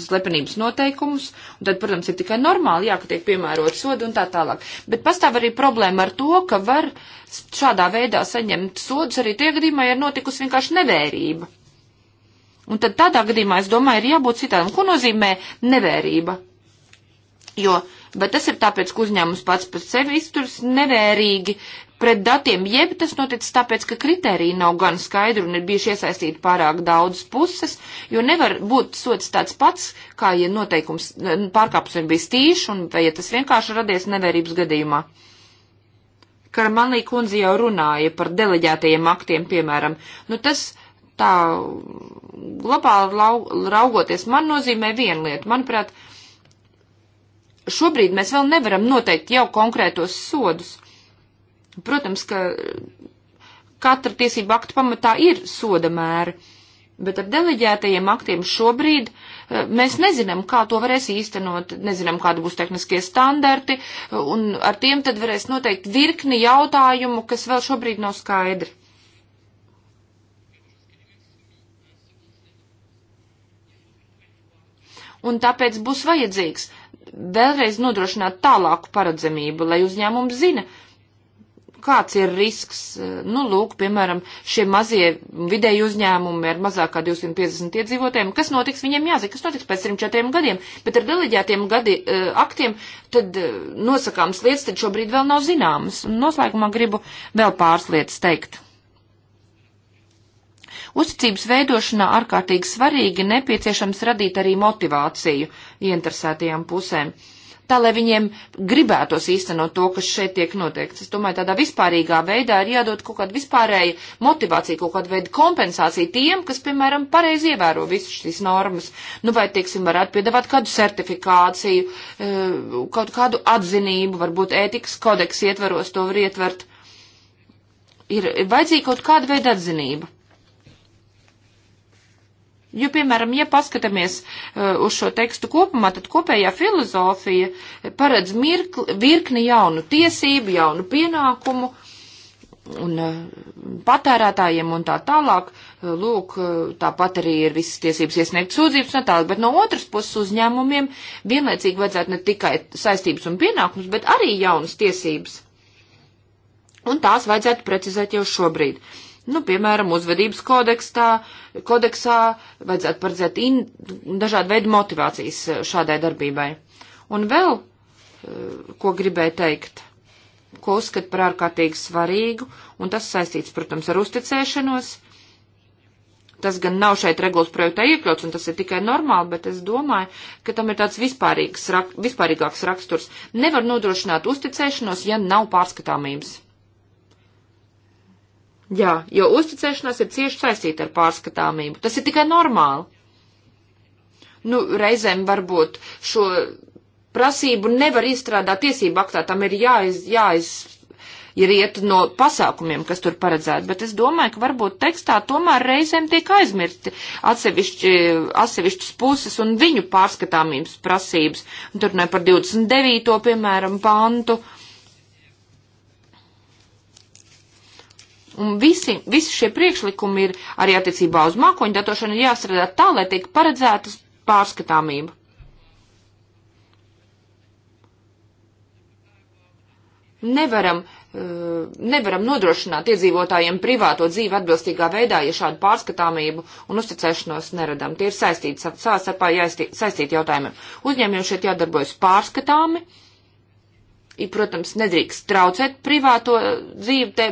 S1: slepenības noteikumus, tad, protams, ir tikai normāli, jā, ka tiek piemērot sodu un tā tālāk. Bet pastāv arī problēma ar to, ka var šādā veidā saņemt sodus arī tie gadījumā, ja ir notikusi vienkārši nevērība. Un tad tādā gadījumā, es domāju, ir jābūt citādam. Ko nozīmē nevērība? Jo Bet tas ir tāpēc, ka uzņēmums pats par sevi izturs nevērīgi pret datiem, jeb tas noticis tāpēc, ka kriteriji nav gan skaidri un ir bijuši iesaistīti pārāk daudz puses, jo nevar būt sots tāds pats, kā ja noteikums pārkāpums ir bijis tīšs un vai ja tas vienkārši radies nevērības gadījumā. Karamanlī kundze jau runāja par deleģētajiem aktiem, piemēram. Nu, tas, tā globāli raugoties, man nozīmē vienu lietu. Manuprāt, uh, šobrīd mēs vēl nevaram noteikt jau konkrētos sodus. Protams, ka katra tiesība akta pamatā ir soda mēri, bet ar deleģētajiem aktiem šobrīd eh, mēs nezinām, kā to varēs īstenot, nezinām, kāda būs tehniskie standarti, un ar tiem tad varēs noteikt virkni jautājumu, kas vēl šobrīd nav skaidri. Un tāpēc būs vajadzīgs vēlreiz nodrošināt tālāku paredzamību, lai uzņēmums zina, kāds ir risks. Nu, lūk, piemēram, šie mazie vidēji uzņēmumi ar mazāk kā 250 iedzīvotājiem, kas notiks viņiem jāzina, kas notiks pēc 3-4 gadiem, bet ar deleģētiem gadi, eh, aktiem tad eh, nosakāms lietas, tad šobrīd vēl nav zināmas. Un noslēgumā gribu vēl pāris lietas teikt. Uzticības veidošanā ārkārtīgi svarīgi nepieciešams radīt arī motivāciju ieinteresētajām pusēm tā, lai viņiem gribētos īstenot to, kas šeit tiek noteikts. Es domāju, tādā vispārīgā veidā ir jādod kaut kāda vispārēja motivācija, kaut kāda veida kompensācija tiem, kas, piemēram, pareizi ievēro visas šīs normas. Nu, vai, teiksim, varētu piedāvāt kādu certifikāciju, eh, kaut kādu atzinību, varbūt ētikas kodeks ietvaros to var ietvert. Ir vajadzīga kaut kāda veida atzinība. Jo, piemēram, ja paskatāmies uh, uz šo tekstu kopumā, tad kopējā filozofija paredz mirkli, virkni jaunu tiesību, jaunu pienākumu un uh, patērētājiem un tā tālāk. Uh, lūk, uh, tāpat arī ir visas tiesības iesniegt sūdzības un tālāk, bet no otras puses uzņēmumiem vienlaicīgi vajadzētu ne tikai saistības un pienākumus, bet arī jaunas tiesības. Un tās vajadzētu precizēt jau šobrīd. Uh, Nu, piemēram, uzvedības kodekstā, kodeksā vajadzētu paredzēt in, dažādu veidu motivācijas eh, šādai darbībai. Un vēl, eh, ko gribēju teikt, ko uzskat par ārkārtīgi svarīgu, un tas saistīts, protams, ar uzticēšanos. Tas gan nav šeit regulas projektā iekļauts, un tas ir tikai normāli, bet es domāju, ka tam ir tāds vispārīgs, vispārīgāks raksturs. Nevar nodrošināt uzticēšanos, ja nav pārskatāmības. Jā, jo uzticēšanās ir cieši saistīta ar pārskatāmību. Tas ir tikai normāli. Nu, reizēm varbūt šo prasību nevar izstrādāt tiesību aktā, tam ir jāiz, jāiz ir iet no pasākumiem, kas tur paredzēti, bet es domāju, ka varbūt tekstā tomēr reizēm tiek aizmirsti atsevišķi, atsevišķas puses un viņu pārskatāmības prasības. Un tur ne par 29. piemēram pantu. Uh, Un visi, visi šie priekšlikumi ir arī attiecībā uz mākoņu datošanu jāstrādā tā, lai tiek paredzētas pārskatāmība. Nevaram, eh, nevaram nodrošināt iedzīvotājiem privāto dzīvi atbilstīgā veidā, ja šādu pārskatāmību un uzticēšanos neradam. Tie ir saistīti savā starpā saistīti jautājumiem. Uzņēmumiem šeit jādarbojas pārskatāmi. Uh, I, protams, nedrīkst traucēt privāto dzīvi, te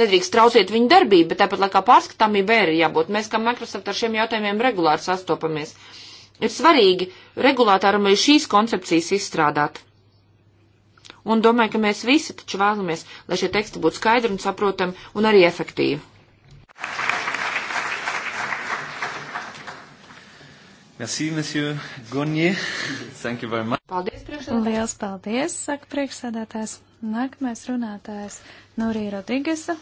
S1: nedrīkst traucēt viņu darbību, bet tāpat laikā pārskatāmībai ir jābūt. Mēs, kā Microsoft, ar šiem jautājumiem regulāri sastopamies. Ir svarīgi regulātāram arī šīs koncepcijas izstrādāt. Un domāju, ka mēs visi taču vēlamies, lai šie teksti būtu skaidri un saprotami un arī efektīvi. Thank you.
S3: Merci, monsieur Gonnier. Thank you very much. Paldies, priekšsēdētājs. Liels paldies, saka priekšsēdētājs. Nākamais runātājs Norī Rodigesa.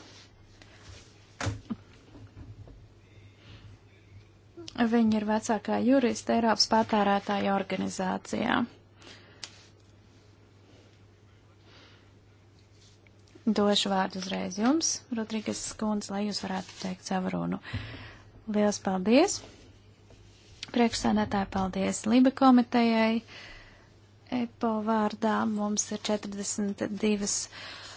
S3: Viņa ir vecākā jurista Eiropas patērētāja organizācijā. Došu vārdu uzreiz jums, Rodrīgas skundze, lai jūs varētu teikt savu runu. Liels paldies! Priekšsēdētāji, paldies Liba komitejai. EPO vārdā mums ir 42.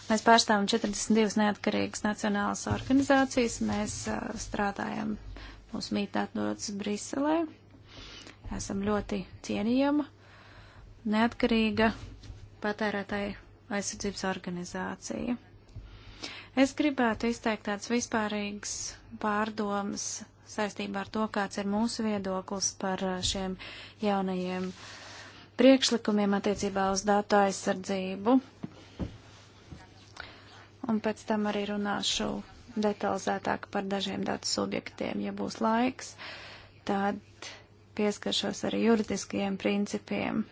S3: Mēs pārstāvam 42 neatkarīgas nacionālas organizācijas. Mēs uh, strādājam mūsu mītā dodas Briselē. Esam ļoti cienījama, neatkarīga patērētāja aizsardzības organizācija. Es gribētu izteikt tāds vispārīgs pārdomas saistībā ar to, kāds ir mūsu viedoklis par uh, šiem jaunajiem priekšlikumiem attiecībā uz datu aizsardzību. Un pēc tam arī runāšu detalizētāk par dažiem datu subjektiem, ja būs laiks, tad pieskaršos arī juridiskajiem principiem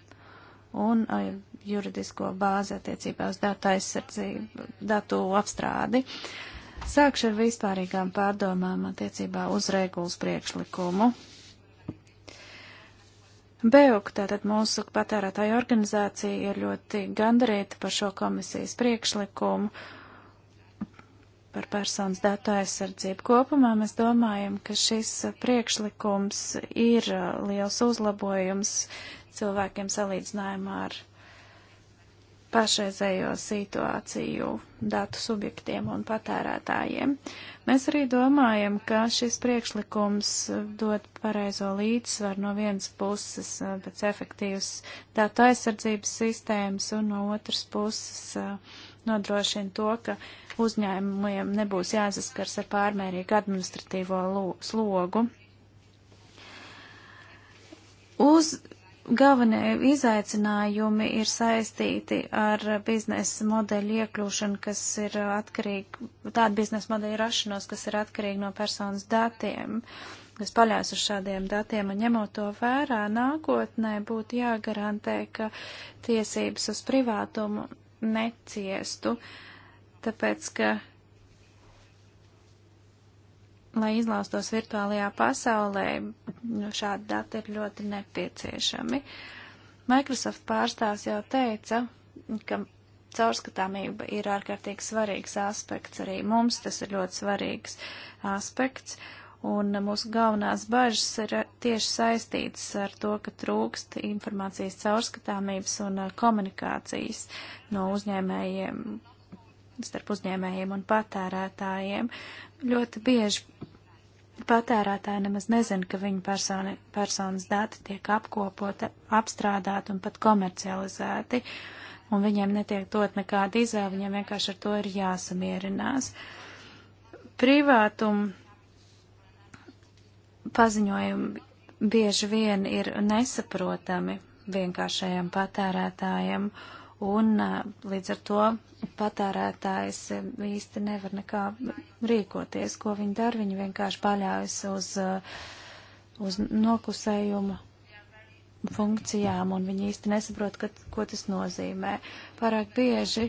S3: un uh, juridisko bāzi attiecībā uz datu aizsardzību, datu apstrādi. Uh, Sākšu ar vispārīgām pārdomām attiecībā uz regulas priekšlikumu. BEUK, tātad mūsu patērētāja organizācija, ir ļoti gandarīta par šo komisijas priekšlikumu par personas datu aizsardzību. Kopumā mēs domājam, ka šis priekšlikums ir uh, liels uzlabojums cilvēkiem salīdzinājumā ar pašreizējo situāciju datu subjektiem un patērētājiem. Mēs arī domājam, ka šis priekšlikums dod pareizo līdzsvaru no vienas puses pēc efektīvas datu aizsardzības sistēmas un no otras puses nodrošina to, ka uzņēmumiem nebūs jāsaskars ar pārmērīgu administratīvo slogu. Uz galvenie izaicinājumi ir saistīti ar biznesa modeļu iekļūšanu, kas ir atkarīgi, tāda biznesa modeļa rašanos, kas ir atkarīgi no personas datiem, kas paļās uz šādiem datiem, un ņemot to vērā, nākotnē būtu jāgarantē, ka tiesības uz privātumu neciestu, tāpēc, ka lai izlaustos virtuālajā pasaulē, šādi dati ir ļoti nepieciešami. Microsoft pārstāvs jau teica, ka caurskatāmība ir ārkārtīgi svarīgs aspekts, arī mums tas ir ļoti svarīgs aspekts, un mūsu galvenās bažas ir tieši saistītas ar to, ka trūkst informācijas caurskatāmības un komunikācijas no uzņēmējiem starp uzņēmējiem un patērētājiem. Ļoti bieži patērētāji nemaz nezina, ka viņu personi, personas dati tiek apkopota, apstrādāti un pat komercializēti, un viņiem netiek dot nekāda izvēle, viņiem vienkārši ar to ir jāsamierinās. Privātuma paziņojumi bieži vien ir nesaprotami vienkāršajam patērētājam. Uh, un eh, līdz ar to patērētājs eh, īsti nevar nekā rīkoties, ko viņi dara, viņi vienkārši paļaujas uz, eh, uz noklusējumu funkcijām, un viņi īsti nesaprot, ka, ko tas nozīmē. Pārāk bieži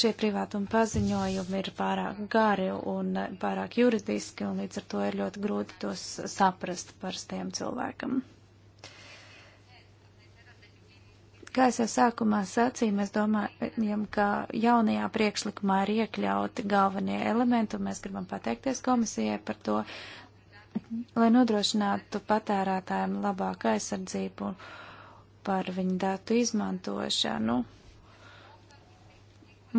S3: šie privātuma paziņojumi ir pārāk gari un pārāk juridiski, un līdz ar to ir ļoti grūti tos saprast parastiem cilvēkam. Kā es jau sākumā sacīju, mēs domājam, ka jaunajā priekšlikumā ir iekļauti galvenie elementi, un mēs gribam pateikties komisijai par to, lai nodrošinātu patērētājiem labāku aizsardzību par viņu datu izmantošanu.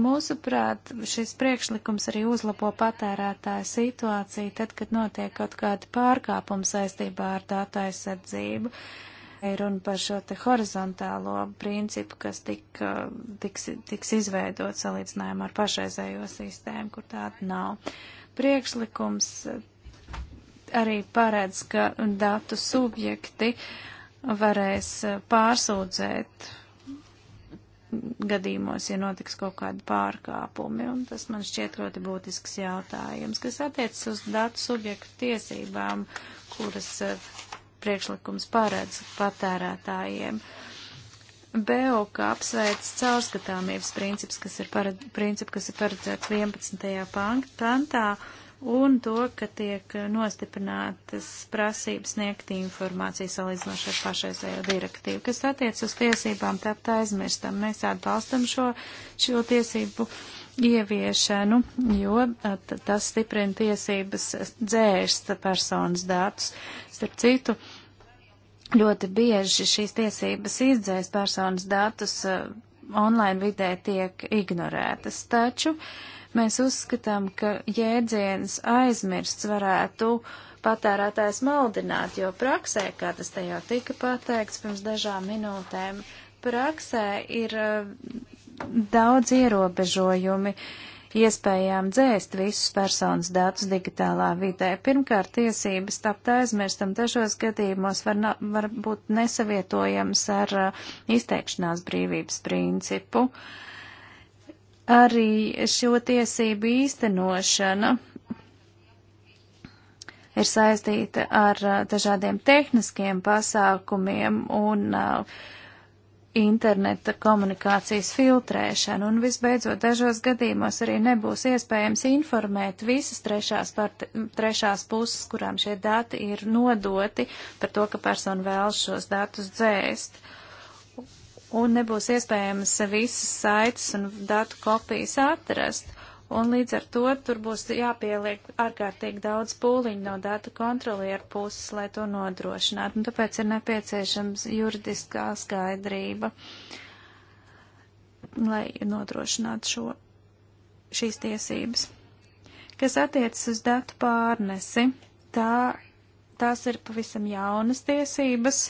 S3: Mūsuprāt, šis priekšlikums arī uzlabo patērētāju situāciju, tad, kad notiek kaut kāda pārkāpuma saistībā ar datu aizsardzību. Uh, ir runa par šo te horizontālo principu, kas tik, uh, tiks, tiks izveidot salīdzinājumā ar pašreizējo sistēmu, kur tāda nav. Priekšlikums uh, arī paredz, ka datu subjekti varēs uh, pārsūdzēt gadījumos, ja notiks kaut kādi pārkāpumi, un tas man šķiet ļoti būtisks jautājums, kas attiecas uz datu subjektu tiesībām, kuras priekšlikums paredz patērētājiem. BOK apsveic caurskatāmības princips, kas ir, pared, princip, kas ir paredzēts 11. pantā, un to, ka tiek nostiprinātas prasības sniegt informāciju salīdzinoši ar pašreizējo direktīvu, kas attiec uz tiesībām tāpat aizmirstam. Mēs atbalstam šo, šo tiesību. Uh, ieviešanu, jo tas stiprina tiesības dzēst personas datus. Starp citu, ļoti bieži šīs tiesības izdzēst personas datus online vidē tiek ignorētas. Taču mēs uzskatām, ka jēdziens aizmirsts varētu patērētājs maldināt, jo praksē, kā tas te jau tika pateikts pirms dažām minūtēm, praksē ir daudz ierobežojumi iespējām dzēst visus personas datus digitālā vidē. Pirmkārt, tiesības tapt aizmirstam dažos gadījumos var, na, var būt nesavietojams ar uh, izteikšanās brīvības principu. Arī šo tiesību īstenošana ir saistīta ar uh, dažādiem tehniskiem pasākumiem un uh, interneta komunikācijas filtrēšanu, un visbeidzot dažos gadījumos arī nebūs iespējams informēt visas trešās, part, trešās puses, kurām šie dati ir nodoti par to, ka persona vēlas šos datus dzēst. Un nebūs iespējams visas saites un datu kopijas atrast un līdz ar to tur būs jāpieliek ārkārtīgi daudz pūliņu no datu kontrolieru puses, lai to nodrošinātu, un tāpēc ir nepieciešams juridiskā skaidrība, lai nodrošinātu šo, šīs tiesības. Kas attiecas uz datu pārnesi, tā, tās ir pavisam jaunas tiesības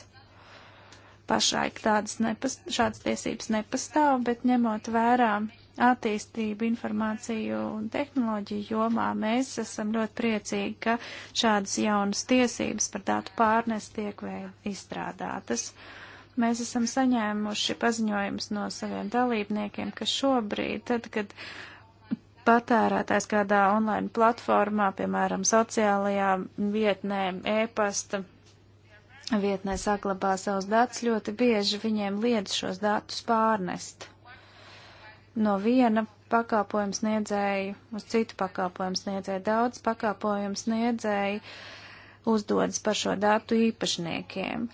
S3: pašlaik tādas nepas, šādas tiesības nepastāv, bet ņemot vērā attīstību informāciju un tehnoloģiju jomā. Mēs esam ļoti priecīgi, ka šādas jaunas tiesības par datu pārnes tiek izstrādātas. Mēs esam saņēmuši paziņojumus no saviem dalībniekiem, ka šobrīd, tad, kad patērētājs kādā online platformā, piemēram, sociālajā vietnē, e-pasta, vietnē saglabā savus datus, ļoti bieži viņiem liedz šos datus pārnest no viena pakalpojums sniedzēja uz citu pakalpojums sniedzēju. Daudz pakalpojums sniedzēji uzdodas par šo datu īpašniekiem.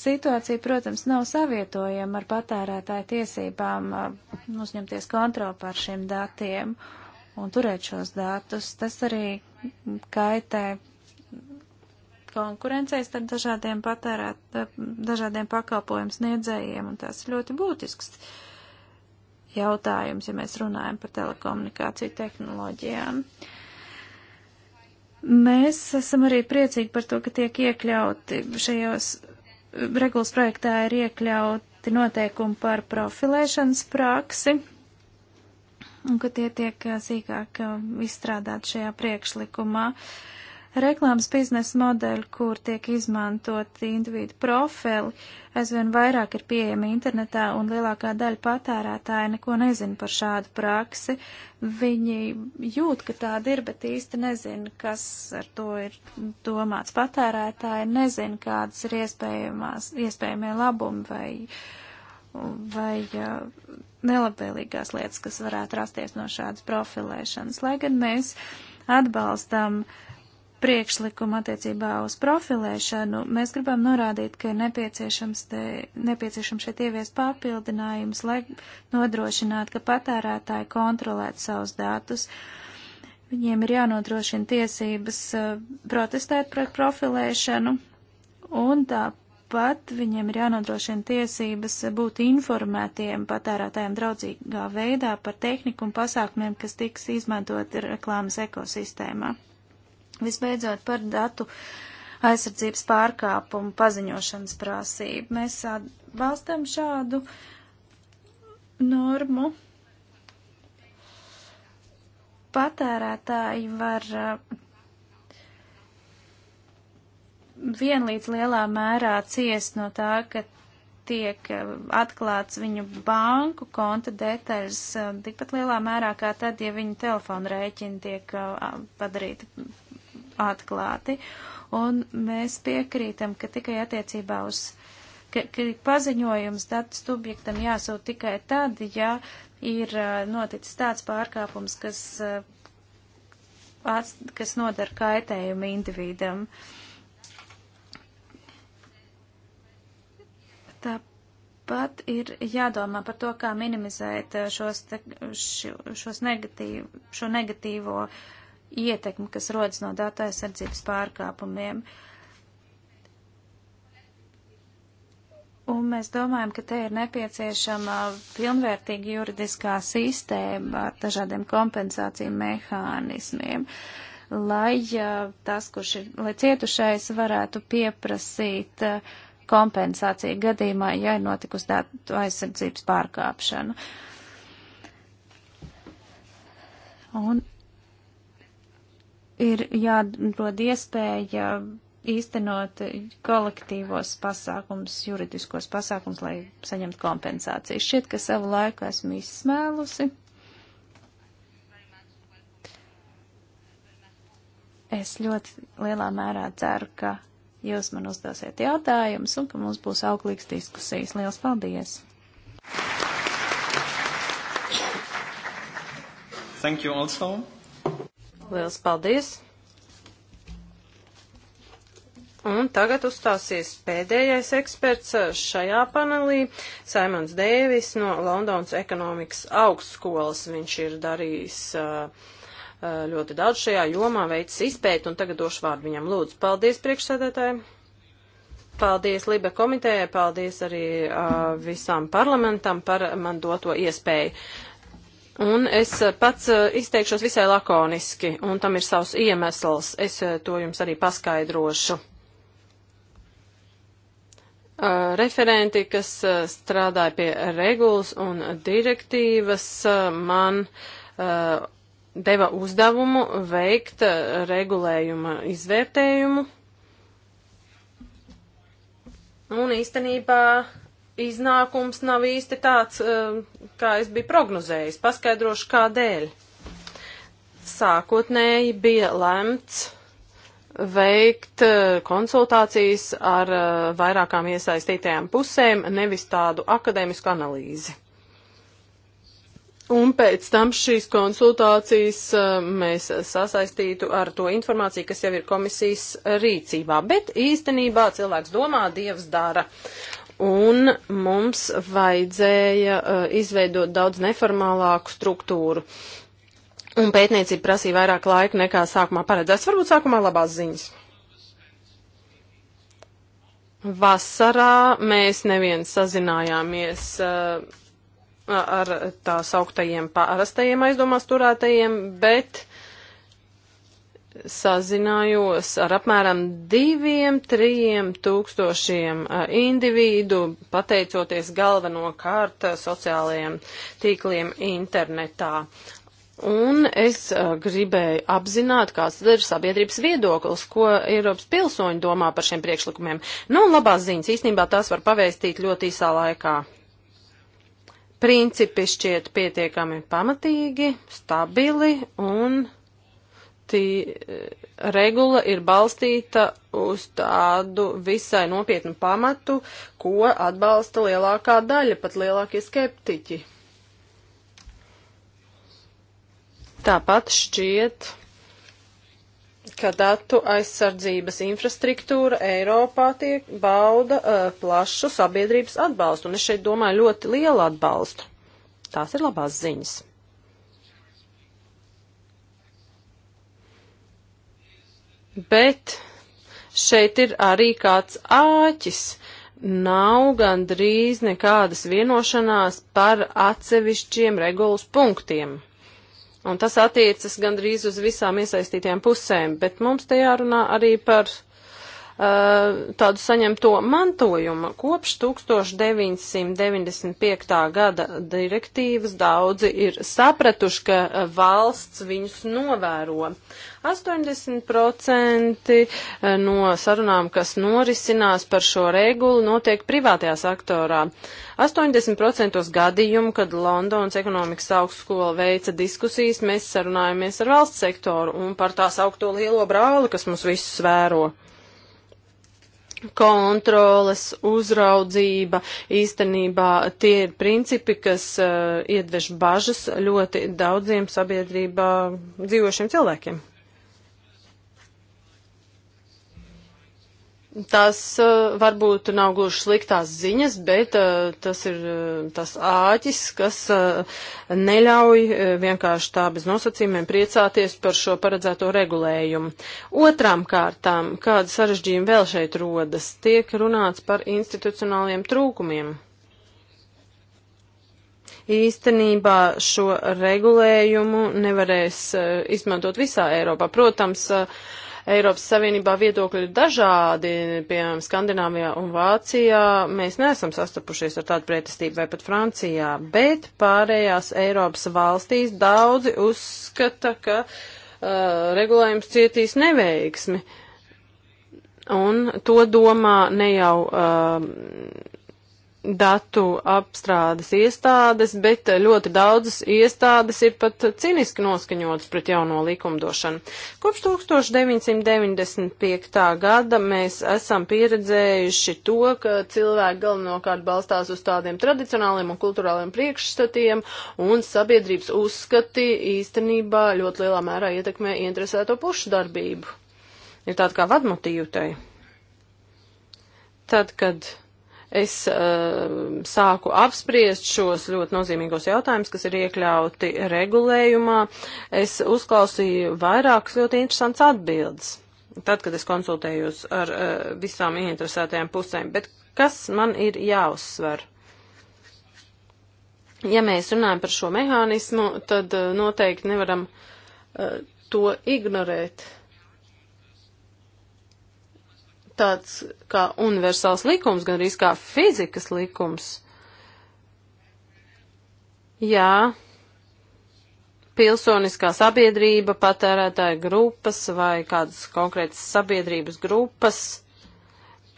S3: Situācija, protams, nav savietojama ar patērētāju tiesībām uh, uzņemties kontroli pār šiem datiem un turēt šos datus. Tas arī kaitē konkurencei starp dažādiem patērēt, uh, dažādiem pakalpojumu sniedzējiem, un tas ļoti būtisks. Uh, jautājums, ja mēs runājam par telekomunikāciju tehnoloģijām. Mēs esam arī priecīgi par to, ka tiek iekļauti šajos regulas projektā ir iekļauti noteikumi par profilēšanas praksi, un ka tie tiek sīkāk izstrādāt šajā priekšlikumā. Uh, reklāmas biznesa modeļi, kur tiek izmantoti individu profili, aizvien vairāk ir pieejami internetā, un lielākā daļa patērētāja neko nezina par šādu praksi. Viņi jūt, ka tāda ir, bet īsti nezina, kas ar to ir domāts. Patērētāji nezina, kādas ir iespējamie labumi vai, vai uh, nelabvēlīgās lietas, kas varētu rasties no šādas profilēšanas. Lai gan mēs atbalstam uh, priekšlikumu attiecībā uz profilēšanu, mēs gribam norādīt, ka ir nepieciešams, te, nepieciešams šeit ieviest papildinājums, lai nodrošinātu, ka patērētāji kontrolētu savus datus. Viņiem ir jānodrošina tiesības eh, protestēt pret profilēšanu, un tāpat viņiem ir jānodrošina tiesības būt informētiem patērētājiem draudzīgā veidā par tehniku un pasākumiem, kas tiks izmantot reklāmas ekosistēmā. Visbeidzot par datu aizsardzības pārkāpumu paziņošanas prasību. Mēs atbalstam šādu normu. Patērētāji var uh, vienlīdz lielā mērā ciest no tā, ka tiek uh, atklāts viņu banku konta detaļas uh, tikpat lielā mērā kā tad, ja viņu telefona rēķini tiek padarīti atklāti, un mēs piekrītam, ka tikai attiecībā uz ka, ka paziņojums datu subjektam jāsūt tikai tad, ja ir noticis tāds pārkāpums, kas, kas nodara kaitējumu individam. Tāpat ir jādomā par to, kā minimizēt šos, te, šos negatīv, šo negatīvo uh, ietekmi, kas rodas no datu aizsardzības pārkāpumiem. Un mēs domājam, ka te ir nepieciešama pilnvērtīga juridiskā sistēma ar dažādiem kompensāciju mehānismiem, lai tas, kurš ir, lai cietušais varētu pieprasīt eh, kompensāciju gadījumā, ja ir notikusi datu aizsardzības pārkāpšana. Un ir jādod iespēja īstenot kolektīvos pasākums, juridiskos pasākums, lai saņemtu kompensāciju. Šķiet, ka savu laiku esmu izsmēlusi. Es ļoti lielā mērā ceru, ka jūs man uzdosiet jautājumus un ka mums būs auglīgs diskusijas. Liels paldies!
S1: Thank you also.
S3: Liels
S2: paldies! Un tagad uzstāsies pēdējais eksperts šajā panelī, Saimons Dēvis no Londonas ekonomikas augstskolas. Viņš ir darījis uh, uh, ļoti daudz šajā jomā, veicis izpēti, un tagad došu vārdu viņam. Lūdzu, paldies priekšsēdētājiem! Paldies Libe komitējai, paldies arī uh, visām parlamentam par man doto iespēju. Uh, Un es eh, pats eh, izteikšos visai lakoniski, un tam ir savs iemesls. Es eh, to jums arī paskaidrošu. Referenti, kas strādāja pie regulas un direktīvas, man deva uzdevumu veikt regulējuma izvērtējumu. Un īstenībā uh, iznākums nav īsti tāds, eh, kā es biju prognozējis. Paskaidrošu, kādēļ. Sākotnēji bija lemts veikt eh, konsultācijas ar eh, vairākām iesaistītajām pusēm, nevis tādu akadēmisku analīzi. Un pēc tam šīs konsultācijas mēs sasaistītu ar to informāciju, kas jau ir komisijas rīcībā. Bet īstenībā cilvēks domā, Dievs dara un mums vajadzēja uh, izveidot daudz neformālāku struktūru. Un pētniecība prasīja vairāk laika nekā sākumā paredzēts. Varbūt sākumā labās ziņas. Vasarā mēs neviens sazinājāmies uh, ar tā sauktajiem parastajiem aizdomās turētajiem, bet sazinājos ar apmēram diviem, trījiem tūkstošiem individu, pateicoties galvenokārt sociālajiem tīkliem internetā. Un es uh, gribēju apzināt, kāds ir sabiedrības viedoklis, ko Eiropas pilsoņi domā par šiem priekšlikumiem. Nu, labās ziņas, īstenībā tās var pavēstīt ļoti īsā laikā. Principi šķiet pietiekami pamatīgi, stabili un tī, e, regula ir balstīta uz tādu visai nopietnu pamatu, ko atbalsta lielākā daļa, pat lielākie skeptiķi. Tāpat šķiet, ka datu aizsardzības infrastruktūra Eiropā tiek bauda uh, plašu sabiedrības atbalstu, un es šeit domāju ļoti lielu atbalstu. Tās ir labās ziņas. bet šeit ir arī kāds āķis. Nav gan drīz nekādas vienošanās par atsevišķiem regulas punktiem. Un tas attiecas gandrīz uz visām iesaistītajām pusēm, bet mums te jārunā arī par uh, Uh, tādu saņemto mantojumu. Kopš 1995. gada direktīvas daudzi ir sapratuši, ka uh, valsts viņus novēro. 80% uh, no sarunām, kas norisinās par šo regulu, notiek privātajā sektorā. 80% gadījumu, kad Londonas ekonomikas augstskola veica diskusijas, mēs sarunājamies ar valsts sektoru un par tās augto lielo brāli, kas mūs visus vēro kontroles, uzraudzība, īstenībā tie ir principi, kas uh, iedvež bažas ļoti daudziem sabiedrībā dzīvošiem cilvēkiem. Tas uh, varbūt nav gluži sliktās ziņas, bet uh, tas ir uh, tas āķis, kas uh, neļauj uh, vienkārši tā bez nosacījumiem priecāties par šo paredzēto regulējumu. Otrām kārtām, kāda sarežģījuma vēl šeit rodas, tiek runāts par institucionāliem trūkumiem. Īstenībā šo regulējumu nevarēs uh, izmantot visā Eiropā. Protams, uh, Eiropas Savienībā viedokļi ir dažādi, piemēram, Skandināvijā un Vācijā. Mēs neesam sastapušies ar tādu pretestību vai pat Francijā, bet pārējās Eiropas valstīs daudzi uzskata, ka uh, regulējums cietīs neveiksmi. Un to domā ne jau. Uh, datu apstrādes iestādes, bet ļoti daudzas iestādes ir pat ciniski noskaņotas pret jauno likumdošanu. Kopš 1995. gada mēs esam pieredzējuši to, ka cilvēki galvenokārt balstās uz tādiem tradicionāliem un kulturāliem priekšstatiem, un sabiedrības uzskati īstenībā ļoti lielā mērā ietekmē interesēto pušu darbību. Ir tāda kā vadmotīva tai. Tad, kad es uh, sāku apspriest šos ļoti nozīmīgos jautājumus, kas ir iekļauti regulējumā. Es uzklausīju vairākas ļoti interesantas atbildes, tad, kad es konsultējos ar uh, visām ieinteresētajām pusēm. Bet kas man ir jāuzsver? Ja mēs runājam par šo mehānismu, tad uh, noteikti nevaram uh, to ignorēt. Uh, tāds kā universāls likums, gan arī kā fizikas likums. Jā, pilsoniskā sabiedrība, patērētāja grupas vai kādas konkrētas sabiedrības grupas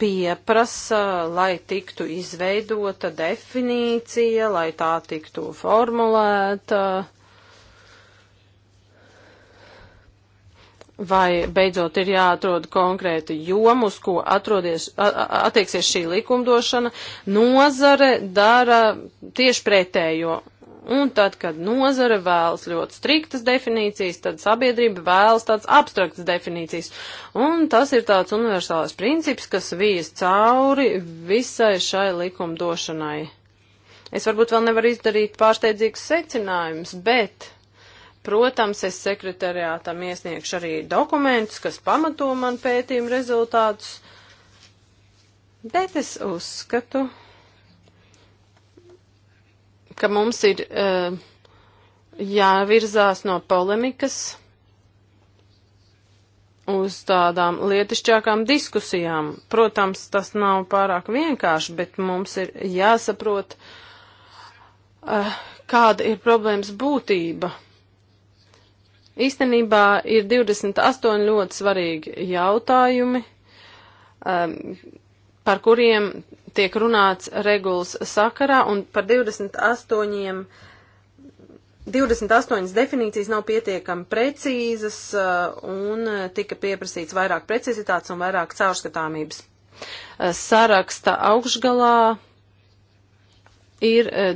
S2: pieprasa, lai tiktu izveidota definīcija, lai tā tiktu formulēta. Uh, vai beidzot ir jāatrod konkrēta joma, uz ko atrodies, attieksies šī likumdošana, nozare dara tieši pretējo. Un tad, kad nozare vēlas ļoti striktas definīcijas, tad sabiedrība vēlas tādas abstraktas definīcijas. Un tas ir tāds universālais princips, kas vijas cauri visai šai likumdošanai. Es varbūt vēl nevaru izdarīt pārsteidzīgus secinājumus, bet Protams, es sekretariātam iesniegšu arī dokumentus, kas pamato man pētījumu rezultātus, bet es uzskatu, ka mums ir uh, jāvirzās no polemikas uz tādām lietišķākām diskusijām. Protams, tas nav pārāk vienkārši, bet mums ir jāsaprot, uh, kāda ir problēmas būtība. Īstenībā ir 28 ļoti svarīgi jautājumi, um, par kuriem tiek runāts regulas sakarā, un par 28, 28 definīcijas nav pietiekami precīzas, uh, un tika pieprasīts vairāk precizitātes un vairāk caurskatāmības. Uh, saraksta augšgalā ir uh,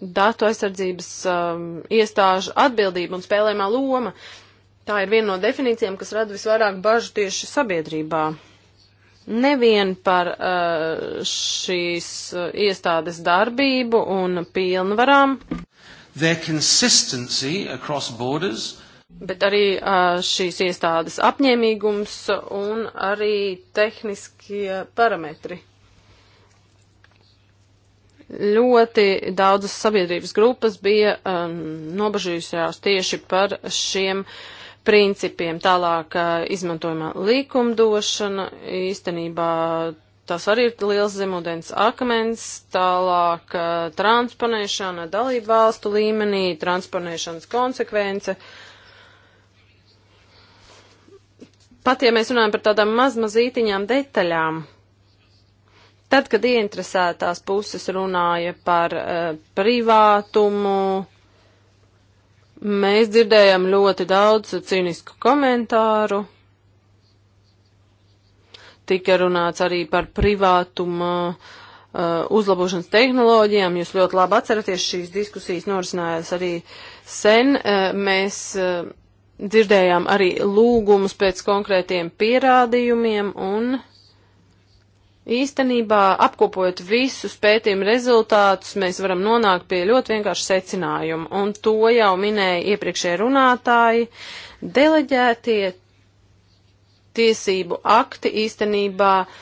S2: datu aizsardzības um, iestāžu atbildība un spēlēmā loma. Tā ir viena no definīcijām, kas rada visvairāk bažu tieši sabiedrībā. Nevien par uh, šīs uh, iestādes darbību un pilnvarām, bet arī uh, šīs iestādes apņēmīgums un arī tehniskie parametri. Ļoti daudzas sabiedrības grupas bija um, nobažījušās tieši par šiem principiem. Tālāk uh, izmantojumā likumdošana īstenībā tas arī ir liels zemūdens akmens, tālāk uh, transponēšana dalību valstu līmenī, transponēšanas konsekvence. Pat ja mēs runājam par tādām maz mazītiņām detaļām, Tad, kad ieinteresētās puses runāja par uh, privātumu, mēs dzirdējam ļoti daudz cinisku komentāru. Tika runāts arī par privātuma uh, uzlabošanas tehnoloģijām. Jūs ļoti labi atceraties, šīs diskusijas norisinājās arī sen. Uh, mēs uh, dzirdējām arī lūgumus pēc konkrētiem pierādījumiem un. Uh, Īstenībā, apkopojot visus pētījumu rezultātus, mēs varam nonākt pie ļoti vienkārša secinājuma, un to jau minēja iepriekšēji runātāji. Deleģētie tiesību akti īstenībā uh,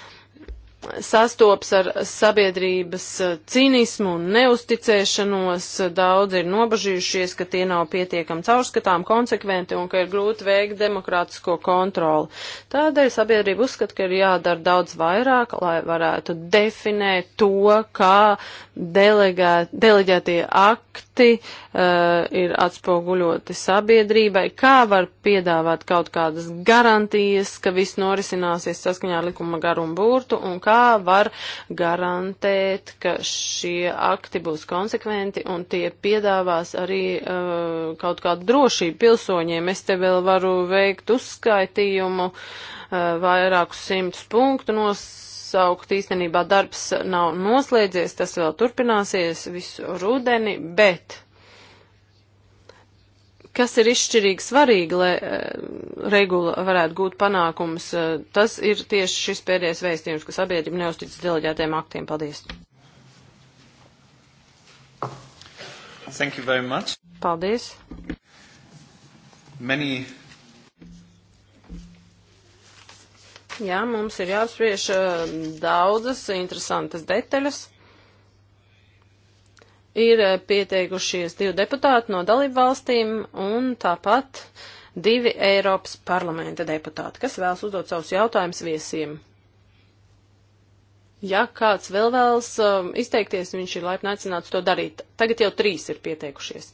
S2: sastops ar sabiedrības eh, cinismu un neusticēšanos, daudz ir nobažījušies, ka tie nav pietiekami caurskatām, konsekventi un ka ir grūti veikt demokrātisko kontroli. Tādēļ sabiedrība uzskata, ka ir jādara daudz vairāk, lai varētu definēt to, kā delegā, deleģētie akti uh, ir atspoguļoti sabiedrībai, kā var piedāvāt kaut kādas garantijas, ka viss norisināsies saskaņā ar likuma garu un burtu, un kā var garantēt, ka šie akti būs konsekventi un tie piedāvās arī uh, kaut kādu drošību pilsoņiem. Es te vēl varu veikt uzskaitījumu uh, vairākus simtus punktu nos nosaukt. Īstenībā darbs nav noslēdzies, tas vēl turpināsies visu rudeni, bet kas ir izšķirīgi svarīgi, lai eh, regula varētu gūt panākumus, eh, tas ir tieši šis pēdējais vēstījums, ka sabiedrība neuztic deleģētiem aktiem. Paldies! Thank you very much. Paldies. Many Jā, mums ir jāspriež eh, daudzas interesantas detaļas. Ir eh, pieteikušies divi deputāti no dalību valstīm un tāpat divi Eiropas parlamenta deputāti, kas vēlas uzdot savus jautājumus viesiem. Ja kāds vēl vēlas um, izteikties, viņš ir laipni aicināts to darīt. Tagad jau trīs ir pieteikušies.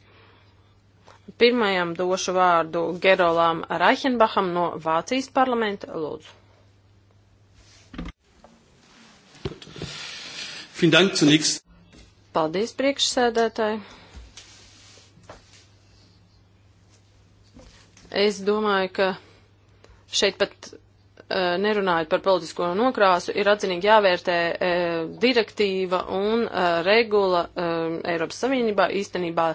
S2: Pirmajam došu vārdu Gerolām Reichenbacham no Vācijas parlamenta. Lūdzu. Vielen Dank zunächst. Paldies, priekšsēdētāji. Es domāju, ka šeit pat E, nerunājot par politisko nokrāsu, ir atzinīgi jāvērtē e, direktīva un e, regula Eiropas Savienībā. Īstenībā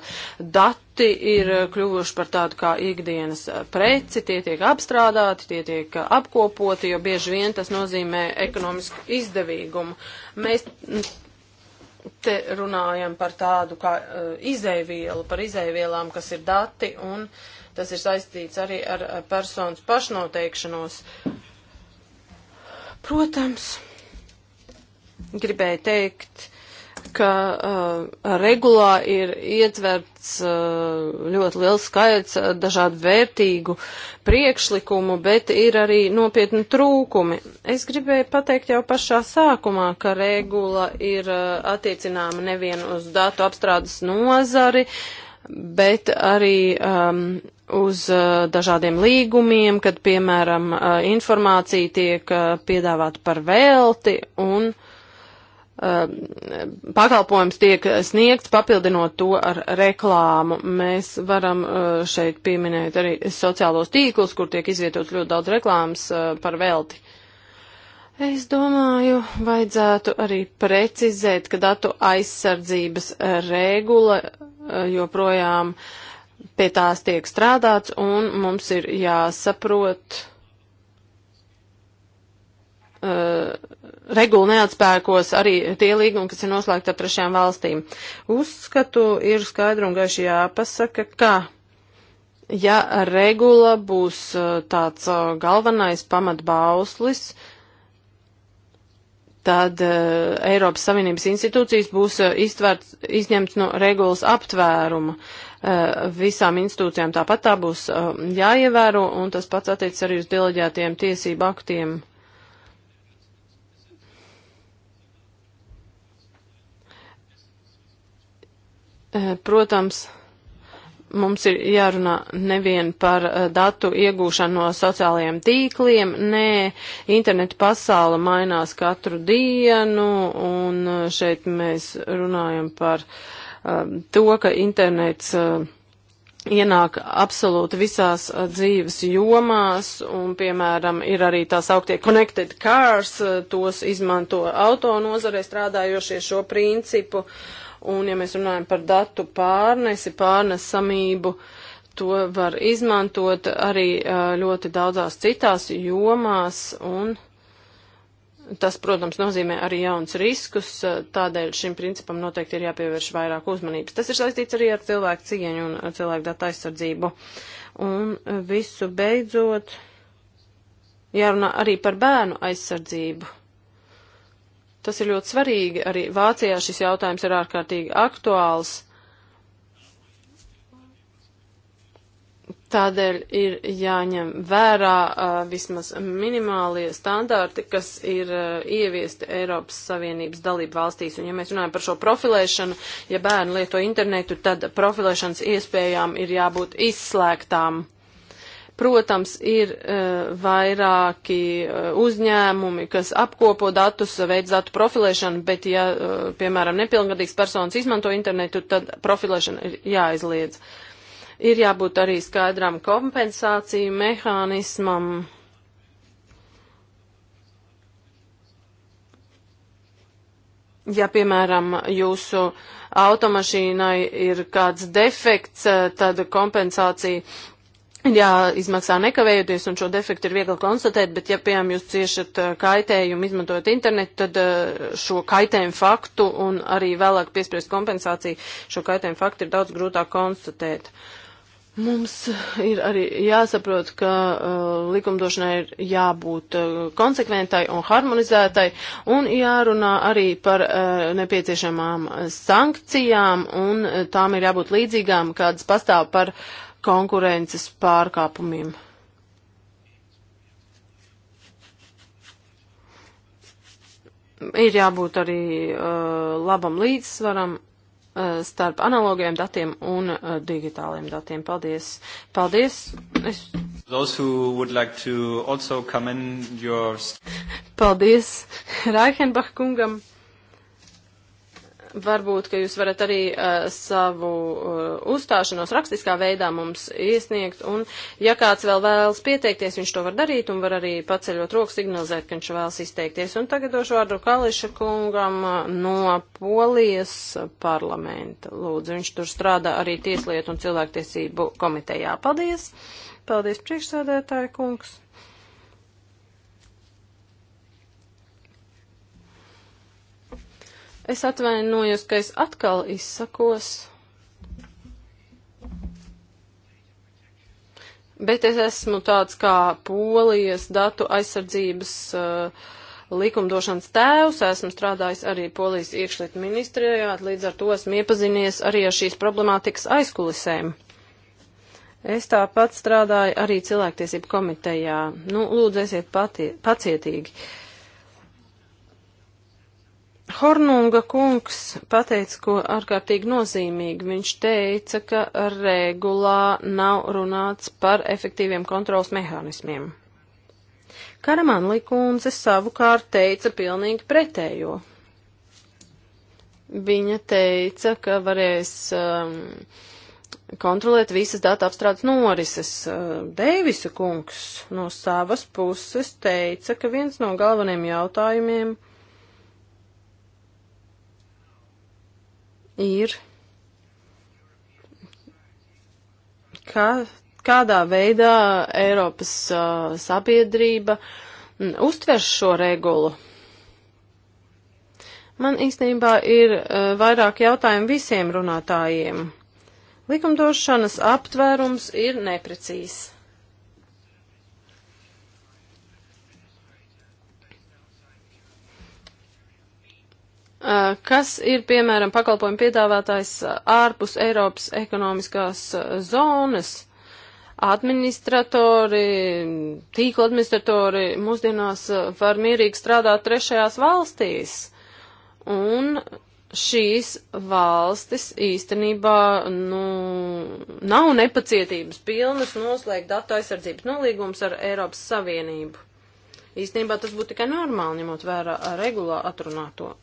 S2: dati ir kļuvuši par tādu kā ikdienas preci, tie tiek apstrādāti, tie tiek apkopoti, jo bieži vien tas nozīmē ekonomisku izdevīgumu. Mēs te runājam par tādu kā izēvielu, par izēvielām, kas ir dati un. Tas ir saistīts arī ar personas pašnoteikšanos. Uh, Protams, gribēju teikt, ka uh, regulā ir ietverts uh, ļoti liels skaits uh, dažādu vērtīgu priekšlikumu, bet ir arī nopietni trūkumi. Es gribēju pateikt jau pašā sākumā, ka regula ir uh, attiecināma nevien uz datu apstrādes nozari, bet arī um, uz uh, dažādiem līgumiem, kad, piemēram, uh, informācija tiek uh, piedāvāta par velti un pakalpojums tiek sniegts, papildinot to ar reklāmu. Mēs varam šeit pieminēt arī sociālos tīklus, kur tiek izvietots ļoti daudz reklāmas par velti. Es domāju, vajadzētu arī precizēt, ka datu aizsardzības regula joprojām uh, pie tās tiek strādāts un mums ir jāsaprot. Uh, regula neatspēkos arī tie līgumi, kas ir noslēgti ar trešajām valstīm. Uzskatu ir skaidri un gaiši jāpasaka, ka, ja regula būs uh, tāds uh, galvenais pamatbauslis, tad uh, Eiropas Savienības institūcijas būs uh, eh, iztvērts, izņemts no regulas aptvēruma. Uh, visām institūcijām tāpat tā būs uh, jāievēro, un tas pats attiecas arī uz deleģētiem tiesību aktiem. Uh, protams, mums ir jārunā nevien par eh, datu iegūšanu no sociālajiem tīkliem, nē, internetu pasaule mainās katru dienu, un eh, šeit mēs runājam par um, to, ka internets uh, ienāk absolūti visās dzīves jomās, un, piemēram, ir arī tās augtie connected cars, tos izmanto auto nozarē strādājošie šo principu. Uh, Un, ja mēs runājam par datu pārnesi, pārnesamību, to var izmantot arī ļoti daudzās citās jomās. Un tas, protams, nozīmē arī jauns riskus. Tādēļ šim principam noteikti ir jāpievērš vairāk uzmanības. Tas ir saistīts arī ar cilvēku cieņu un cilvēku datu aizsardzību. Un visu beidzot, jārunā arī par bērnu aizsardzību Tas ir ļoti svarīgi. Arī Vācijā šis jautājums ir ārkārtīgi aktuāls. Tādēļ ir jāņem vērā uh, vismaz minimālie standarti, kas ir uh, ieviesti Eiropas Savienības dalību valstīs. Un ja mēs runājam par šo profilēšanu, ja bērni lieto internetu, tad profilēšanas iespējām ir jābūt izslēgtām. Protams, ir uh, vairāki uh, uzņēmumi, kas apkopo datus, veids datu profilēšanu, bet ja, uh, piemēram, nepilngadīgs personas izmanto internetu, tad profilēšana ir jāizliedz. Ir jābūt arī skaidram kompensāciju mehānismam. ja, piemēram, jūsu automašīnai ir kāds defekts, tad kompensācija jāizmaksā nekavējoties, un šo defektu ir viegli konstatēt, bet ja, piemēram, jūs ciešat kaitējumu izmantojot internetu, tad šo kaitējumu faktu un arī vēlāk piespriest kompensāciju šo kaitējumu faktu ir daudz grūtāk konstatēt. Mums ir arī jāsaprot, ka uh, likumdošanai ir jābūt uh, konsekventai un harmonizētai, un jārunā arī par uh, nepieciešamām sankcijām, un uh, tām ir jābūt līdzīgām, kādas pastāv par uh, konkurences pārkāpumiem. Ir jābūt arī uh, labam līdzsvaram uh, starp analogiem datiem un uh, digitāliem datiem. Paldies! Paldies! Es...
S3: Those who would like to also commend your...
S2: Paldies Reichenbach kungam! Varbūt, ka jūs varat arī uh, savu uh, uzstāšanos rakstiskā veidā mums iesniegt, un ja kāds vēl vēlas pieteikties, viņš to var darīt, un var arī paceļot roku signalizēt, ka viņš vēlas izteikties. Un tagad došu vārdu Kališa kungam eh, no Polijas parlamenta. Lūdzu, viņš tur strādā arī Tieslietu un cilvēktiesību komitejā. Paldies! Paldies, priekšsēdētāja kungs! Es atvainojos, ka es atkal izsakos. Bet es esmu tāds kā polijas datu aizsardzības uh, likumdošanas tēvs, esmu strādājis arī polijas iekšlietu ministrijā, līdz ar to esmu iepazinies arī ar šīs problemātikas aizkulisēm. Es tāpat strādāju arī cilvēktiesību komitejā. Nu, lūdzu, esiet pati, pacietīgi. Uh, Hornunga kungs pateica, ko ārkārtīgi nozīmīgi. Viņš teica, ka regulā nav runāts par efektīviem kontrols mehānismiem. Karamanli kundze savukārt teica pilnīgi pretējo. Viņa teica, ka varēs um, kontrolēt visas datu apstrādes norises. Uh, Deivisa kungs no savas puses teica, ka viens no galvenajiem jautājumiem ir, kā, kādā veidā Eiropas uh, sabiedrība uztver šo regulu. Man īstenībā ir uh, vairāk jautājumu visiem runātājiem. Likumdošanas aptvērums ir neprecīzs. Uh, kas ir, piemēram, pakalpojumu piedāvātājs uh, ārpus Eiropas ekonomiskās uh, zonas? Administratori, tīkla administratori mūsdienās var mierīgi strādāt trešajās valstīs. Un šīs valstis īstenībā nu, nav nepacietības pilnas noslēgt datu aizsardzības nolīgums ar Eiropas Savienību. Īstenībā tas būtu tikai normāli, ņemot vērā regulā atrunāto.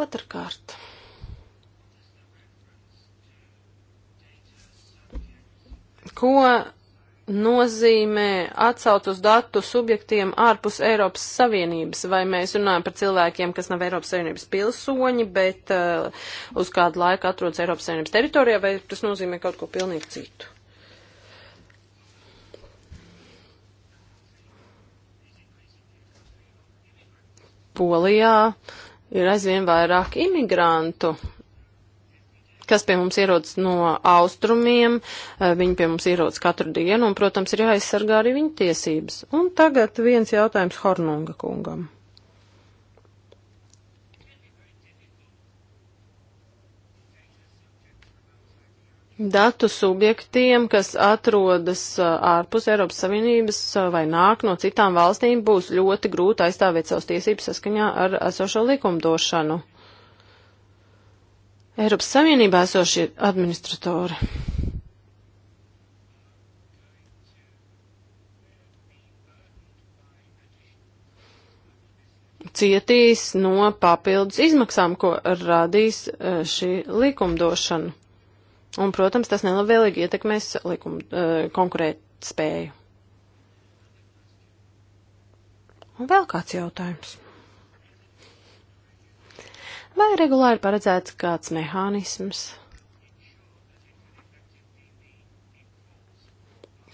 S2: Otrkārt. Ko nozīmē atcaukt uz datu subjektiem ārpus Eiropas Savienības, vai mēs runājam par cilvēkiem, kas nav Eiropas Savienības pilsoņi, bet uh, uz kādu laiku atrodas Eiropas Savienības teritorijā, vai tas nozīmē kaut ko pilnīgi citu? Polijā ir aizvien vairāk imigrantu, kas pie mums ierodas no austrumiem, eh, viņi pie mums ierodas katru dienu, un, protams, ir jāaizsargā arī viņa tiesības. Un tagad viens jautājums Hornunga kungam. datu subjektiem, kas atrodas ārpus Eiropas Savienības vai nāk no citām valstīm, būs ļoti grūti aizstāvēt savas tiesības saskaņā ar esošo likumdošanu. Eiropas Savienībā esošie administratori. cietīs no papildus izmaksām, ko radīs šī likumdošana. Un, protams, tas nelabvēlīgi ietekmēs likumu uh, eh, konkurēt spēju. Un vēl kāds jautājums. Vai regulāri paredzēts kāds mehānisms,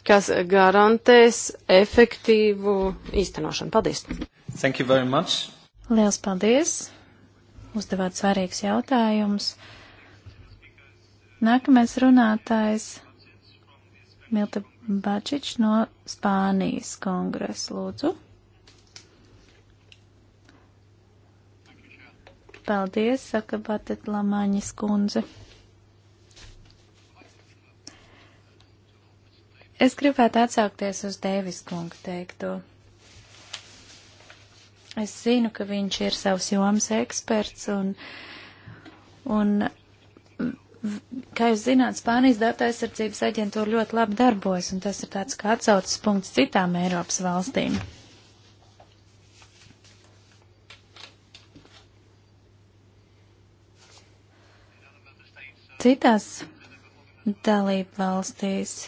S2: kas garantēs efektīvu
S3: īstenošanu? Paldies!
S2: Thank you very much!
S3: Liels paldies! Uzdevāt svarīgs jautājums. Uh, Nākamais runātājs Milta Bačič no Spānijas kongresa, lūdzu. Paldies, saka Batet Lamaņas kundze. Es gribētu atsaukties uz Dēvis kunga teikto. Es zinu, ka viņš ir savs jomas eksperts un, un kā jūs zināt, Spānijas data aizsardzības aģentūra ļoti labi darbojas, un tas ir tāds kā atsaucas punkts citām Eiropas valstīm. Citās dalību valstīs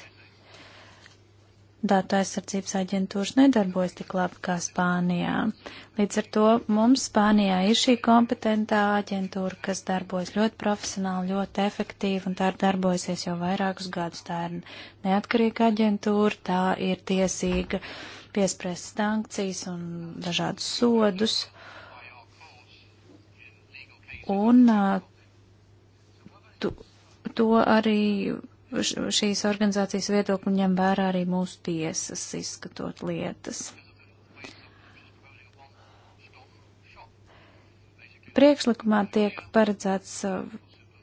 S3: datu aizsardzības aģentūras nedarbojas tik labi kā Spānijā. Līdz ar to mums Spānijā ir šī kompetentā aģentūra, kas darbojas ļoti profesionāli, ļoti efektīvi, un tā ir darbojusies jau vairākus gadus. Tā ir neatkarīga aģentūra, tā ir tiesīga piespriezt sankcijas un dažādus sodus. Un uh, tu, to arī šīs organizācijas viedokli ņem vērā arī mūsu tiesas izskatot lietas. Priekšlikumā tiek paredzēts uh,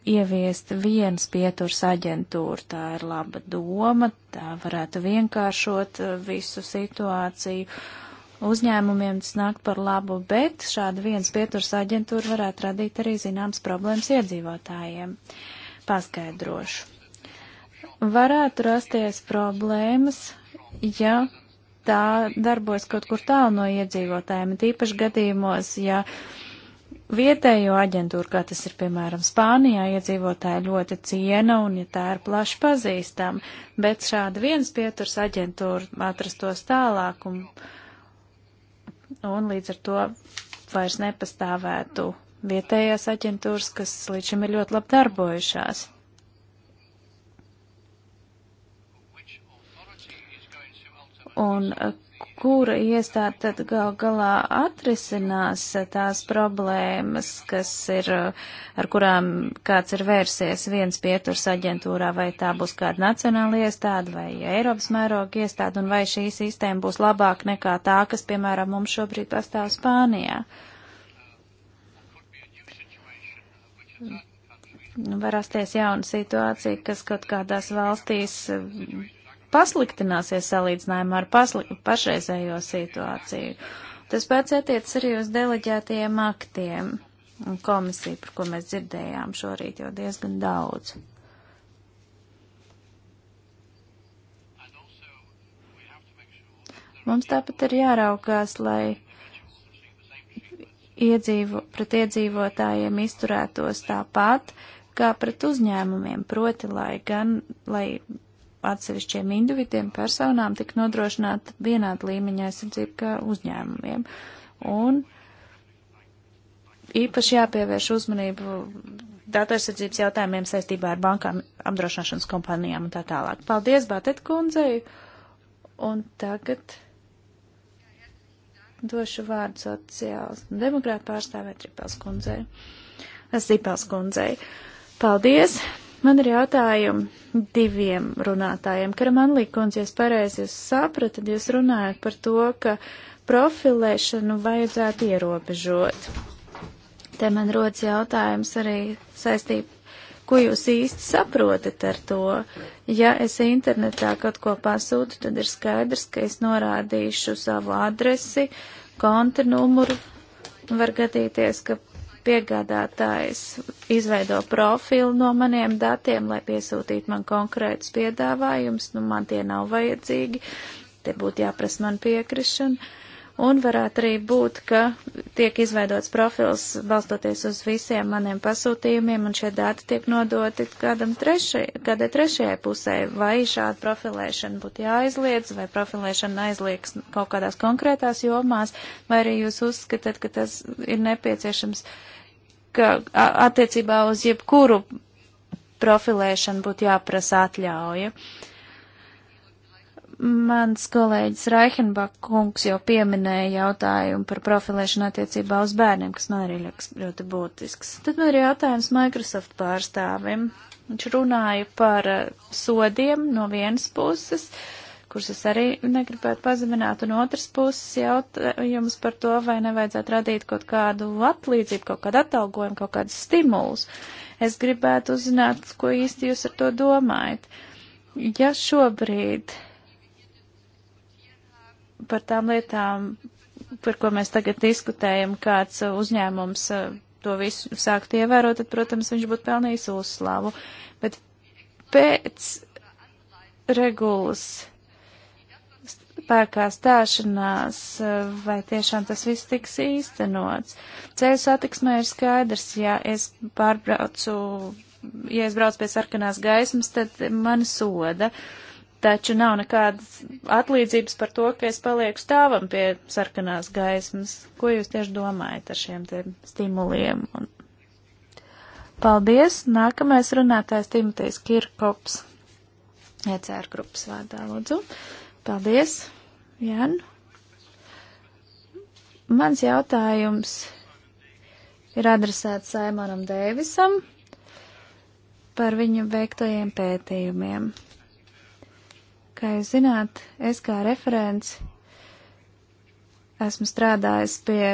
S3: ieviest viens pieturs aģentūru. Tā ir laba doma, tā varētu vienkāršot uh, visu situāciju. Uzņēmumiem tas nāk par labu, bet šāda viens pieturs aģentūra varētu radīt arī zināmas problēmas iedzīvotājiem. Paskaidrošu varētu rasties problēmas, ja tā darbos kaut kur tālu no iedzīvotājiem, tīpaši gadījumos, ja vietējo aģentūru, kā tas ir piemēram Spānijā, iedzīvotāji ļoti ciena un ja tā ir plaši pazīstama, bet šāda viens pieturs aģentūra atrastos tālāk un, un līdz ar to vairs nepastāvētu vietējās aģentūras, kas līdz šim ir ļoti labi darbojušās. un eh, kura iestāde tad gal galā atrisinās eh, tās problēmas, kas ir, eh, ar kurām kāds ir vērsies viens pieturs aģentūrā, vai tā būs kāda nacionāla iestāde vai Eiropas mēroga iestāde, un vai šī sistēma būs labāka nekā tā, kas, piemēram, mums šobrīd pastāv Spānijā. Nu, var rasties jauna situācija, kas kaut kādās valstīs pasliktināsies salīdzinājumā ar pasli pašreizējo situāciju. Tas pats attiec arī uz deleģētajiem aktiem un komisiju, par ko mēs dzirdējām šorīt jau diezgan daudz. Mums tāpat ir jāraukās, lai iedzīvo, pret iedzīvotājiem izturētos tāpat, kā pret uzņēmumiem, proti, lai gan, lai atsevišķiem individiem, personām tik nodrošināta vienāda līmeņa aizsardzība kā uzņēmumiem. Un īpaši jāpievērš uzmanību datu aizsardzības jautājumiem saistībā ar bankām, apdrošināšanas kompānijām un tā tālāk. Paldies, Bātet kundzei! Un tagad došu vārdu sociāls demokrāta pārstāvē Tripels kundzei. Zipels kundzei. Paldies! Man ir jautājumi diviem runātājiem. Karamanlī kundze, ja es pareizi jūs sapratu, tad jūs runājat par to, ka profilēšanu vajadzētu ierobežot. Te man rodas jautājums arī saistība, ko jūs īsti saprotat ar to. Ja es internetā kaut ko pasūtu, tad ir skaidrs, ka es norādīšu savu adresi, konta numuru. Var gadīties, ka piegādātājs izveido profilu no maniem datiem, lai piesūtītu man konkrētus piedāvājumus, nu man tie nav vajadzīgi, te būtu jāprasa man piekrišana. Un varētu arī būt, ka tiek izveidots profils balstoties uz visiem maniem pasūtījumiem, un šie dati tiek nodoti kādam trešai, kādai trešajai pusē. Vai šāda profilēšana būtu jāaizliedz, vai profilēšana aizliegs kaut kādās konkrētās jomās, vai arī jūs uzskatāt, ka tas ir nepieciešams, ka attiecībā uz jebkuru profilēšanu būtu jāprasa atļauja. Uh, Mans kolēģis Raihenbach kungs jau pieminēja jautājumu par profilēšanu attiecībā uz bērniem, kas man arī liekas ļoti būtisks. Tad man ir jautājums Microsoft pārstāvim. Viņš runāja par eh, sodiem no vienas puses, kurus es arī negribētu pazemināt, un otras puses jautājums par to, vai nevajadzētu radīt kaut kādu atlīdzību, kaut kādu atalgojumu, kaut kādus stimulus. Es gribētu uzzināt, ko īsti jūs ar to domājat. Ja šobrīd par tām lietām, par ko mēs tagad diskutējam, kāds uh, uzņēmums uh, to visu sākt ievērot, tad, protams, viņš būtu pelnījis uzslavu. Bet pēc regulas spēkā stāšanās, uh, vai tiešām tas viss tiks īstenots. Ceļu satiksmē ir skaidrs, ja es pārbraucu, ja es braucu pie sarkanās gaismas, tad mani soda. Uh, taču nav nekādas atlīdzības par to, ka es palieku stāvam pie sarkanās gaismas. Ko jūs tieši domājat ar šiem te stimuliem? Un... Paldies! Nākamais runātājs Timotejs Kirkops, ECR grupas vārdā, lūdzu. Paldies, Jan! Mans jautājums ir adresēts Saimonam Dēvisam par viņu veiktajiem pētījumiem. Kā jūs zināt, es kā referents esmu strādājis pie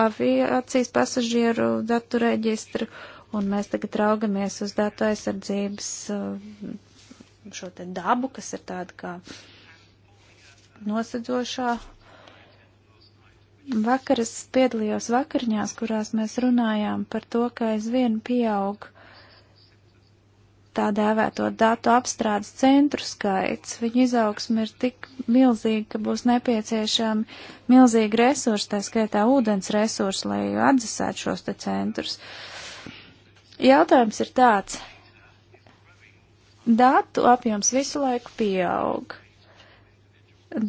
S3: aviācijas pasažieru datu reģistru, un mēs tagad raugamies uz datu aizsardzības uh, šo te dabu, kas ir tāda kā nosedzošā. Vakar es piedalījos vakariņās, kurās mēs runājām par to, ka aizvien pieaug uh, tā dēvēto datu apstrādes centru skaits, viņu izaugsme ir tik milzīga, ka būs nepieciešami milzīgi resursi, tā skaitā ūdens resursi, lai atdzesētu šos te centrus. Jautājums ir tāds. Datu apjoms visu laiku pieaug.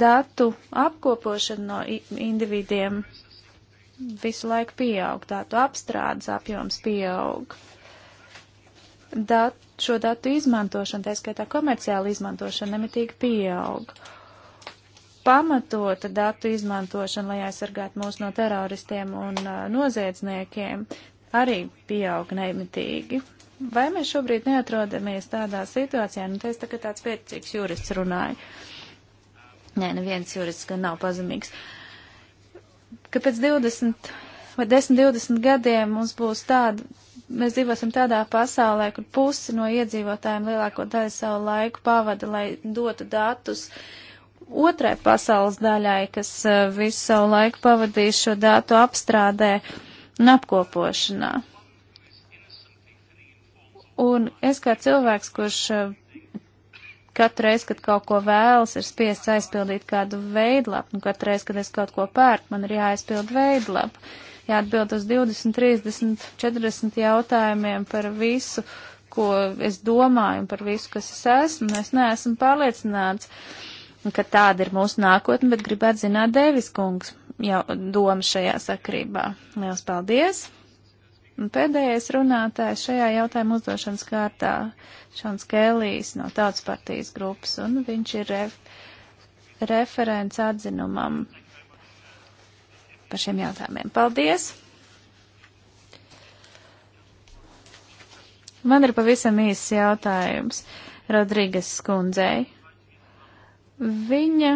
S3: Datu apkopošana no individiem visu laiku pieaug, datu apstrādes apjoms pieaug. Datu šo datu izmantošana, tā skaitā komerciāla izmantošana, nemitīgi pieaug. Pamatota datu izmantošana, lai aizsargātu mūs no teroristiem un uh, noziedzniekiem, arī pieaug nemitīgi. Vai mēs šobrīd neatrodamies tādā situācijā, nu, tas tā kā tāds pēcīgs jurists runāja. Nē, neviens jurists gan nav pazemīgs. Ka pēc 20 vai 10, 20 gadiem mums būs tāda mēs dzīvosim tādā pasaulē, kur pusi no iedzīvotājiem lielāko daļu savu laiku pavada, lai dotu datus otrai pasaules daļai, kas eh, visu savu laiku pavadīs šo datu apstrādē un apkopošanā. Un es kā cilvēks, kurš eh, katru reizi, kad kaut ko vēlas, ir spiests aizpildīt kādu veidlapu, un katru reizi, kad es kaut ko pērku, man ir jāaizpild veidlapu. Uh, jāatbild uz 20, 30, 40 jautājumiem par visu, ko es domāju un par visu, kas es esmu. Es neesmu pārliecināts, ka tāda ir mūsu nākotne, bet gribētu zināt Dēvis kungs jau doma šajā sakrībā. Liels paldies! Un pēdējais runātājs šajā jautājuma uzdošanas kārtā Šons Kēlīs no Tautas partijas grupas, un viņš ir ref referents atzinumam par šiem jautājumiem. Paldies! Man ir pavisam īsts jautājums Rodrīgas skundzei. Viņa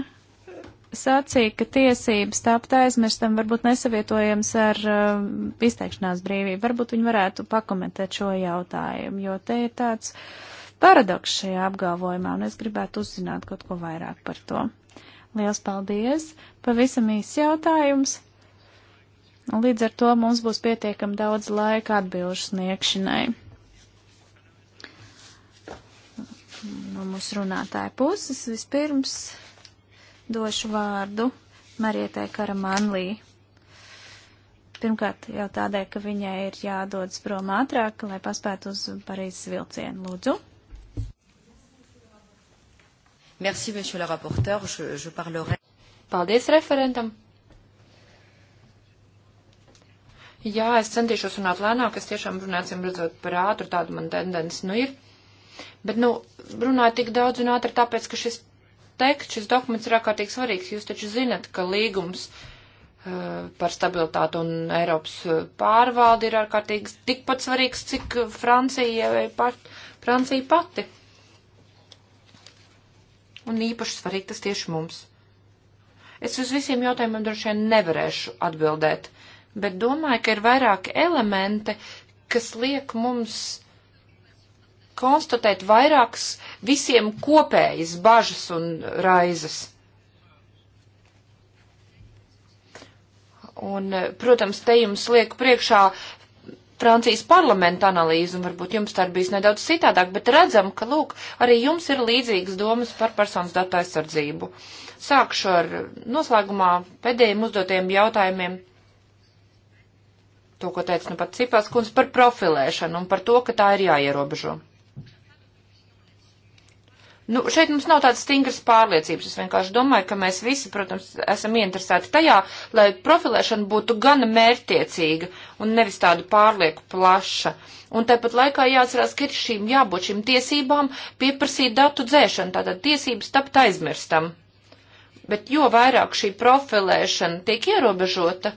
S3: sacīja, ka tiesības tāpat aizmirstam varbūt nesavietojams ar uh, izteikšanās brīvību. Varbūt viņi varētu pakomentēt šo jautājumu, jo te ir tāds paradoks šajā apgalvojumā, un es gribētu uzzināt kaut ko vairāk par to. Liels paldies! Pavisam īsts jautājums. Un līdz ar to mums būs pietiekami daudz laika atbilžu sniegšanai. No mūsu runātāja puses vispirms došu vārdu Marietai Karamanlī. Pirmkārt jau tādēļ, ka viņai ir jādodas prom ātrāk, lai paspētu uz Parīzes vilcienu. Lūdzu.
S1: Merci, monsieur le rapporteur. Je, je parlerai.
S3: Paldies referentam.
S1: Jā, es centīšos runāt lēnāk, es tiešām runāsim redzot par ātru, tāda man tendence nu ir. Bet, nu, runāju tik daudz un ātri, tāpēc, ka šis teksts, šis dokuments ir ārkārtīgi svarīgs. Jūs taču zinat, ka līgums uh, par stabilitātu un Eiropas uh, pārvaldi ir ārkārtīgi tikpat svarīgs, cik Francija vai pat, Francija pati. Un īpaši svarīgi tas tieši mums. Es uz visiem jautājumiem droši vien nevarēšu atbildēt, bet domāju, ka ir vairāki elementi, kas liek mums konstatēt vairākas visiem kopējas bažas un raizes. Un, protams, te jums liek priekšā Francijas parlamenta analīze, un varbūt jums tā ir bijis nedaudz citādāk, bet redzam, ka, lūk, arī jums ir līdzīgas domas par personas datu aizsardzību. Sākšu ar noslēgumā pēdējiem uzdotiem jautājumiem to, ko teica nu pat Cipās kundze par profilēšanu un par to, ka tā ir jāierobežo. Nu, šeit mums nav tādas stingras pārliecības. Es vienkārši domāju, ka mēs visi, protams, esam ieinteresēti tajā, lai profilēšana būtu gana mērtiecīga un nevis tāda pārlieku plaša. Un tāpat laikā jāatcerās, ka ir šīm jābūt šīm tiesībām pieprasīt datu dzēšanu, tātad tiesības tapt aizmirstam. Bet jo vairāk šī profilēšana tiek ierobežota,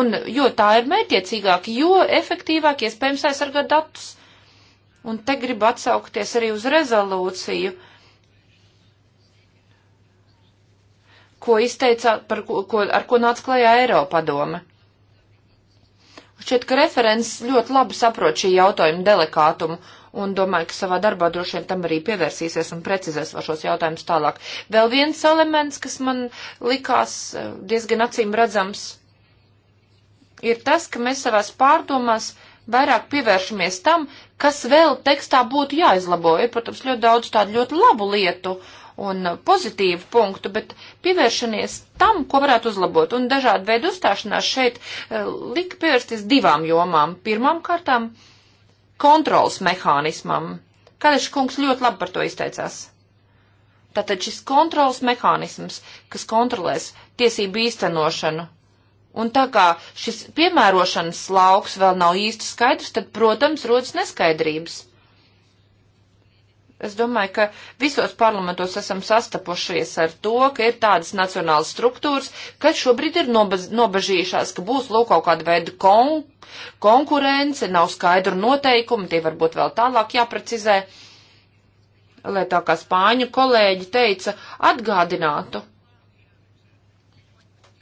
S1: Un jo tā ir mērķiecīgāk, jo efektīvāk iespējams aizsargāt datus. Un te gribu atsaukties arī uz rezolūciju, ko izteica, par ko, ko, ar ko nāca klajā Eiropadome. Šķiet, ka referents ļoti labi saprot šī jautājuma delikātumu un domāju, ka savā darbā droši vien tam arī pievērsīsies un precizēs vēl šos jautājumus tālāk. Vēl viens elements, kas man likās eh, diezgan acīm redzams ir tas, ka mēs savās pārdomās vairāk pievēršamies tam, kas vēl tekstā būtu jāizlabo. Ir, protams, ļoti daudz tādu ļoti labu lietu un uh, pozitīvu punktu, bet pievēršamies tam, ko varētu uzlabot. Un dažādi veidi uzstāšanās šeit uh, lika pievērsties divām jomām. Pirmām kārtām kontrols mehānismam. Kādēļ kungs ļoti labi par to izteicās? Tātad šis kontrols mehānisms, kas kontrolēs tiesību īstenošanu Un tā kā šis piemērošanas lauks vēl nav īsti skaidrs, tad, protams, rodas neskaidrības. Es domāju, ka visos parlamentos esam sastapušies ar to, ka ir tādas nacionālas struktūras, kas šobrīd ir nobaz, nobažījušās, ka būs lūk kaut kāda veida kon, konkurence, nav skaidru noteikumu, tie varbūt vēl tālāk jāprecizē, lai tā kā spāņu kolēģi teica, atgādinātu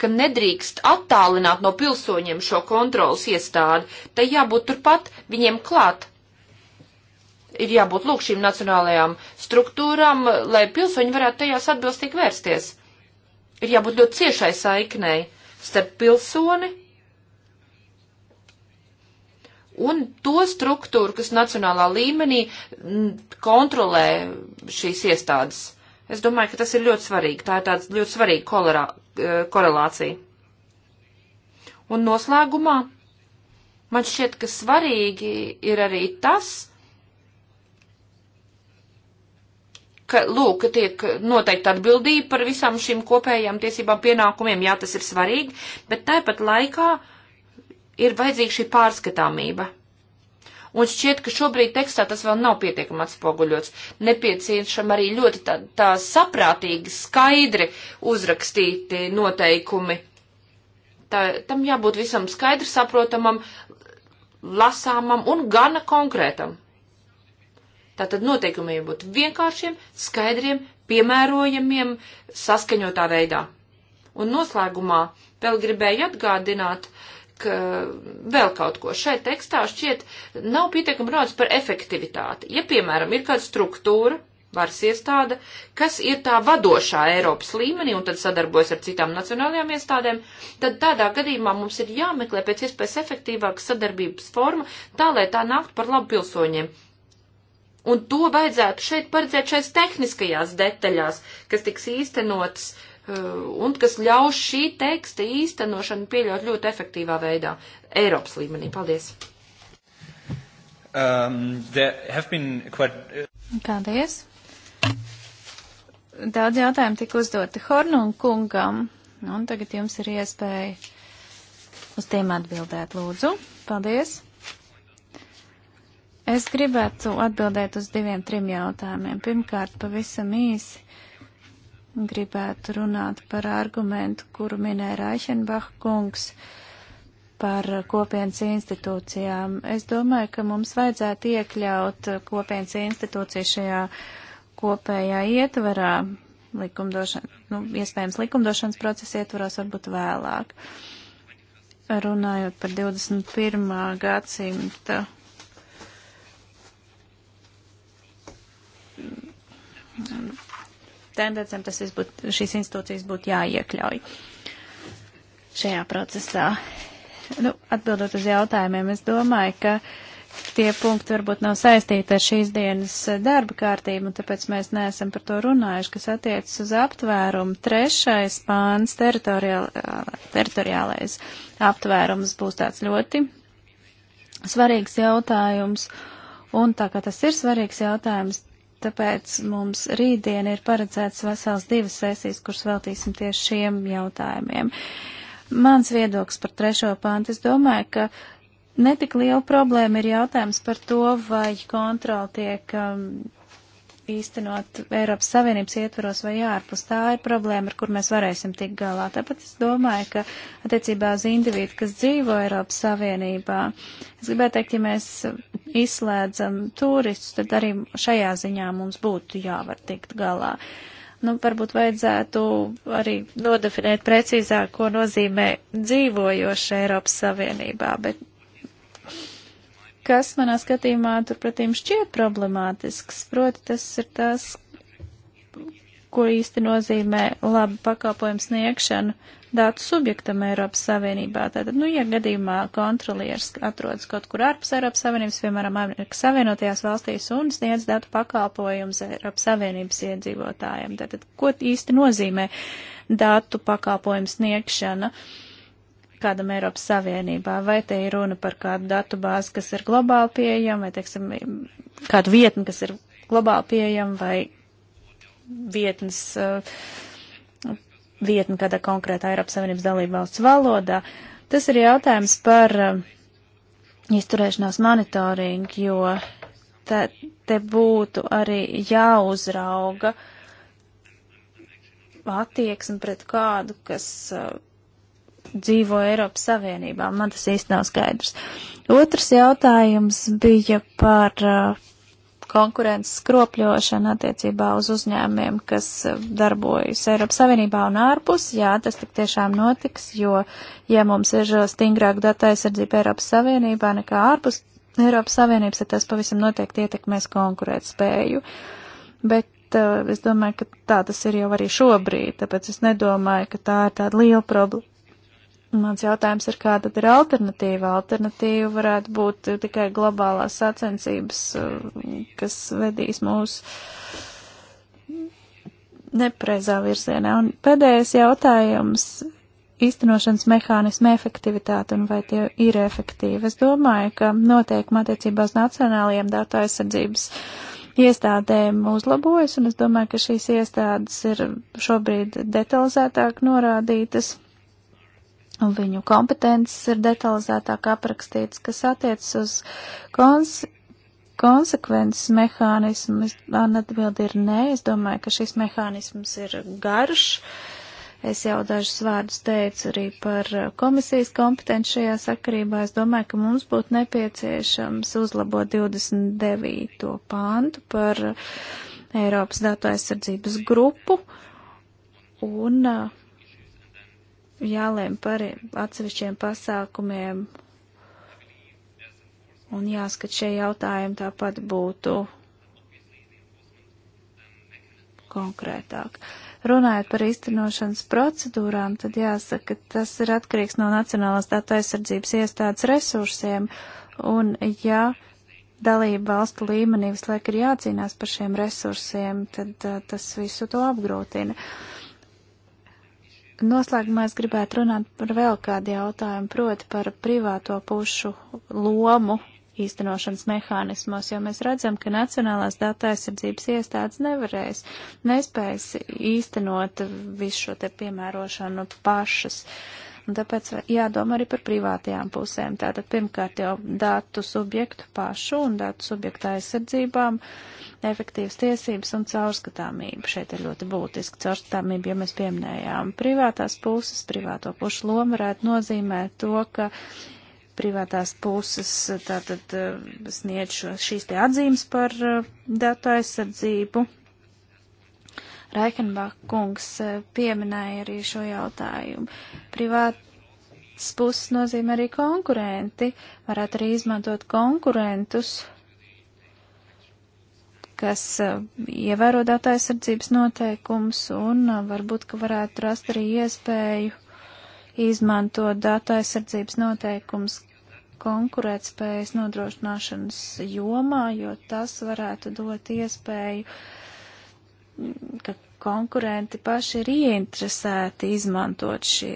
S1: ka nedrīkst attālināt no pilsoņiem šo kontrolas iestādi. Tai jābūt turpat viņiem klāt. Ir jābūt lūk šīm nacionālajām struktūrām, lai pilsoņi varētu tajās atbilstīgi vērsties. Ir jābūt ļoti ciešai saiknei starp pilsoni un to struktūru, kas nacionālā līmenī mm, kontrolē šīs iestādes. Es domāju, ka tas ir ļoti svarīgi. Tā ir tāds ļoti svarīga kolerā, eh, korelācija. Un noslēgumā man šķiet, ka svarīgi ir arī tas, ka, lūk, tiek noteikta atbildība par visām šīm kopējām tiesībām pienākumiem, jā, tas ir svarīgi, bet tāpat laikā ir vajadzīga šī pārskatāmība un šķiet, ka šobrīd tekstā tas vēl nav pietiekami atspoguļots. Nepieciešam arī ļoti tā, tā saprātīgi, skaidri uzrakstīti noteikumi. Tā, tam jābūt visam skaidri saprotamam, lasāmam un gana konkrētam. Tātad noteikumiem jābūt vienkāršiem, skaidriem, piemērojamiem, saskaņotā veidā. Un noslēgumā vēl gribēju atgādināt, uh, ka vēl kaut ko šeit tekstā šķiet nav pietiekami runāts par efektivitāti. Ja, piemēram, ir kāda struktūra, varas iestāde, kas ir tā vadošā Eiropas līmenī un tad sadarbojas ar citām nacionālajām iestādēm, tad tādā gadījumā mums ir jāmeklē pēc iespējas efektīvāka sadarbības forma, tā lai tā nāktu par labu pilsoņiem. Un to vajadzētu šeit paredzēt šais tehniskajās detaļās, kas tiks īstenotas uh, Uh, un kas ļaus šī teksta īstenošanu pieļaut ļoti efektīvā veidā Eiropas līmenī. Paldies!
S3: Um, quite... Uh, Paldies! Daudz jautājumu tika uzdoti Hornu un kungam, un tagad jums ir iespēja uz tiem atbildēt, lūdzu. Paldies! Es gribētu atbildēt uz diviem, trim jautājumiem. Pirmkārt, pavisam īsi gribētu runāt par argumentu, kuru minēja Raišenbach kungs par kopienas institūcijām. Es domāju, ka mums vajadzētu iekļaut kopienas institūciju šajā kopējā ietvarā, likumdošana, nu, iespējams likumdošanas procesa ietvaros varbūt vēlāk. Runājot par 21. gadsimta tendencēm tas viss būtu, šīs institūcijas būtu jāiekļauj šajā procesā. Nu, atbildot uz jautājumiem, es domāju, ka tie punkti varbūt nav saistīti ar šīs dienas darba kārtību, un tāpēc mēs neesam par to runājuši, kas attiecas uz aptvērumu. Trešais pāns teritoriālais aptvērums būs tāds ļoti svarīgs jautājums, un tā kā tas ir svarīgs jautājums, Tāpēc mums rītdien ir paredzēts vesels divas sesijas, kuras veltīsim tieši šiem jautājumiem. Mans viedoklis par trešo pantu, es domāju, ka netik liela problēma ir jautājums par to, vai kontrola tiek um, īstenot Eiropas Savienības ietvaros vai ārpus. Tā ir problēma, ar kur mēs varēsim tikt galā. Tāpat es domāju, ka attiecībā uz individu, kas dzīvo Eiropas Savienībā, es gribētu teikt, ja mēs izslēdzam turistus, tad arī šajā ziņā mums būtu jāvar tikt galā. Nu, varbūt vajadzētu arī nodefinēt precīzāk, ko nozīmē dzīvojoši Eiropas Savienībā, bet kas manā skatījumā turpretīm šķiet problemātisks. Proti tas ir tas, ko īsti nozīmē laba pakalpojuma sniegšana datu subjektam Eiropas Savienībā. Tātad, nu, ja gadījumā kontrolieris atrodas kaut kur ārpus Eiropas Savienības, piemēram, Amerikas Savienotajās valstīs un sniedz datu pakalpojumus Eiropas Savienības iedzīvotājiem, tātad, ko īsti nozīmē datu pakalpojumu sniegšana? Uh, kādam Eiropas Savienībā, vai te ir runa par kādu datu bāzi, kas ir globāli pieejama, vai, teiksim, kādu vietni, kas ir globāli pieejama, vai vietnes, eh, vietni kādā konkrētā Eiropas Savienības dalība valsts valodā. Tas ir jautājums par eh, izturēšanās monitoringu, jo te, te būtu arī jāuzrauga attieksme pret kādu, kas uh, dzīvo Eiropas Savienībā. Man tas īsti nav skaidrs. Otrs jautājums bija par uh, konkurences skropļošana attiecībā uz uzņēmumiem, kas uh, darbojas Eiropas Savienībā un ārpus. Jā, tas tik tiešām notiks, jo, ja mums ir uh, stingrāk data aizsardzība Eiropas Savienībā nekā ārpus Eiropas Savienības, tad tas pavisam noteikti ietekmēs konkurēt spēju. Bet uh, es domāju, ka tā tas ir jau arī šobrīd, tāpēc es nedomāju, ka tā ir tāda liela problēma. Mans jautājums ir, kāda tad ir alternatīva? Alternatīva varētu būt tikai globālās sacensības, eh, kas vedīs mūs nepreizā virzienā. Un pēdējais jautājums - īstenošanas mehānismu efektivitāte un vai tie ir efektīvi. Es domāju, ka noteikumi attiecībā uz nacionālajiem datu aizsardzības iestādēm uzlabojas, un es domāju, ka šīs iestādes ir šobrīd detalizētāk norādītas Viņu kompetences ir detalizētāk aprakstītas, kas attiecas uz kons konsekvences mehānismu. Man atbildi ir nē, es domāju, ka šis mehānisms ir garš. Es jau dažus vārdus teicu arī par komisijas kompetenci šajā sakarībā. Es domāju, ka mums būtu nepieciešams uzlabot 29. pāntu par Eiropas datu aizsardzības grupu un uh, jālēm par atsevišķiem pasākumiem un jāskat šie jautājumi tāpat būtu konkrētāk. Runājot par īstenošanas procedūrām, tad jāsaka, tas ir atkarīgs no Nacionālās datu aizsardzības iestādes resursiem, un ja dalība valstu līmenī visu laiku ir jācīnās par šiem resursiem, tad uh, tas visu to apgrūtina. Uh, Noslēgumā es gribētu runāt par vēl kādu jautājumu, proti par privāto pušu lomu īstenošanas mehānismos, jo mēs redzam, ka Nacionālās data aizsardzības iestādes nevarēs, nespējas īstenot visu šo te piemērošanu pašas. Uh, un tāpēc jādomā arī par privātajām pusēm. Tātad pirmkārt jau datu subjektu pašu un datu subjektu aizsardzībām, efektīvas tiesības un caurskatāmība. Šeit ir ļoti būtiski caurskatāmība, ja mēs pieminējām privātās puses, privāto pušu lomu varētu nozīmēt to, ka privātās puses tātad eh, sniedz šīs te atzīmes par eh, datu aizsardzību Raikenbach kungs eh, pieminēja arī šo jautājumu. Privāts puses nozīmē arī konkurenti. Varētu arī izmantot konkurentus, kas eh, ievēro datu aizsardzības noteikumus un eh, varbūt, ka varētu rast arī iespēju izmantot datu aizsardzības noteikumus konkurētspējas nodrošināšanas jomā, jo tas varētu dot iespēju uh, ka konkurenti paši ir ieinteresēti izmantot šī,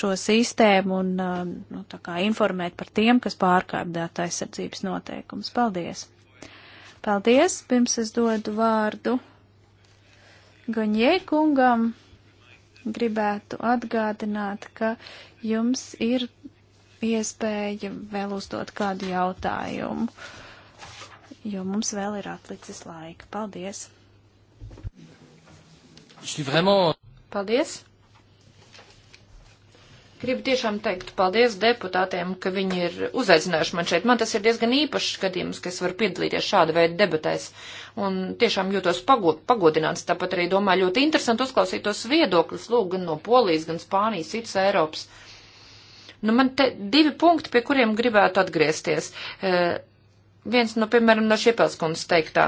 S3: šo sistēmu un um, nu, informēt par tiem, kas pārkāpj datu aizsardzības noteikumus. Paldies! Paldies! Pirms es dodu vārdu Gaņē kungam, gribētu atgādināt, ka jums ir iespēja vēl uzdot kādu jautājumu jo mums vēl ir atlicis laika. Paldies! Paldies!
S1: Gribu tiešām teikt paldies deputātiem, ka viņi ir uzaicinājuši man šeit. Man tas ir diezgan īpašs gadījums, ka es varu piedalīties šāda veida debatēs. Un tiešām jūtos pagod, pagodināts, tāpat arī domāju ļoti interesanti uzklausīt tos viedokļus, lūk, gan no Polijas, gan Spānijas, citas Eiropas. Nu, man te divi punkti, pie kuriem gribētu atgriezties. E, viens no, piemēram, no Šiepelskundas teiktā.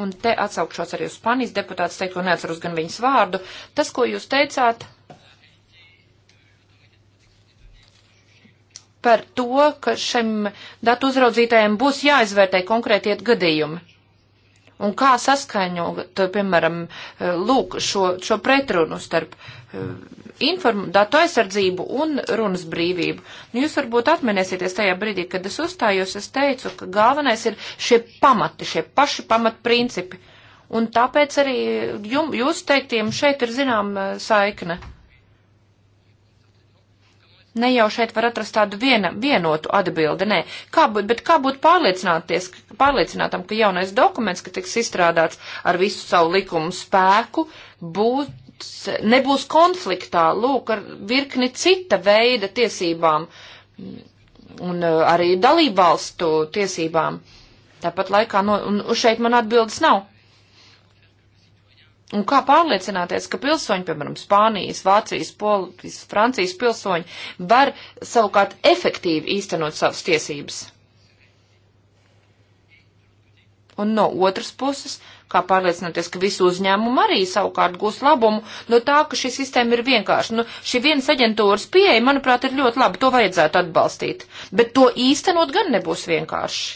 S1: Un te atsaukšos arī uz Spānijas deputātu teikto, neatceros gan viņas vārdu. Tas, ko jūs teicāt, par to, ka šim datu uzraudzītājiem būs jāizvērtē konkrētiet gadījumi. Un kā saskaņot, piemēram, eh, lūk, šo, šo pretrunu starp eh, inform, datu aizsardzību un runas brīvību. Nu, jūs varbūt atminēsieties tajā brīdī, kad es uzstājos, es teicu, ka galvenais ir šie pamati, šie paši pamatprincipi. Un tāpēc arī jum, jūs teiktiem šeit ir zinām eh, saikne. Uh, Ne jau šeit var atrast tādu viena, vienotu atbildi, nē. Kā būt, bet kā būt pārliecinātam, ka jaunais dokuments, ka tiks izstrādāts ar visu savu likumu spēku, būs, nebūs konfliktā, lūk, ar virkni cita veida tiesībām mm, un eh, arī dalībvalstu tiesībām. Tāpat laikā, no, nu, un šeit man atbildes nav. Un kā pārliecināties, ka pilsoņi, piemēram, Spānijas, Vācijas, Polijas, Francijas pilsoņi var savukārt efektīvi īstenot savas tiesības? Un no otras puses, kā pārliecināties, ka visu uzņēmumu arī savukārt gūs labumu no tā, ka šī sistēma ir vienkārša. Nu, šī vienas aģentūras pieeja, manuprāt, ir ļoti laba, to vajadzētu atbalstīt. Bet to īstenot gan nebūs vienkārši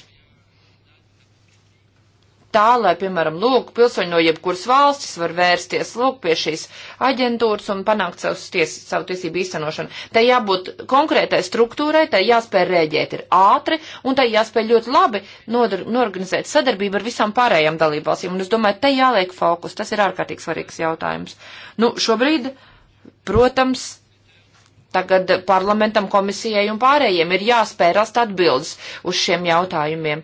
S1: tā, lai, piemēram, lūk, pilsoņi no jebkuras valstis var vērsties, lūk, pie šīs aģentūras un panākt savus ties, savu tiesību īstenošanu. Tā jābūt konkrētai struktūrai, tā jāspēj rēģēt ir ātri un tā jāspēj ļoti labi nodar, norganizēt sadarbību ar visām pārējām dalībvalstīm. Un es domāju, te jāliek fokus, tas ir ārkārtīgi svarīgs jautājums. Nu, šobrīd, protams, Tagad parlamentam, komisijai un pārējiem ir jāspēj rast atbildes uz šiem jautājumiem.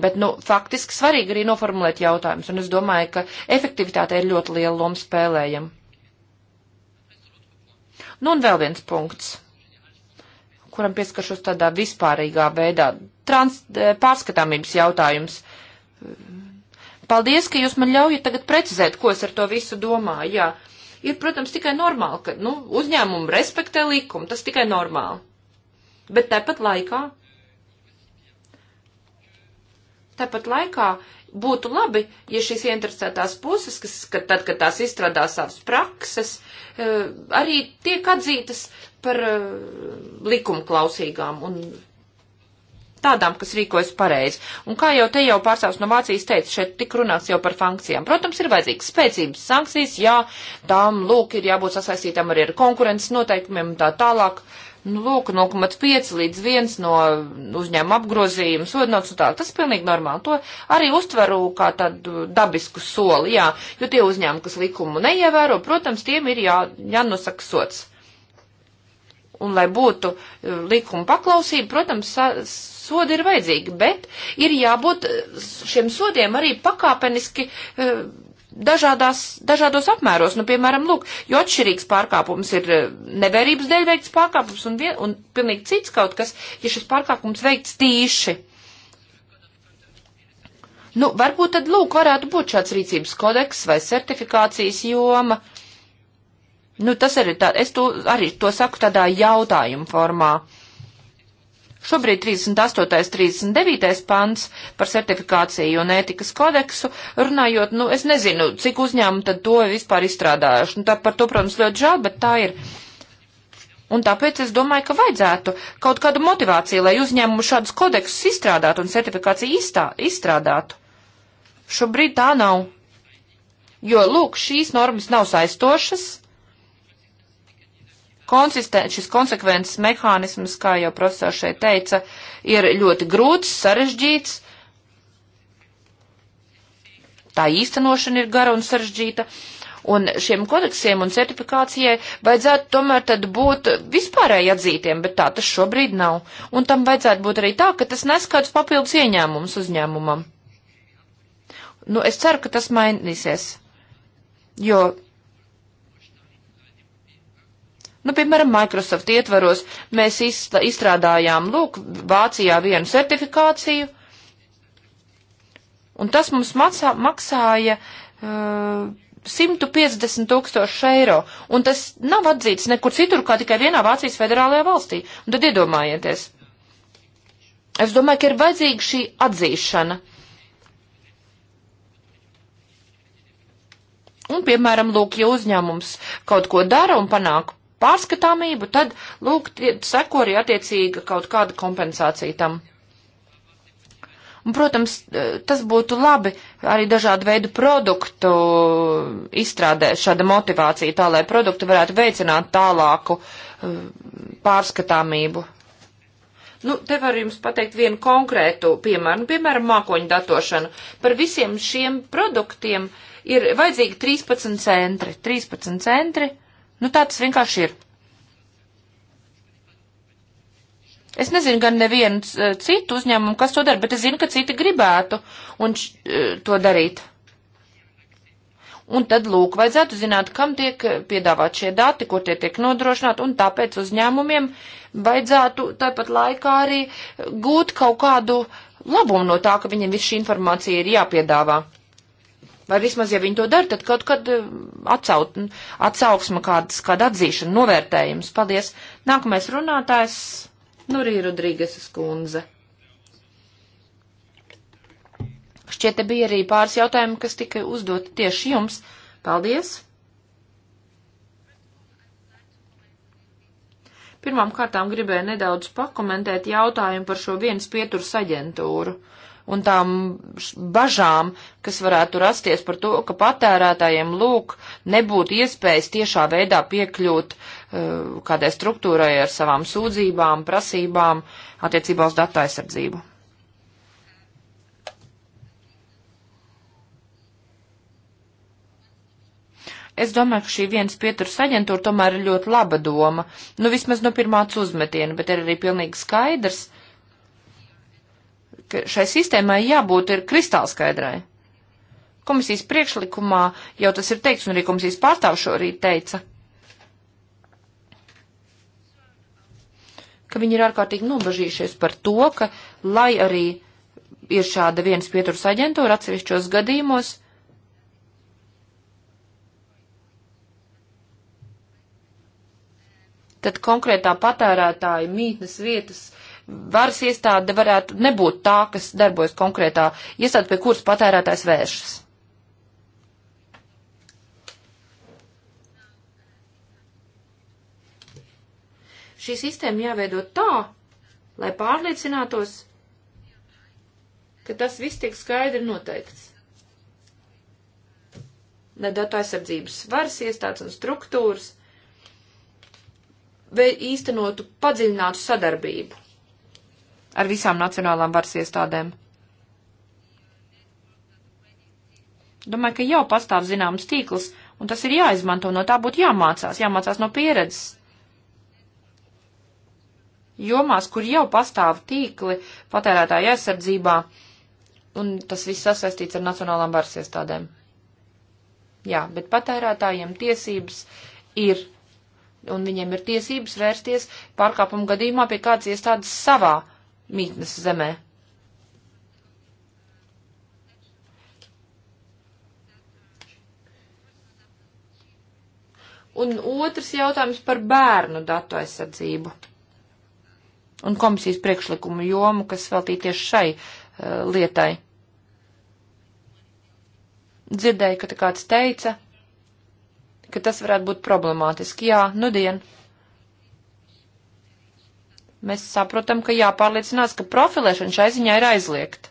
S1: Bet, nu, faktiski svarīgi arī noformulēt jautājumus, un es domāju, ka efektivitāte ir ļoti liela loma spēlējama. Nu, un vēl viens punkts, kuram pieskaršos tādā vispārīgā veidā - trans, eh, pārskatāmības jautājums. Paldies, ka jūs man ļaujat tagad precizēt, ko es ar to visu domāju. Jā, ir, protams, tikai normāli, ka, nu, uzņēmumu respektē likumu, tas tikai normāli. Bet tāpat laikā Tāpat laikā būtu labi, ja šīs interesētās puses, kas, ka tad, kad tās izstrādā savas prakses, eh, arī tiek atzītas par eh, likuma klausīgām un tādām, kas rīkojas pareizi. Un kā jau te jau pārstāvs no Vācijas teica, šeit tik runāts jau par sankcijām. Protams, ir vajadzīgas spēcības sankcijas, jā, tām, lūk, ir jābūt sasaistītām arī ar konkurences noteikumiem un tā tālāk. Uh, Nu, lūk, 0,5 līdz 1 no uzņēmuma apgrozījuma sodnots un tā. Tas pilnīgi normāli. To arī uztveru kā tādu dabisku soli, jā. Jo tie uzņēmumi, kas likumu neievēro, protams, tiem ir jā, jānosaka sots. Un lai būtu eh, likuma paklausība, protams, sodi ir vajadzīgi, bet ir jābūt eh, šiem sodiem arī pakāpeniski. Uh, dažādās, dažādos apmēros. Nu, piemēram, lūk, jo atšķirīgs pārkāpums ir eh, nevērības dēļ veikts pārkāpums un, vien, un pilnīgi cits kaut kas, ja šis pārkāpums veikts tīši. Nu, varbūt tad, lūk, varētu būt šāds rīcības kodeks vai certifikācijas joma. Nu, tas arī tā, es to arī to saku tādā jautājumu formā. Uh, Šobrīd 38. 39. pants par certifikāciju un ētikas kodeksu runājot, nu, es nezinu, cik uzņēmumi tad to vispār izstrādājuši. Nu, tā par to, protams, ļoti žēl, bet tā ir. Un tāpēc es domāju, ka vajadzētu kaut kādu motivāciju, lai uzņēmumu šādus kodeksus izstrādātu un certifikāciju izstā, izstrādātu. Šobrīd tā nav. Jo, lūk, šīs normas nav saistošas konsistents, šis konsekvences mehānisms, kā jau profesors šeit teica, ir ļoti grūts, sarežģīts. Tā īstenošana ir gara un sarežģīta. Un šiem kodeksiem un certifikācijai vajadzētu tomēr tad būt vispārēji atzītiem, bet tā tas šobrīd nav. Un tam vajadzētu būt arī tā, ka tas nes kāds papildus ieņēmums uzņēmumam. Nu, es ceru, ka tas mainīsies. Jo Nu, piemēram, Microsoft ietvaros mēs izstrādājām, lūk, Vācijā vienu certifikāciju, un tas mums maksā, maksāja uh, 150 tūkstoši eiro, un tas nav atzīts nekur citur, kā tikai vienā Vācijas federālajā valstī. Un tad iedomājieties. Es domāju, ka ir vajadzīga šī atzīšana. Un, piemēram, lūk, ja uzņēmums kaut ko dara un panāk pārskatāmību, tad, lūk, seko arī attiecīga kaut kāda kompensācija tam. Un, protams, eh, tas būtu labi arī dažādu veidu produktu izstrādē šāda motivācija, tā lai produktu varētu veicināt tālāku eh, pārskatāmību. Nu, te var jums pateikt vienu konkrētu piemēru, nu, piemēram, mākoņu datošanu. Par visiem šiem produktiem ir vajadzīgi 13 centri. 13 centri Nu, tā tas vienkārši ir. Es nezinu gan nevienu uh, citu uzņēmumu, kas to dara, bet es zinu, ka citi gribētu un š, uh, to darīt. Un tad, lūk, vajadzētu zināt, kam tiek uh, piedāvāt šie dati, kur tie tiek nodrošināti, un tāpēc uzņēmumiem vajadzētu tāpat laikā arī gūt kaut kādu labumu no tā, ka viņiem viss šī informācija ir jāpiedāvā. Vai vismaz, ja viņi to dara, tad kaut kad eh, atsaut, atsauksma kādas, kāda atzīšana, novērtējums. Paldies. Nākamais runātājs, Nurī Rodrīgas skundze. Šķiet, te bija arī pāris jautājumi, kas tika uzdoti tieši jums. Paldies. Pirmām kārtām gribēju nedaudz pakomentēt jautājumu par šo vienas pieturas aģentūru. Uh, un tām bažām, kas varētu rasties par to, ka patērētājiem lūk nebūtu iespējas tiešā veidā piekļūt uh, kādai struktūrai ar savām sūdzībām, prasībām attiecībā uz datu aizsardzību. Es domāju, ka šī viens pieturas aģentūra tomēr ir ļoti laba doma, nu vismaz no pirmāts uzmetiena, bet ir arī pilnīgi skaidrs, uh, ka šai sistēmai jābūt ir kristālskaidrai. Komisijas priekšlikumā jau tas ir teikts, un arī komisijas pārstāv šorīt teica, ka viņi ir ārkārtīgi nobežījušies par to, ka, lai arī ir šāda vienas pieturas aģentūra atsevišķos gadījumos, tad konkrētā patērētāja mītnes vietas varas iestāde varētu nebūt tā, kas darbojas konkrētā iestāde, pie kuras patērētājs vēršas. Šī sistēma jāveido tā, lai pārliecinātos, ka tas viss tiek skaidri noteikts. Lai datu aizsardzības varas iestādes un struktūras īstenotu padziļinātu sadarbību ar visām nacionālām varas iestādēm. Domāju, ka jau pastāv zināms tīkls, un tas ir jāizmanto, no tā būtu jāmācās, jāmācās no pieredzes. Jomās, kur jau pastāv tīkli patērētāju aizsardzībā, un tas viss sasaistīts ar nacionālām varas iestādēm. Jā, bet patērētājiem tiesības ir, un viņiem ir tiesības vērsties pārkāpumu gadījumā pie kādas iestādes savā mītnes zemē. Un otrs jautājums par bērnu datu aizsardzību un komisijas priekšlikumu jomu, kas veltīja tieši šai uh, lietai. Dzirdēju, ka kāds teica, ka tas varētu būt problemātiski. Jā, nudien. No mēs saprotam, ka jāpārliecinās, ka profilēšana šai ziņā ir aizliegta.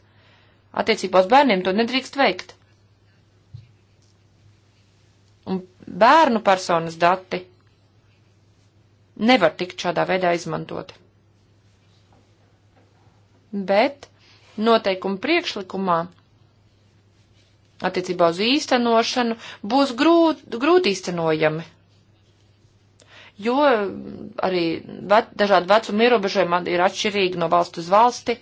S1: Attiecībā uz bērniem to nedrīkst veikt. Un bērnu personas dati nevar tikt šādā veidā izmantoti. Bet noteikuma priekšlikumā attiecībā uz īstenošanu būs grūti, grūti īstenojami jo arī vet, dažādi vecuma ierobežojumi ir atšķirīgi no valsts uz valsti.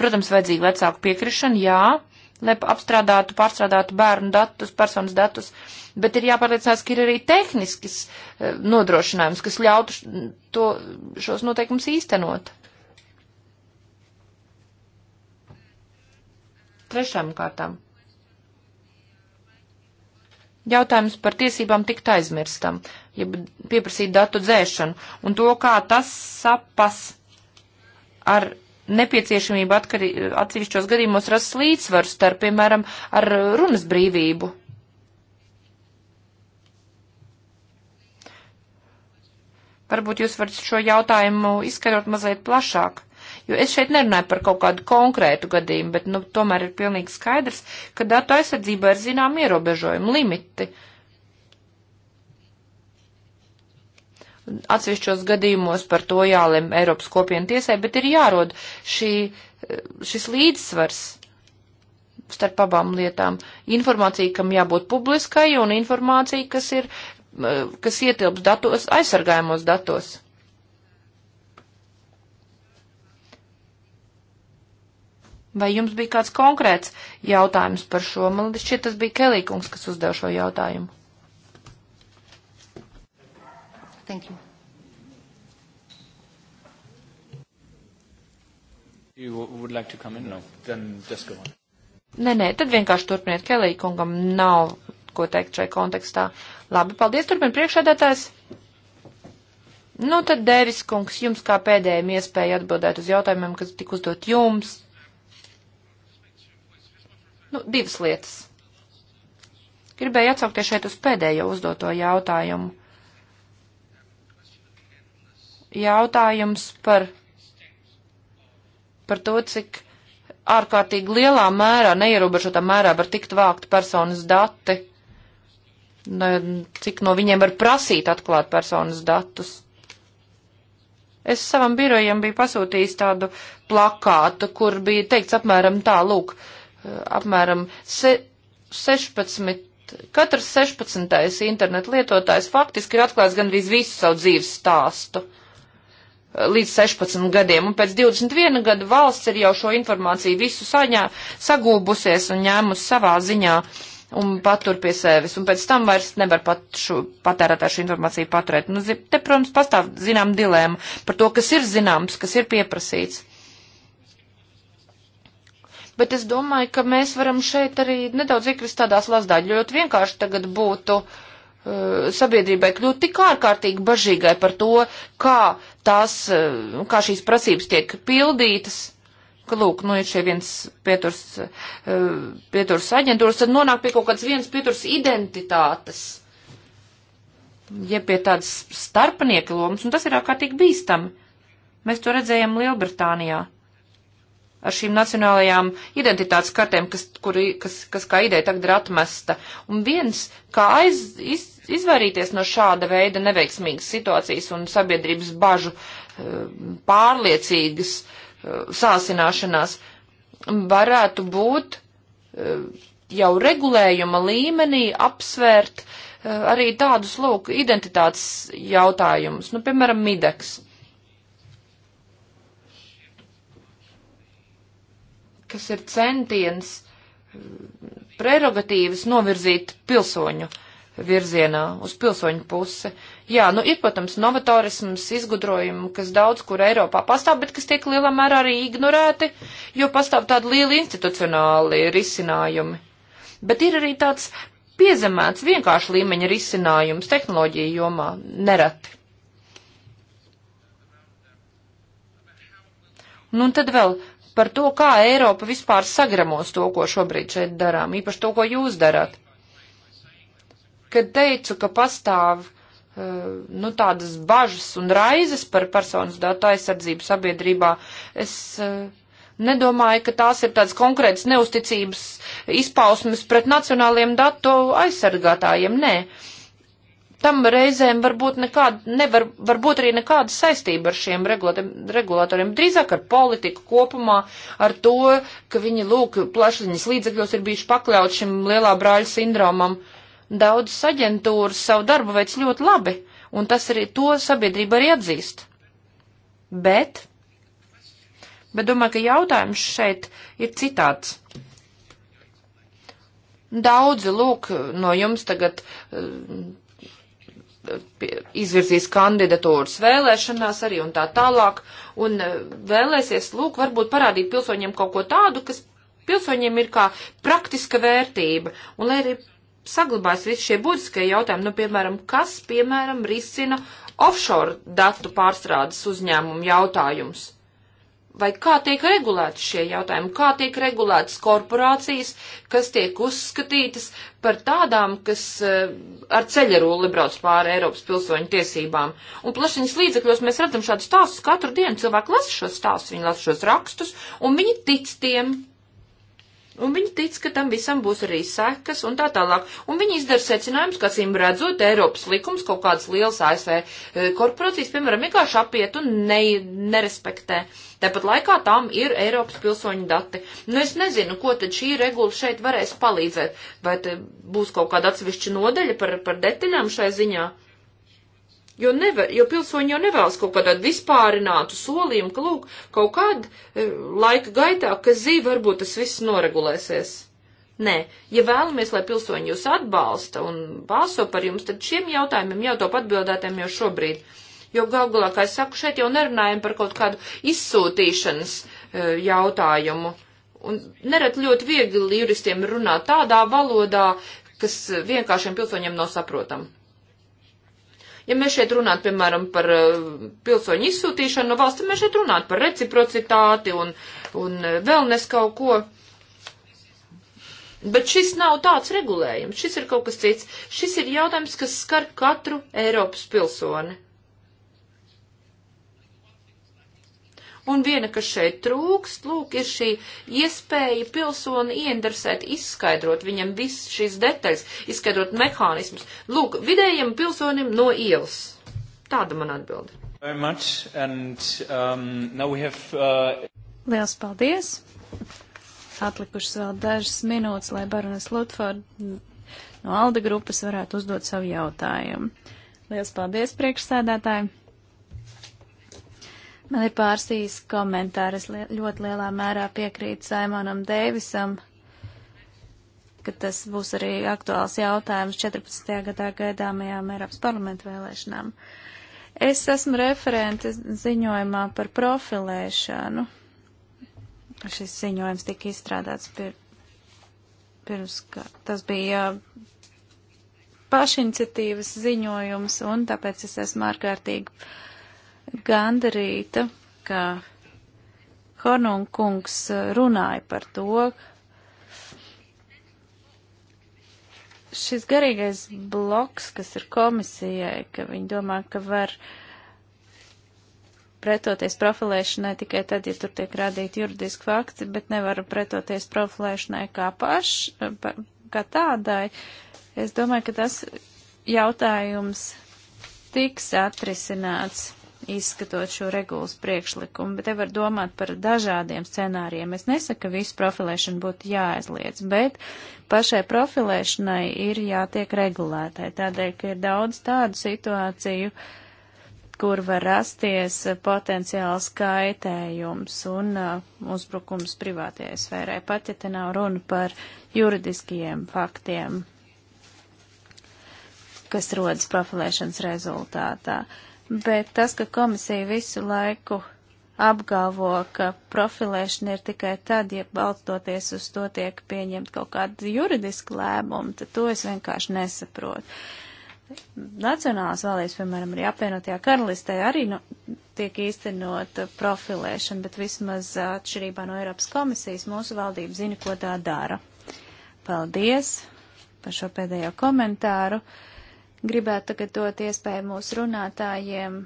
S1: Protams, vajadzīga vecāku piekrišana, jā, lai apstrādātu, pārstrādātu bērnu datus, personas datus, bet ir jāpārliecinās, ka ir arī tehnisks eh, nodrošinājums, kas ļautu to, šos noteikumus īstenot. Trešām kārtām. Jautājums par tiesībām tikt aizmirstam, ja pieprasīt datu dzēšanu un to, kā tas sapas ar nepieciešamību atkarī, atsevišķos gadījumos rast līdzsvaru starp, piemēram, ar runas brīvību. Varbūt jūs varat šo jautājumu izskaidrot mazliet plašāk. Jo es šeit nerunāju par kaut kādu konkrētu gadījumu, bet, nu, tomēr ir pilnīgi skaidrs, ka datu aizsardzība ir zinām ierobežojumi, limiti. Atsevišķos gadījumos par to jālem Eiropas kopienu tiesai, bet ir jārod šī, šis līdzsvars starp abām lietām. Informācija, kam jābūt publiskai, un informācija, kas ir, kas ietilps datos, aizsargājumos datos. Vai jums bija kāds konkrēts jautājums par šo? Man šķiet, tas bija Kelīkungs, kas uzdev šo jautājumu. Thank you. You would like to come in? No. Then just go on. Nē, nē, tad vienkārši turpiniet. Kelija kungam nav ko teikt šai kontekstā. Labi, paldies, turpin priekšādātājs. Nu, tad Dēvis kungs, jums kā pēdējiem iespēja atbildēt uz jautājumiem, kas tika uzdot jums. Nu, divas lietas. Gribēju atsaukties šeit uz pēdējo uzdoto jautājumu. Jautājums par, par to, cik ārkārtīgi lielā mērā, neierobežotā mērā var tikt vākt personas dati, cik no viņiem var prasīt atklāt personas datus. Es savam birojam biju pasūtījis tādu plakātu, kur bija teikts apmēram tā, lūk, uh, Eh, apmēram se, 16 katrs 16. internetu lietotājs faktiski ir atklājis gandrīz visu savu dzīves stāstu eh, līdz 16 gadiem, un pēc 21 gada valsts ir jau šo informāciju visu saņā, sagūbusies un ņēmusi savā ziņā un patur pie sevis, un pēc tam vairs nevar pat šo patērētāju informāciju paturēt. Nu, te, protams, pastāv zinām dilēma par to, kas ir zināms, kas ir pieprasīts bet es domāju, ka mēs varam šeit arī nedaudz iekrist tādās lazdā, jo ļoti vienkārši tagad būtu eh, sabiedrībai kļūt tik ārkārtīgi bažīgai par to, kā, tās, eh, kā šīs prasības tiek pildītas, ka, lūk, nu ir šie viens pieturs, eh, pieturs aģentūras, tad nonāk pie kaut kādas viens pieturs identitātes, ja pie tādas starpnieka lomas, un tas ir ārkārtīgi bīstami. Mēs to redzējām Lielbritānijā ar šīm nacionālajām identitātes kartēm, kas, kur, kas, kas kā ideja tagad ir atmesta. Un viens, kā aiz, iz, izvairīties no šāda veida neveiksmīgas situācijas un sabiedrības bažu eh, pārliecīgas eh, sāsināšanās, varētu būt eh, jau regulējuma līmenī apsvērt arī tādus, lūk, identitātes jautājumus, nu, piemēram, mideks kas ir centiens prerogatīvas novirzīt pilsoņu virzienā, uz pilsoņu pusi. Jā, nu ir, protams, novatorisms, izgudrojumi, kas daudz kur Eiropā pastāv, bet kas tiek lielā mērā arī ignorēti, jo pastāv tādi lieli institucionāli risinājumi. Bet ir arī tāds piezemēts, vienkārši līmeņa risinājums tehnoloģiju jomā nereti. Nu, un tad vēl par to, kā Eiropa vispār sagramos to, ko šobrīd šeit darām, īpaši to, ko jūs darāt. Kad teicu, ka pastāv eh, nu, tādas bažas un raizes par personas datu aizsardzību sabiedrībā, es eh, nedomāju, ka tās ir tādas konkrētas neusticības izpausmes pret nacionāliem datu aizsargātājiem. Nē, tam reizēm varbūt nekāda, nevar, varbūt arī nekāda saistība ar šiem regulatoriem, drīzāk ar politiku kopumā, ar to, ka viņi, lūk, plašliņas līdzekļos ir bijuši pakļaut šim lielā brāļa sindromam. Daudzas aģentūras savu darbu veic ļoti labi, un tas arī to sabiedrība arī atzīst. Bet, bet domāju, ka jautājums šeit ir citāds. Daudzi, lūk, no jums tagad eh, izvirzīs kandidatūras vēlēšanās arī un tā tālāk, un e, vēlēsies, lūk, varbūt parādīt pilsoņiem kaut ko tādu, kas pilsoņiem ir kā praktiska vērtība, un lai arī saglabājas visi šie būtiskie jautājumi, nu, piemēram, kas, piemēram, risina offshore datu pārstrādes uzņēmumu jautājumus vai kā tiek regulēti šie jautājumi, kā tiek regulētas korporācijas, kas tiek uzskatītas par tādām, kas eh, ar ceļarūli brauc pāri Eiropas pilsoņu tiesībām. Un plašiņas līdzekļos mēs redzam šādus stāstus katru dienu, cilvēki lasa šos stāstus, viņi lasa šos rakstus, un viņi tic tiem. Un viņi tic, ka tam visam būs arī sekas un tā tālāk. Un viņi izdara secinājumus, ka, cīm redzot, Eiropas likums kaut kādas lielas ASV eh, korporācijas, piemēram, vienkārši apiet un ne, nerespektē. Tāpat laikā tām ir Eiropas pilsoņu dati. Nu, es nezinu, ko tad šī regula šeit varēs palīdzēt. Vai būs kaut kāda atsevišķa nodeļa par, par detaļām šai ziņā? Uh, Jo, nevar, jo pilsoņi jau nevēlas kaut kādā vispārinātu solījumu, ka lūk, kaut kāda e, laika gaitā, ka zīve varbūt tas viss noregulēsies. Nē, ja vēlamies, lai pilsoņi jūs atbalsta un balso par jums, tad šiem jautājumiem jau top atbildētiem jau šobrīd. Jo gal galā, kā es saku, šeit jau nerunājam par kaut kādu izsūtīšanas e, jautājumu. Un nerad ļoti viegli juristiem runāt tādā valodā, kas vienkāršiem pilsoņiem nav saprotama. Ja mēs šeit runātu, piemēram, par eh, pilsoņu izsūtīšanu no valsts, mēs šeit runātu par reciprocitāti un, un vēl eh, nes kaut ko. Bet šis nav tāds regulējums, šis ir kaut kas cits. Šis ir jautājums, kas skar katru Eiropas pilsoni. Un viena, kas šeit trūkst, lūk, ir šī iespēja pilsoni ieinteresēt, izskaidrot viņam viss šīs detaļas, izskaidrot mehānismus. Lūk, vidējiem pilsonim no ielas.
S3: Tāda man atbilda. And, um, have, uh... Liels paldies! Atlikušas vēl dažas minūtes, lai Baronas Lutford no Alda grupas varētu uzdot savu jautājumu. Liels paldies, priekšsēdētāji! Man ir pārsīs komentāri. Es li ļoti lielā mērā piekrītu Saimonam Deivisam, ka tas būs arī aktuāls jautājums 14. gadā gaidāmajām Eiropas parlamentu vēlēšanām. Es esmu referente ziņojumā par profilēšanu. Šis ziņojums tika izstrādāts pir pirms, ka tas bija uh, pašiniciatīvas ziņojums, un tāpēc es esmu ārkārtīgi gandarīta, ka Hornunkungs eh, runāja par to, šis garīgais bloks, kas ir komisijai, ka viņi domā, ka var pretoties profilēšanai tikai tad, ja tur tiek rādīti juridiski fakti, bet nevar pretoties profilēšanai kā paš, eh, kā tādai. Es domāju, ka tas jautājums tiks atrisināts izskatot šo regulas priekšlikumu, bet te var domāt par dažādiem scenārijiem. Es nesaku, ka visu profilēšanu būtu jāaizliedz, bet pašai profilēšanai ir jātiek regulētai, tādēļ, ka ir daudz tādu situāciju, kur var rasties potenciāls kaitējums un uh, uzbrukums privātajai sfērai, pat ja te nav runa par juridiskajiem faktiem kas rodas profilēšanas rezultātā. Uh, bet tas, ka komisija visu laiku apgalvo, ka profilēšana ir tikai tad, ja balstoties uz to tiek pieņemt kaut kāda juridiska lēmuma, tad to es vienkārši nesaprotu. Nacionālās valstīs, piemēram, arī apvienotajā karalistē arī nu, tiek īstenot profilēšana, bet vismaz atšķirībā no Eiropas komisijas mūsu valdība zina, ko tā dara. Paldies par šo pēdējo komentāru. Uh, Gribētu tagad dot iespēju mūsu runātājiem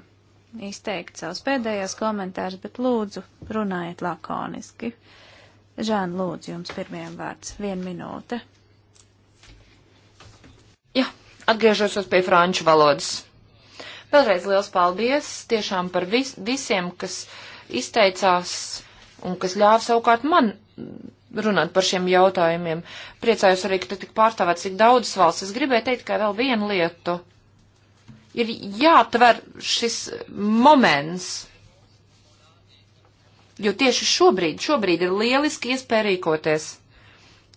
S3: izteikt savus pēdējos komentārus, bet lūdzu, runājiet lakoniski. Žēn, lūdzu, jums pirmajam vārds. Viena minūte.
S1: Jā, atgriežos pie franču valodas. Vēlreiz liels paldies tiešām par vis, visiem, kas izteicās un kas ļāva savukārt man runāt par šiem jautājumiem. Priecājos arī, ka te tik pārstāvēts tik daudzas valsts. Es gribēju teikt tikai vēl vienu lietu. Ir jāatver šis moments. Jo tieši šobrīd, šobrīd ir lieliski iespēja rīkoties.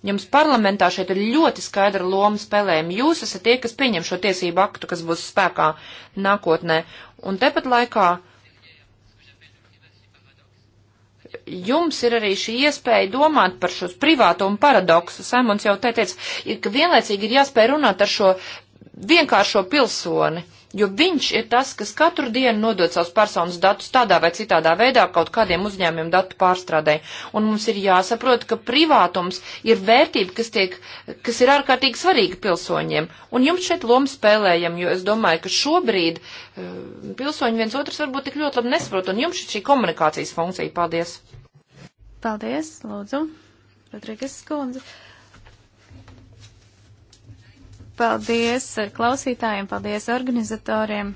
S1: Jums parlamentā šeit ir ļoti skaidra loma spēlējama. Jūs esat tie, kas pieņem šo tiesību aktu, kas būs spēkā nākotnē. Un tepat laikā jums ir arī šī iespēja domāt par šos privātumu paradoksu. Saimons jau te teica, ka vienlaicīgi ir jāspēj runāt ar šo vienkāršo pilsoni, jo viņš ir tas, kas katru dienu nodod savus personas datus tādā vai citādā veidā kaut kādiem uzņēmumiem datu pārstrādē. Un mums ir jāsaprot, ka privātums ir vērtība, kas, tiek, kas ir ārkārtīgi svarīga pilsoņiem. Un jums šeit loma spēlējam, jo es domāju, ka šobrīd uh, pilsoņi viens otrs varbūt tik ļoti labi nesaprot, un jums šī komunikācijas funkcija. Paldies!
S3: Paldies, lūdzu, Rodrīgas skundze. Paldies klausītājiem, paldies organizatoriem.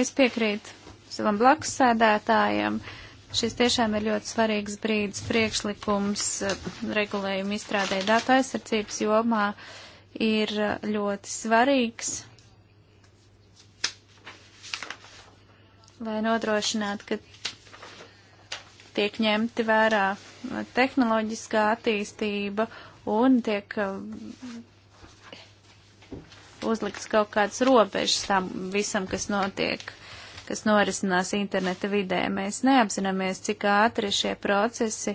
S3: Es piekrītu savam blakus sēdētājam. Šis tiešām ir ļoti svarīgs brīdis priekšlikums eh, regulējumu izstrādē datu aizsardzības jomā ir eh, ļoti svarīgs, lai nodrošinātu, ka tiek ņemti vērā tehnoloģiskā attīstība un tiek uh, uzlikts kaut kāds robežs tam visam, kas notiek, kas norisinās interneta vidē. Mēs neapzināmies, cik ātri šie procesi,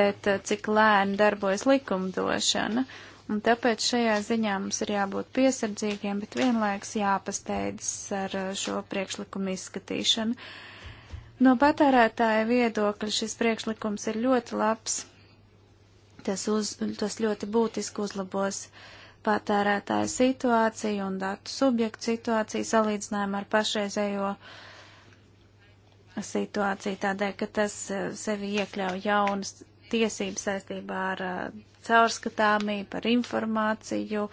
S3: bet uh, cik lēni darbojas likumdošana. Un tāpēc šajā ziņā mums ir jābūt piesardzīgiem, bet vienlaiks jāpasteidzas ar uh, šo priekšlikumu izskatīšanu. Uh, No patērētāja viedokļa šis priekšlikums ir ļoti labs. Tas, uz, tas ļoti būtiski uzlabos patērētāja situāciju un datu subjektu situāciju salīdzinājumā ar pašreizējo situāciju, tādēļ, ka tas eh, sevi iekļauj jaunas tiesības saistībā ar eh, caurskatāmību, par informāciju,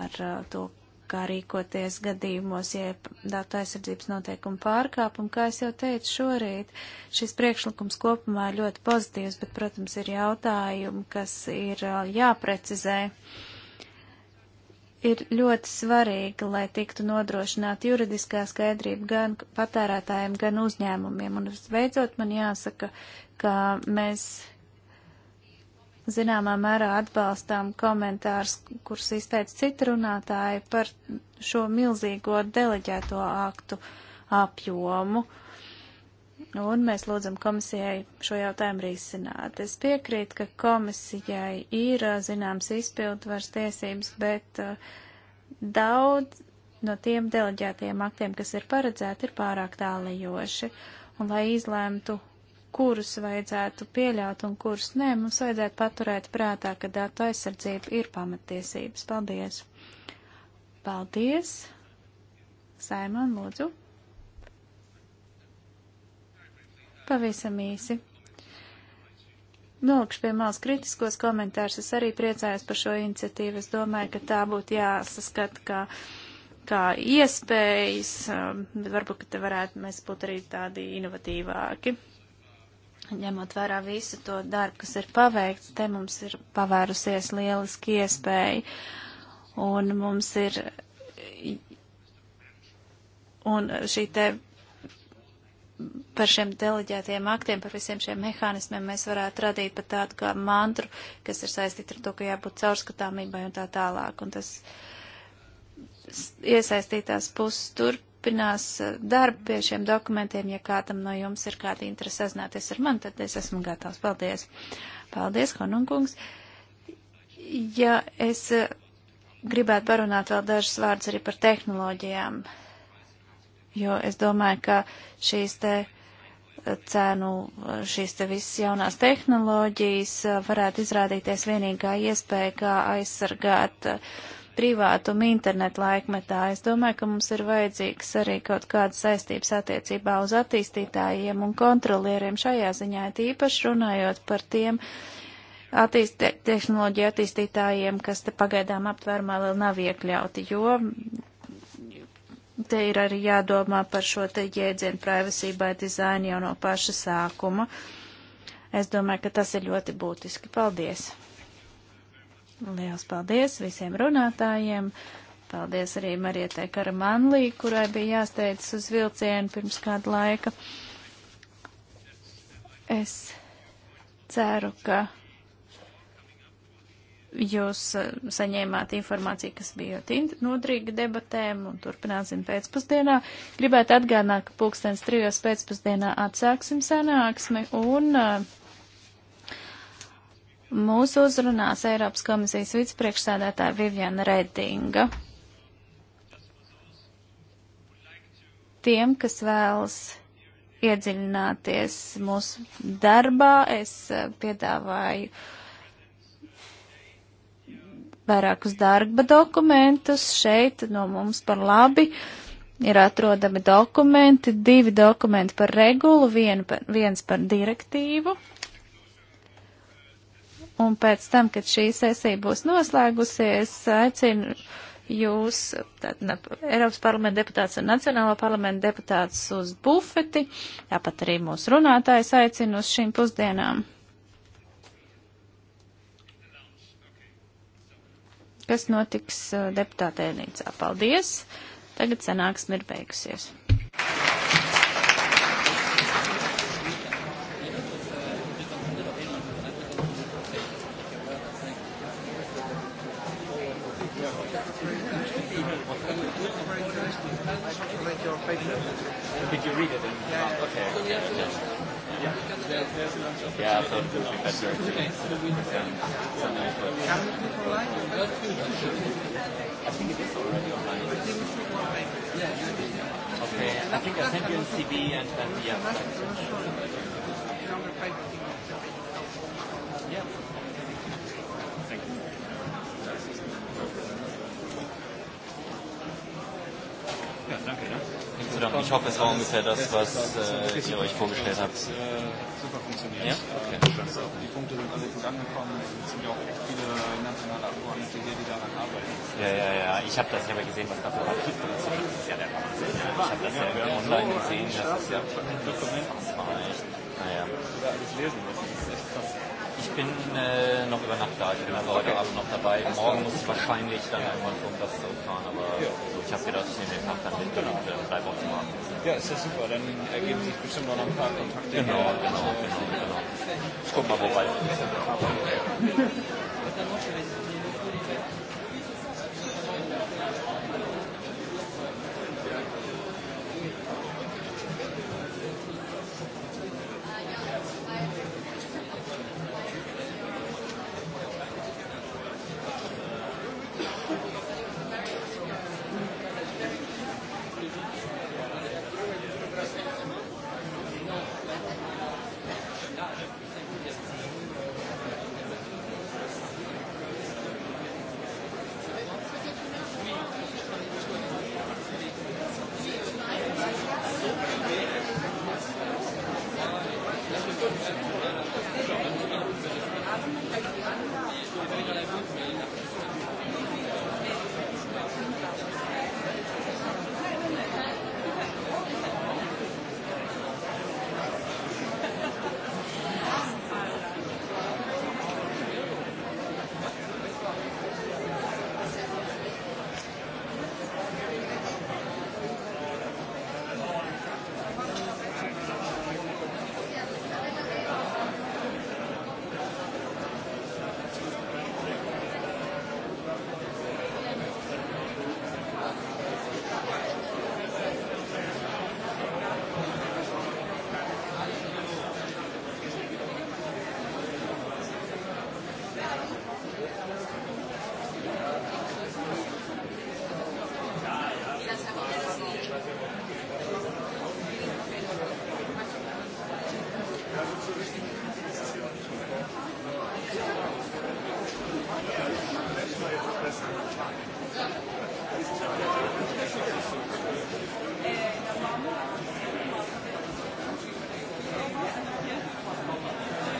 S3: ar eh, to, kā rīkoties gadījumos, ja datu aizsardzības noteikuma pārkāpuma. Kā es jau teicu šorīt, šis priekšlikums kopumā ir ļoti pozitīvs, bet, protams, ir jautājumi, kas ir jāprecizē. Ir ļoti svarīgi, lai tiktu nodrošināta juridiskā skaidrība gan patērētājiem, gan uzņēmumiem. Un, visbeidzot, man jāsaka, ka mēs zināmā mērā atbalstām komentārus, kurus izteica citi runātāji par šo milzīgo deleģēto aktu apjomu. Un mēs lūdzam komisijai šo jautājumu risināt. Es piekrītu, ka komisijai ir zināms izpildvars tiesības, bet daudz no tiem deleģētajiem aktiem, kas ir paredzēti, ir pārāk tālajoši. Un lai izlēmtu kurus vajadzētu pieļaut un kurus nē, mums vajadzētu paturēt prātā, ka datu aizsardzība ir pamatiesības. Paldies! Paldies! Saimon, lūdzu! Pavisam īsi. Nolikšu pie malas kritiskos komentārus. Es arī priecājos par šo iniciatīvu. Es domāju, ka tā būtu jāsaskata kā, kā iespējas, bet um, varbūt, ka te varētu mēs būt arī tādi inovatīvāki ņemot vērā visu to darbu, kas ir paveikts, te mums ir pavērusies lieliski iespēja, un mums ir, un šī te par šiem deleģētiem aktiem, par visiem šiem mehānismiem mēs varētu radīt pat tādu kā mantru, kas ir saistīta ar to, ka jābūt caurskatāmībai un tā tālāk. Un tas iesaistītās puses turp turpinās eh, darbu pie šiem dokumentiem. Ja kādam no jums ir kāda interese sazināties ar mani, tad es esmu gatavs. Paldies! Paldies, Honunkungs! Ja es eh, gribētu parunāt vēl dažas vārdas arī par tehnoloģijām, jo es domāju, ka šīs te eh, cēnu šīs te visas jaunās tehnoloģijas varētu izrādīties vienīgā iespēja, kā aizsargāt uh, privātumu internetu laikmetā. Es domāju, ka mums ir vajadzīgs arī kaut kādas saistības attiecībā uz attīstītājiem un kontrolieriem šajā ziņā, tīpaši runājot par tiem attīst tehnoloģiju attīstītājiem, kas te pagaidām aptvērumā vēl nav iekļauti, jo te ir arī jādomā par šo te jēdzienu privacy by design jau no paša sākuma. Es domāju, ka tas ir ļoti būtiski. Paldies! Liels paldies visiem runātājiem. Paldies arī Marietai Karamanlī, kurai bija jāsteidzas uz vilcienu pirms kāda laika. Es ceru, ka jūs eh, saņēmāt informāciju, kas bija ļoti nodrīga debatēm un turpināsim pēcpusdienā. Gribētu atgādināt, ka pulkstens trijos pēcpusdienā atsāksim sanāksmi un uh, Mūsu uzrunās Eiropas komisijas vicepriekšsēdētāja Viviana Redinga. Tiem, kas vēlas iedziļināties mūsu darbā, es eh, piedāvāju vairākus darba dokumentus šeit no mums par labi. Ir atrodami dokumenti, divi dokumenti par regulu, vien par, viens par direktīvu. Un pēc tam, kad šī sesija būs noslēgusies, aicinu jūs, tad, ne, Eiropas parlamenta deputāts un Nacionālo parlamenta deputāts uz bufeti, tāpat arī mūsu runātājs aicinu uz šīm pusdienām. Kas notiks deputātēnīcā? Paldies! Tagad sanāksme ir beigusies.
S2: Yeah, I've done country bed directory.
S1: I think it is already online.
S2: Okay, I think I sent you a CV and then the yeah. Uh,
S3: Gott sei Dank. Ich hoffe, es war ungefähr das, was äh, ihr euch
S2: vorgestellt habt.
S1: Äh, super funktioniert. Ja? Okay. Die Punkte sind alle gut angekommen. Es sind ja auch
S3: echt viele nationale Abgeordnete hier, die daran arbeiten. Ja, ja, ja.
S1: Ich habe das ja mal gesehen, was da vor Das ist ja der Wahnsinn. Ich habe das ja, ja online gesehen. Das ist ja ein Dokument. Das war echt. Naja. Alles lesen muss ich bin äh, noch über Nacht da. Ich bin also heute okay. Abend noch dabei. Alles Morgen muss ich wahrscheinlich dann einmal vom das fahren, aber ja. so, ich habe gedacht, ich nehme den Tag dann mit genau. und äh, bleibe auch zum Abend. Ja, ist ja super. Dann ergeben sich bestimmt noch ein paar Kontakte.
S2: Genau, genau, genau, genau. Ich
S1: guck mal, wobei.